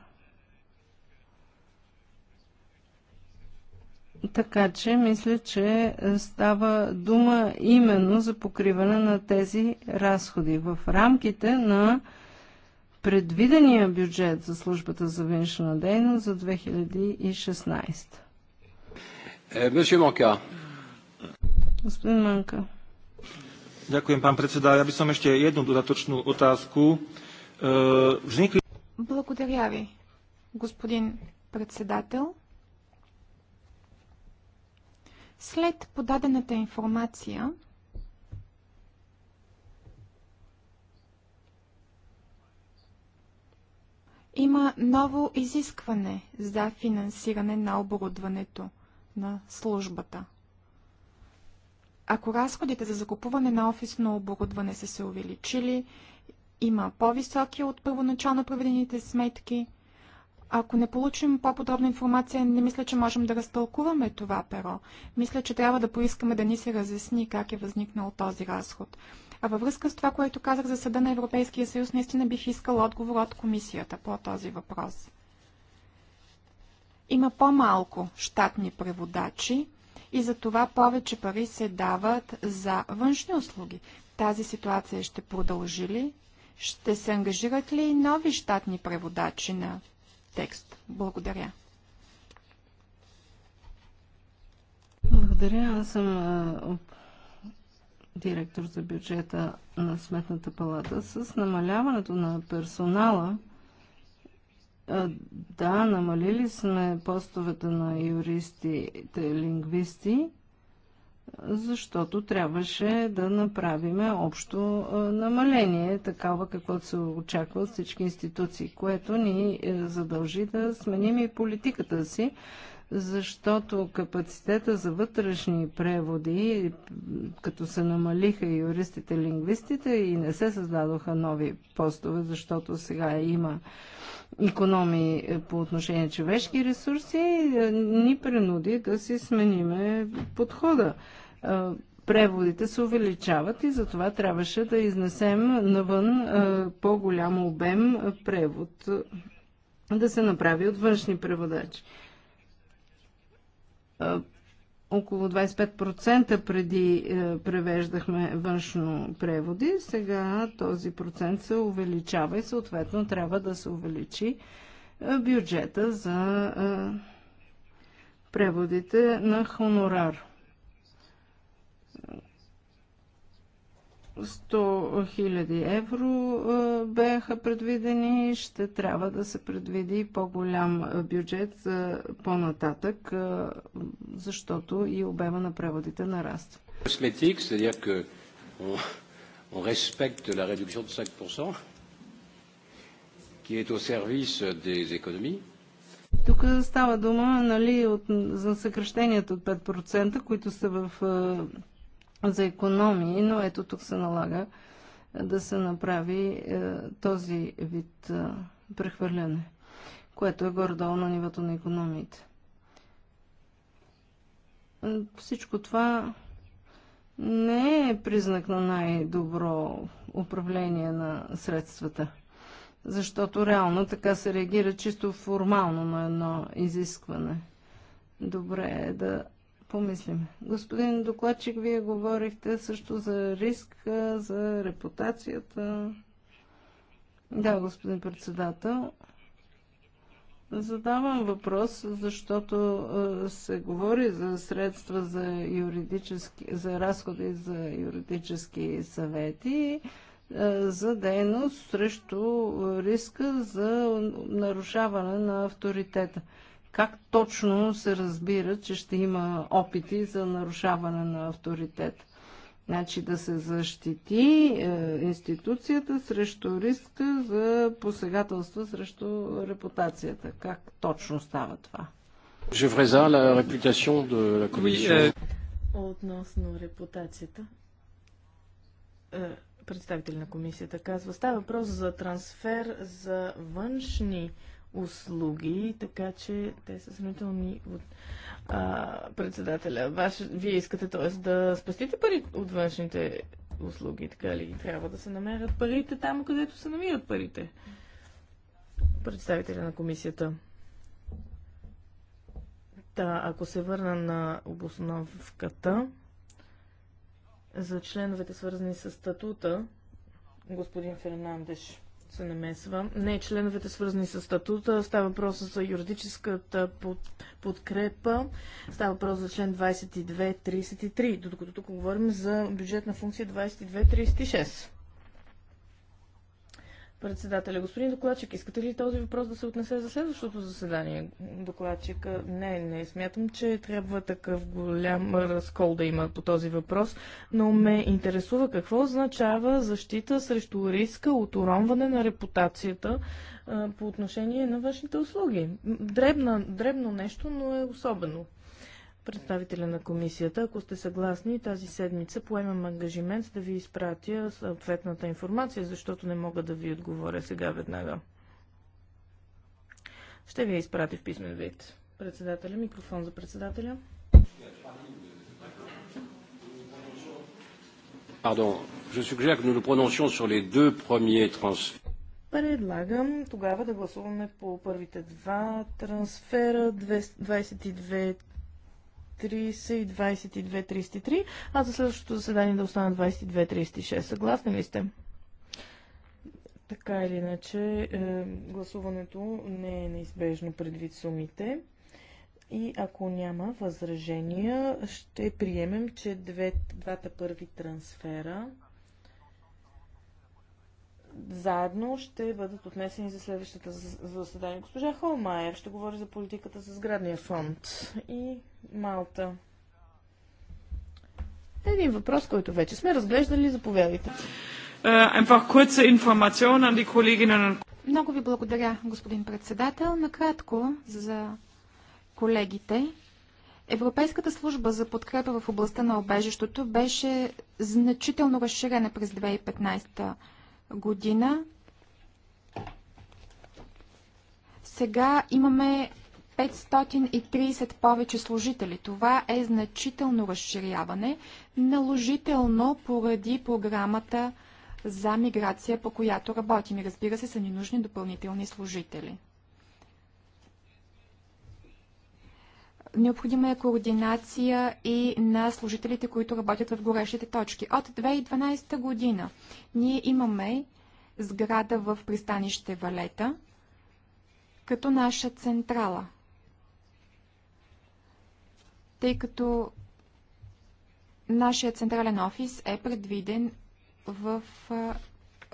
Така че мисля, че става дума именно за покриване на тези разходи в рамките на предвидения бюджет за службата за външна дейност за 2016? Е, monsieur Manka. Господин Манка. Дякуем, пан predseda. Я би съм еще jednu dodatočnú otázku. Е, vznikli... Благодаря ви, господин председател. След подадената информация, има ново изискване за финансиране на оборудването на службата. Ако разходите за закупуване на офисно оборудване са се увеличили, има по-високи от първоначално проведените сметки. Ако не получим по-подробна информация, не мисля, че можем да разтълкуваме това перо. Мисля, че трябва да поискаме да ни се разясни как е възникнал този разход. А във връзка с това, което казах за Съда на Европейския съюз, наистина бих искал отговор от комисията по този въпрос. Има по-малко щатни преводачи и за това повече пари се дават за външни услуги. Тази ситуация ще продължи ли? Ще се ангажират ли нови щатни преводачи на текст? Благодаря. Благодаря. Аз съм директор за бюджета на Сметната палата. С намаляването на персонала, да, намалили сме постовете на юристите, лингвисти, защото трябваше да направиме общо намаление, такава каквото се очаква от всички институции, което ни е, задължи да сменим и политиката си, защото капацитета за вътрешни преводи, като се намалиха юристите, и лингвистите и не се създадоха нови постове, защото сега има економии по отношение човешки ресурси, ни принуди да си смениме подхода. Преводите се увеличават и затова трябваше да изнесем навън по-голям обем превод да се направи от външни преводачи около 25% преди е, превеждахме външно преводи, сега този процент се увеличава и съответно трябва да се увеличи е, бюджета за е, преводите на хонорар. 100 000 евро бяха предвидени. Ще трябва да се предвиди по-голям бюджет за по-нататък, защото и обема на преводите нараства. Косметик, c'est-à-dire que on, on respecte la réduction de 5% qui est au service des économies. Тук става дума нали, от, за съкръщението от 5%, които са в за економии, но ето тук се налага е, да се направи е, този вид е, прехвърляне, което е горе-долу на нивото на економиите. Е, всичко това не е признак на най-добро управление на средствата, защото реално така се реагира чисто формално на едно изискване. Добре е да помислим. Господин докладчик, вие говорихте също за риск, за репутацията. Да, господин председател. Задавам въпрос, защото се говори за средства за, юридически, за разходи за юридически съвети, за дейност срещу риска за нарушаване на авторитета. Как точно се разбира, че ще има опити за нарушаване на авторитет? Значи да се защити е, институцията срещу риска за посегателства срещу репутацията. Как точно става това? Жевреза, la réputation de la commission. Euh, относно репутацията, е, представител на комисията казва, става въпрос за трансфер за външни услуги, така че те са сравнителни от а, председателя. Ваш, вие искате т.е. да спастите пари от външните услуги, така ли? Трябва да се намерят парите там, където се намират парите. Представителя на комисията. Та, ако се върна на обосновката за членовете свързани с статута, господин Фернандеш се намесва. Не членовете свързани с статута. Става въпрос за юридическата под, подкрепа. Става въпрос за член 22-33, докато тук говорим за бюджетна функция 22-36. Председателя, господин докладчик, искате ли този въпрос да се отнесе за следващото заседание? Докладчик? не, не смятам, че трябва такъв голям разкол да има по този въпрос, но ме интересува какво означава защита срещу риска от уронване на репутацията а, по отношение на външните услуги. Дребна, дребно нещо, но е особено представителя на комисията. Ако сте съгласни, тази седмица поемам ангажимент да ви изпратя съответната информация, защото не мога да ви отговоря сега веднага. Ще ви я изпрати в писмен вид. Председателя, микрофон за председателя. Pardon, je suggère que nous nous prononcions sur les deux premiers transferts. Предлагам тогава да гласуваме по първите два трансфера 30 и 22.33, а за следващото заседание да остана 22.36. Съгласни ли сте? Така или иначе, е, гласуването не е неизбежно предвид сумите. И ако няма възражения, ще приемем, че две, двата първи трансфера заедно ще бъдат отнесени за следващата заседание. Госпожа Холмайер ще говори за политиката за сградния фонд и Малта. Един въпрос, който вече сме разглеждали, заповядайте. Е, Много ви благодаря, господин председател. Накратко за колегите. Европейската служба за подкрепа в областта на обежището беше значително разширена през 2015 година година. Сега имаме 530 повече служители. Това е значително разширяване, наложително поради програмата за миграция, по която работим. И разбира се, са ни нужни допълнителни служители. Необходима е координация и на служителите, които работят в горещите точки. От 2012 година ние имаме сграда в пристанище Валета като наша централа. Тъй като нашия централен офис е предвиден в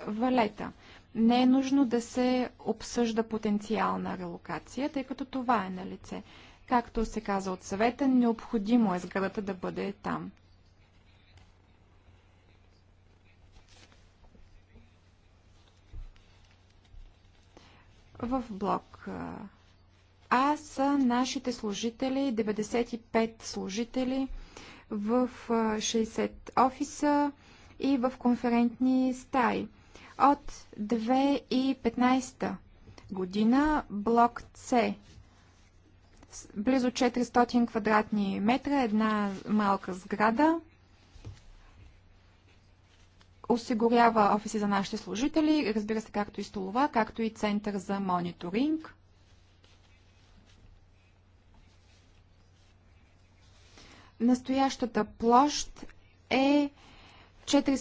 Валета. Не е нужно да се обсъжда потенциална релокация, тъй като това е на лице. Както се каза от съвета, необходимо е сградата да бъде там. В блок А са нашите служители, 95 служители в 60 офиса и в конферентни стаи. От 2015 година блок С близо 400 квадратни метра, една малка сграда. Осигурява офиси за нашите служители, разбира се, както и столова, както и център за мониторинг. Настоящата площ е 400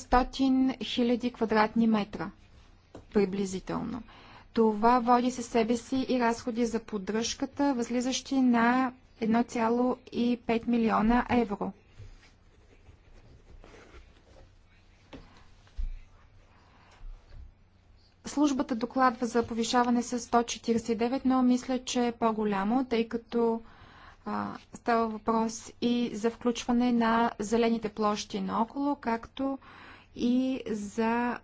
000 квадратни метра приблизително. Това води със себе си и разходи за поддръжката, възлизащи на 1,5 милиона евро. Службата докладва за повишаване с 149, но мисля, че е по-голямо, тъй като а, става въпрос и за включване на зелените площи наоколо, както и за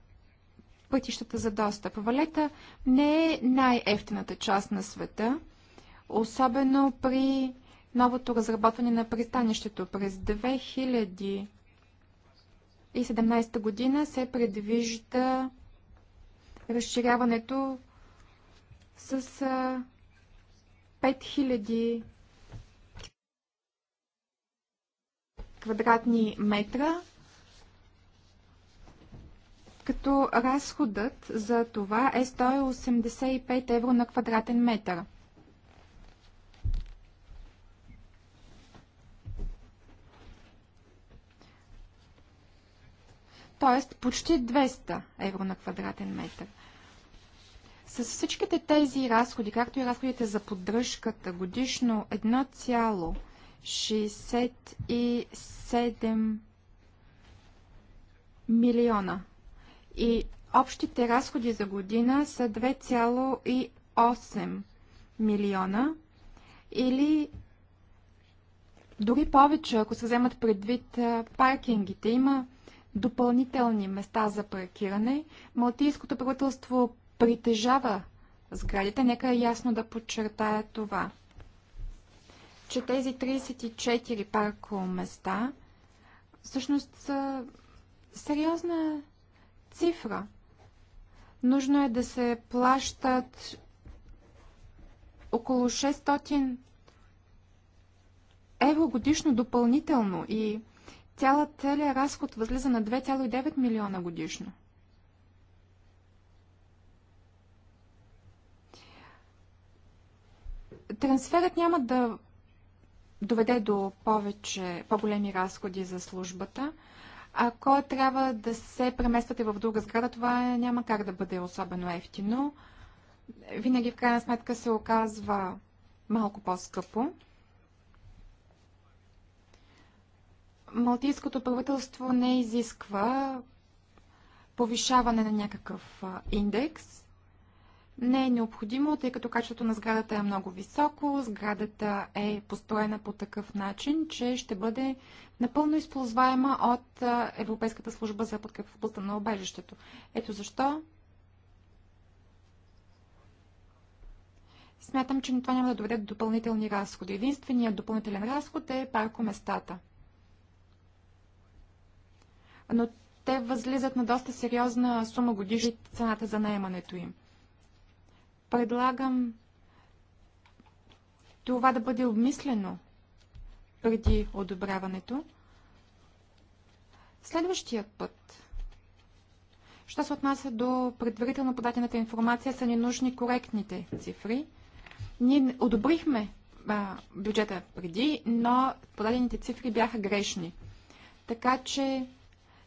пътищата за достъп. Валета не е най-ефтината част на света, особено при новото разработване на пристанището. През 2017 година се предвижда разширяването с 5000 квадратни метра като разходът за това е 185 евро на квадратен метър. Тоест почти 200 евро на квадратен метър. С всичките тези разходи, както и разходите за поддръжката, годишно 1,67 милиона и общите разходи за година са 2,8 милиона или дори повече, ако се вземат предвид паркингите. Има допълнителни места за паркиране. Малтийското правителство притежава сградите. Нека е ясно да подчертая това, че тези 34 парко места всъщност са сериозна цифра. Нужно е да се плащат около 600 евро годишно допълнително и цялата целият разход възлиза на 2,9 милиона годишно. Трансферът няма да доведе до повече, по-големи разходи за службата – ако трябва да се премествате в друга сграда, това няма как да бъде особено ефтино. Винаги в крайна сметка се оказва малко по-скъпо. Малтийското правителство не изисква повишаване на някакъв индекс не е необходимо, тъй като качеството на сградата е много високо. Сградата е построена по такъв начин, че ще бъде напълно използваема от Европейската служба за подкрепа в областта на обежището. Ето защо смятам, че това няма да доведе до допълнителни разходи. Единственият допълнителен разход е паркоместата. Но те възлизат на доста сериозна сума годишни цената за наемането им. Предлагам това да бъде обмислено преди одобряването. Следващият път. Що се отнася до предварително подадената информация, са ни нужни коректните цифри. Ние одобрихме бюджета преди, но подадените цифри бяха грешни. Така че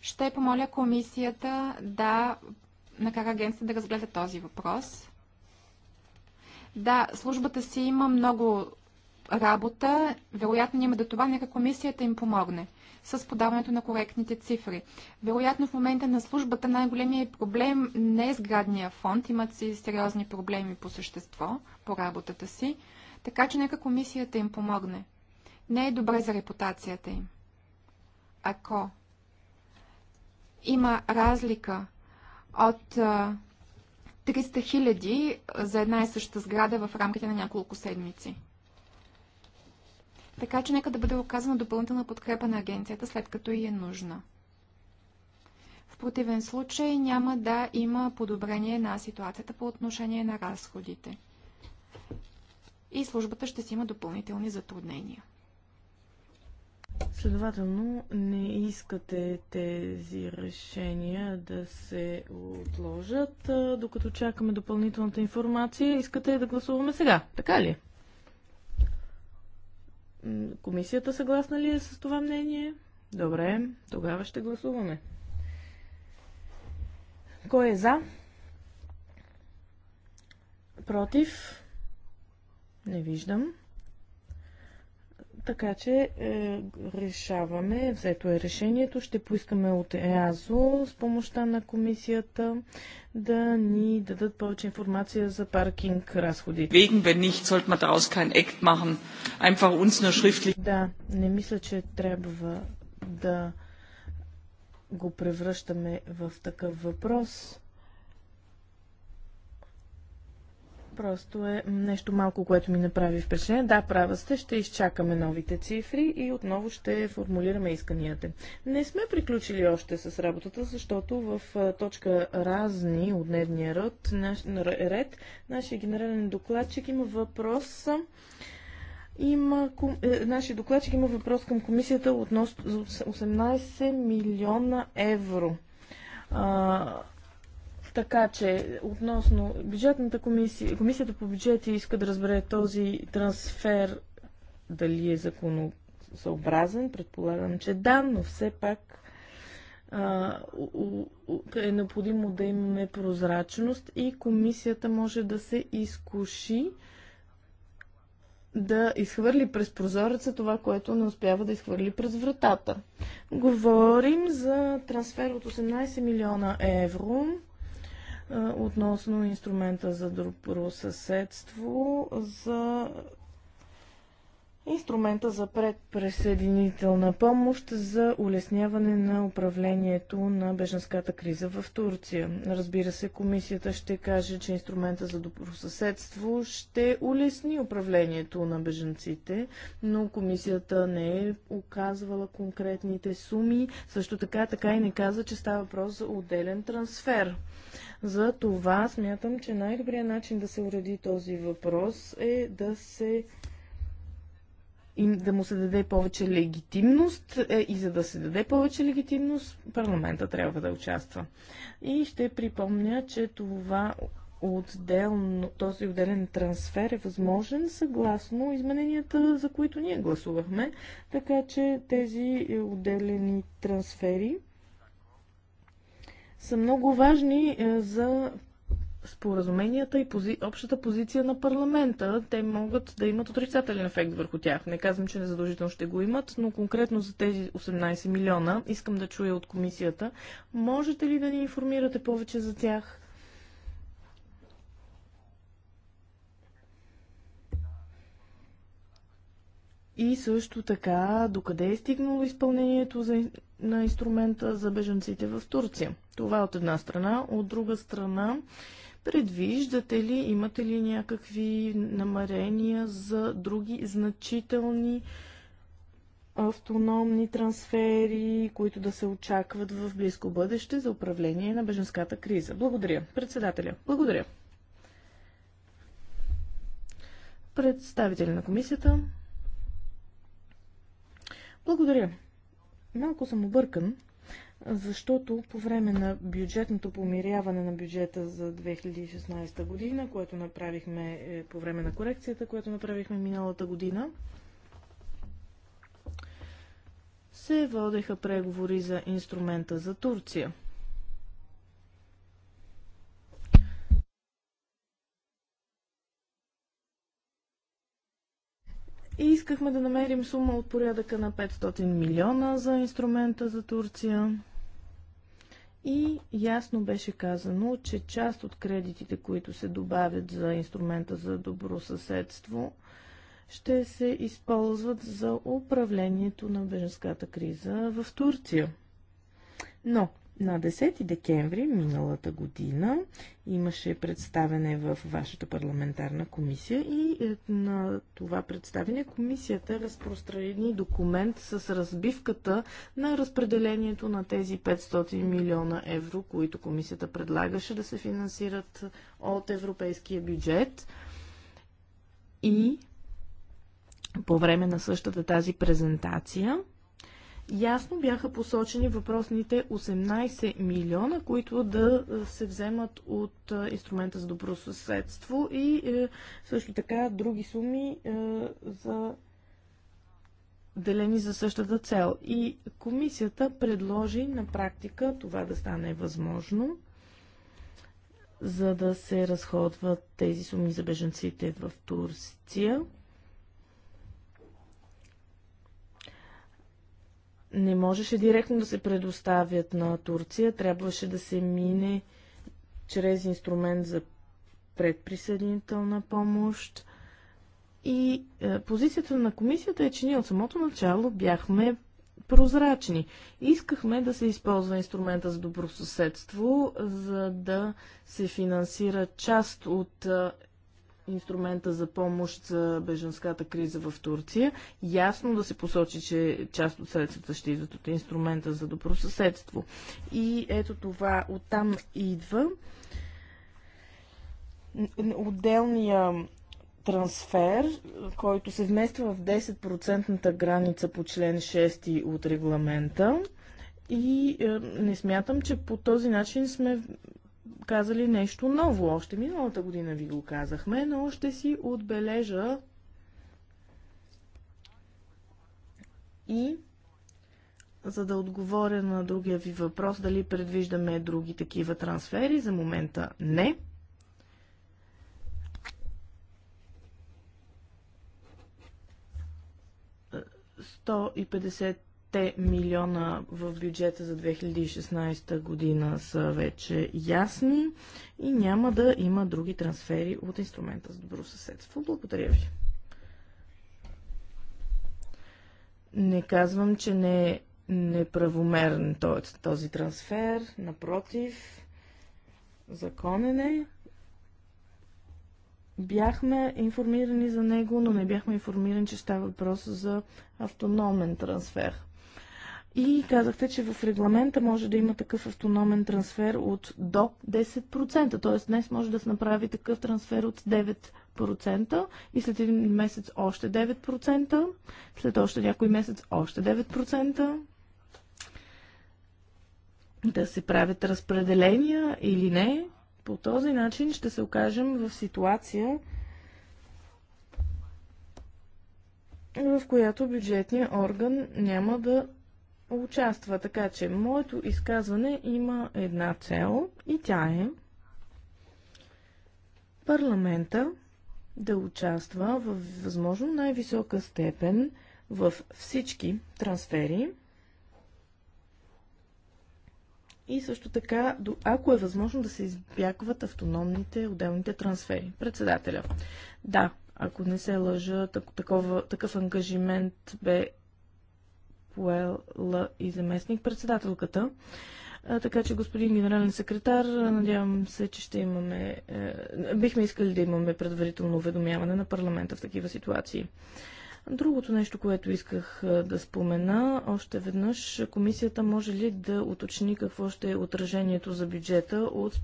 ще помоля комисията да накара агенцията да разгледа този въпрос. Да, службата си има много работа. Вероятно няма да това, нека комисията им помогне с подаването на коректните цифри. Вероятно в момента на службата най-големият проблем не е сградния фонд. Имат си сериозни проблеми по същество, по работата си. Така че нека комисията им помогне. Не е добре за репутацията им. Ако има разлика от 300 хиляди за една и съща сграда в рамките на няколко седмици. Така че нека да бъде оказана допълнителна подкрепа на агенцията, след като и е нужна. В противен случай няма да има подобрение на ситуацията по отношение на разходите. И службата ще си има допълнителни затруднения. Следователно, не искате тези решения да се отложат, докато чакаме допълнителната информация. Искате да гласуваме сега, така ли? Комисията съгласна ли е с това мнение? Добре, тогава ще гласуваме. Кой е за? Против? Не виждам. Така че е, решаваме, взето е решението, ще поискаме от ЕАЗО с помощта на комисията да ни дадат повече информация за паркинг разходи. Wegen, wenn nicht, sollte man daraus kein Act machen. Einfach uns nur schriftlich. Да, не мисля, че трябва да го превръщаме в такъв въпрос. Просто е нещо малко, което ми направи впечатление. Да, права сте, ще изчакаме новите цифри и отново ще формулираме исканията. Не сме приключили още с работата, защото в точка разни от дневния ред, наш, ред нашия генерален докладчик има въпрос. Има, е, нашия докладчик има въпрос към комисията относно 18 милиона евро. А, така че, относно бюджетната комисия, комисията по бюджети иска да разбере този трансфер дали е законосъобразен. Предполагам, че да, но все пак е необходимо да имаме прозрачност и комисията може да се изкуши да изхвърли през прозореца това, което не успява да изхвърли през вратата. Говорим за трансфер от 18 милиона евро относно инструмента за добро съседство, за инструмента за предпресъединителна помощ за улесняване на управлението на беженската криза в Турция. Разбира се, комисията ще каже, че инструмента за добро съседство ще улесни управлението на беженците, но комисията не е оказвала конкретните суми. Също така, така и не каза, че става въпрос за отделен трансфер. За това смятам, че най-добрият начин да се уреди този въпрос е да се да му се даде повече легитимност е, и за да се даде повече легитимност, парламента трябва да участва. И ще припомня, че това отделно, този отделен трансфер е възможен съгласно измененията, за които ние гласувахме, така че тези отделени трансфери са много важни е, за споразуменията и пози... общата позиция на парламента. Те могат да имат отрицателен ефект върху тях. Не казвам, че незадължително ще го имат, но конкретно за тези 18 милиона искам да чуя от комисията. Можете ли да ни информирате повече за тях? И също така, докъде е стигнало изпълнението за, на инструмента за беженците в Турция? Това от една страна. От друга страна, предвиждате ли, имате ли някакви намерения за други значителни автономни трансфери, които да се очакват в близко бъдеще за управление на беженската криза? Благодаря. Председателя, благодаря. Представители на комисията. Благодаря. Малко съм объркан, защото по време на бюджетното помиряване на бюджета за 2016 година, което направихме е, по време на корекцията, което направихме миналата година, се водеха преговори за инструмента за Турция. И искахме да намерим сума от порядъка на 500 милиона за инструмента за Турция. И ясно беше казано, че част от кредитите, които се добавят за инструмента за добро съседство, ще се използват за управлението на беженската криза в Турция. Но на 10 декември миналата година имаше представене в вашата парламентарна комисия и е, на това представене комисията разпространи документ с разбивката на разпределението на тези 500 милиона евро, които комисията предлагаше да се финансират от европейския бюджет. И по време на същата тази презентация ясно бяха посочени въпросните 18 милиона, които да е, се вземат от е, инструмента за добро съседство и е, също така други суми за делени за същата цел. И комисията предложи на практика това да стане възможно, за да се разходват тези суми за беженците в Турция не можеше директно да се предоставят на Турция, трябваше да се мине чрез инструмент за предприсъединителна помощ. И е, позицията на комисията е, че ние от самото начало бяхме прозрачни. Искахме да се използва инструмента за добросъседство, за да се финансира част от е, инструмента за помощ за беженската криза в Турция. Ясно да се посочи, че част от средствата ще идват от инструмента за добросъседство. И ето това оттам идва отделния трансфер, който се вмества в 10 граница по член 6 от регламента. И е, не смятам, че по този начин сме казали нещо ново. Още миналата година ви го казахме, но ще си отбележа и за да отговоря на другия ви въпрос, дали предвиждаме други такива трансфери, за момента не. и те милиона в бюджета за 2016 година са вече ясни и няма да има други трансфери от инструмента за добро съседство. Благодаря ви. Не казвам, че не е неправомерен този трансфер. Напротив, законен е. Бяхме информирани за него, но не бяхме информирани, че става въпрос за автономен трансфер. И казахте, че в регламента може да има такъв автономен трансфер от до 10%. Т.е. днес може да се направи такъв трансфер от 9% и след един месец още 9%, след още някой месец още 9%. Да се правят разпределения или не, по този начин ще се окажем в ситуация, в която бюджетният орган няма да участва. Така че моето изказване има една цел и тя е парламента да участва в възможно най-висока степен в всички трансфери и също така, ако е възможно да се избягват автономните отделните трансфери. Председателя. Да, ако не се лъжа, такова, такъв ангажимент бе поела и заместник-председателката. Така че, господин генерален секретар, надявам се, че ще имаме. Е, бихме искали да имаме предварително уведомяване на парламента в такива ситуации. Другото нещо, което исках е, да спомена още веднъж, комисията може ли да уточни какво ще е отражението за бюджета от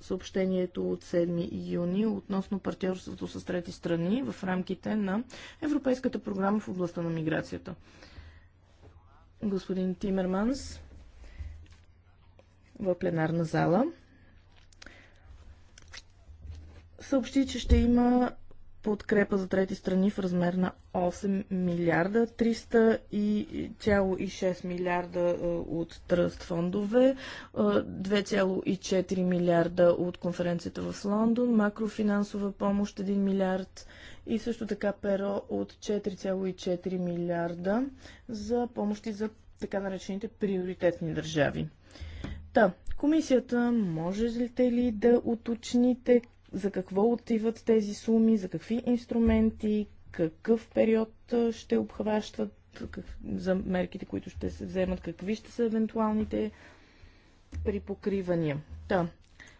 съобщението от 7 юни относно партньорството с трети страни в рамките на Европейската програма в областта на миграцията? господин Тимерманс в пленарна зала съобщи, че ще има подкрепа за трети страни в размер на 8 милиарда, 300,6 милиарда е, от тръст фондове, 2,4 е, милиарда от конференцията в Лондон, макрофинансова помощ 1 милиард и също така перо от 4,4 милиарда за помощи за така наречените приоритетни държави. Та, комисията, може ли да уточните за какво отиват тези суми, за какви инструменти, какъв период ще обхващат, как, за мерките, които ще се вземат, какви ще са евентуалните припокривания. Та,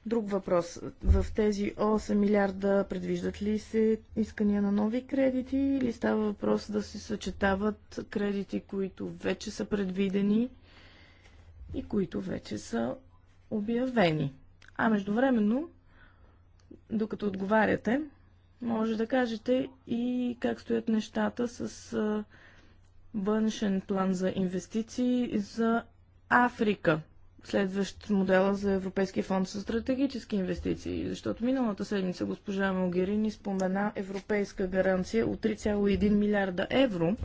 друг въпрос. В тези 8 милиарда предвиждат ли се искания на нови кредити или става въпрос да се съчетават кредити, които вече са предвидени и които вече са обявени? А междувременно докато отговаряте, може да кажете и как стоят нещата с външен план за инвестиции за Африка. Следващ модела за Европейския фонд за стратегически инвестиции, защото миналата седмица госпожа Могерини спомена европейска гаранция от 3,1 милиарда евро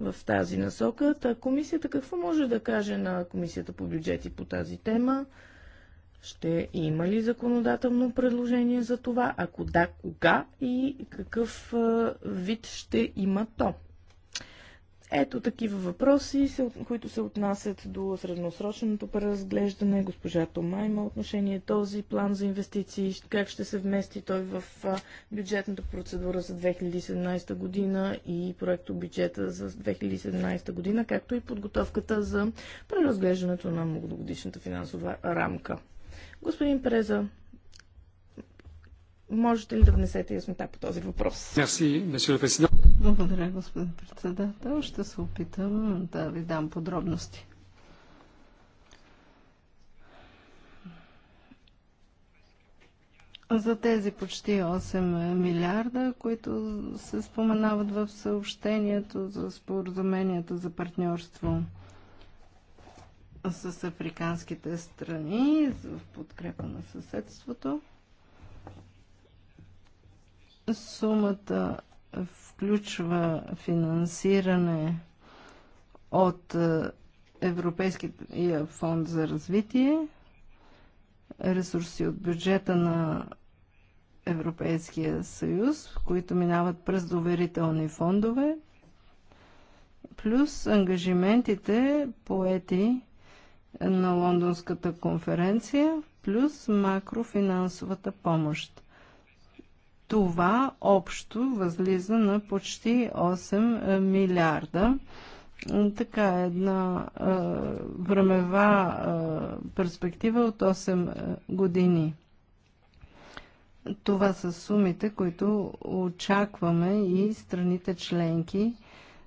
в тази насока. Та комисията какво може да каже на комисията по бюджети по тази тема? Ще има ли законодателно предложение за това? Ако да, кога и какъв вид ще има то? Ето такива въпроси, които се отнасят до средносрочното преразглеждане. Госпожа Тома има отношение този план за инвестиции, как ще се вмести той в бюджетната процедура за 2017 година и проекто бюджета за 2017 година, както и подготовката за преразглеждането на многогодишната финансова рамка. Господин Преза, можете ли да внесете яснота по този въпрос? Благодаря, господин председател. Ще се опитам да ви дам подробности. За тези почти 8 милиарда, които се споменават в съобщението за споразумението за партньорство с африканските страни в подкрепа на съседството. Сумата включва финансиране от е, Европейския фонд за развитие, ресурси от бюджета на Европейския съюз, които минават през доверителни фондове, плюс ангажиментите поети на Лондонската конференция, плюс макрофинансовата помощ. Това общо възлиза на почти 8 е, милиарда. Така е една е, времева е, перспектива от 8 е, години. Това са сумите, които очакваме и страните членки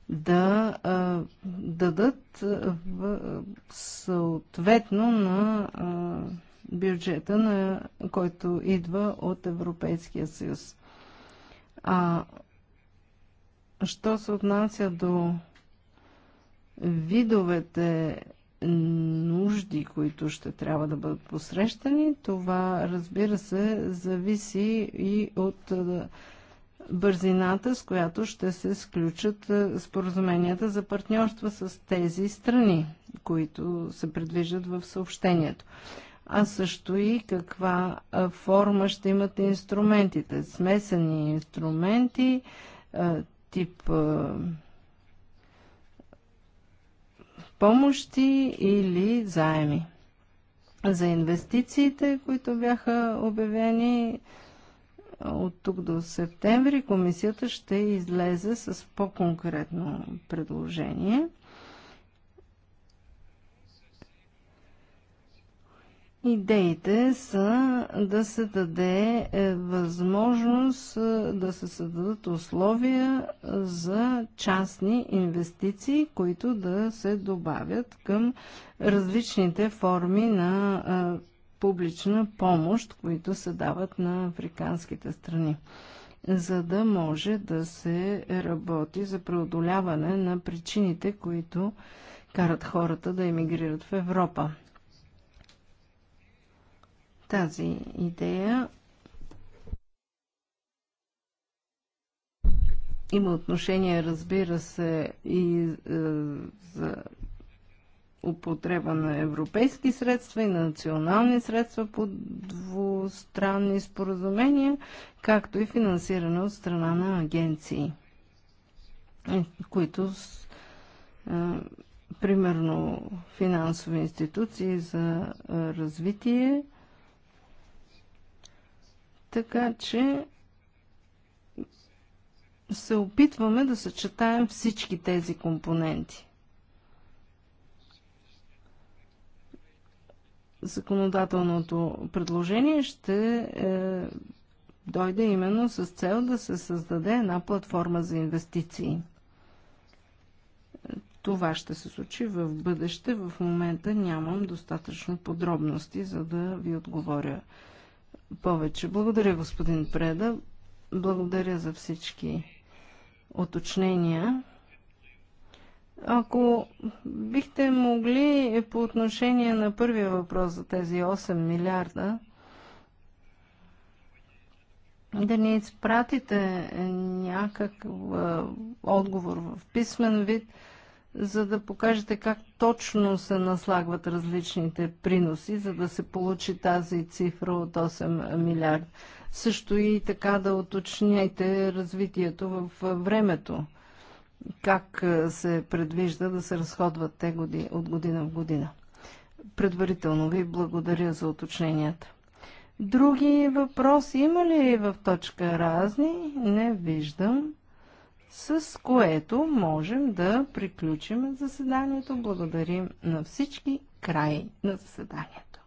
да а, дадат в, съответно на а, бюджета, на който идва от Европейския съюз. А що се отнася до видовете нужди, които ще трябва да бъдат посрещани, това разбира се зависи и от бързината, с която ще се сключат е, споразуменията за партньорства с тези страни, които се предвиждат в съобщението. А също и каква е, форма ще имат инструментите. Смесени инструменти, е, тип помощи или заеми. За инвестициите, които бяха обявени, от тук до септември комисията ще излезе с по-конкретно предложение. Идеите са да се даде е, възможност е, да се създадат условия за частни инвестиции, които да се добавят към различните форми на е, публична помощ, които се дават на африканските страни, за да може да се работи за преодоляване на причините, които карат хората да емигрират в Европа. Тази идея има отношение, разбира се, и е, за употреба на европейски средства и на национални средства по двустранни споразумения, както и финансиране от страна на агенции, е, които е, примерно финансови институции за е, развитие. Така че се опитваме да съчетаем всички тези компоненти. законодателното предложение ще е, дойде именно с цел да се създаде една платформа за инвестиции. Това ще се случи в бъдеще. В момента нямам достатъчно подробности, за да ви отговоря повече. Благодаря, господин Преда. Благодаря за всички уточнения. Ако бихте могли по отношение на първия въпрос за тези 8 милиарда, да ни изпратите някакъв отговор в писмен вид, за да покажете как точно се наслагват различните приноси, за да се получи тази цифра от 8 милиарда. Също и така да уточняйте развитието в времето как е, се предвижда да се разходват те годи, от година в година. Предварително ви благодаря за уточненията. Други въпроси има ли в точка разни? Не виждам. С което можем да приключим заседанието. Благодарим на всички. Край на заседанието.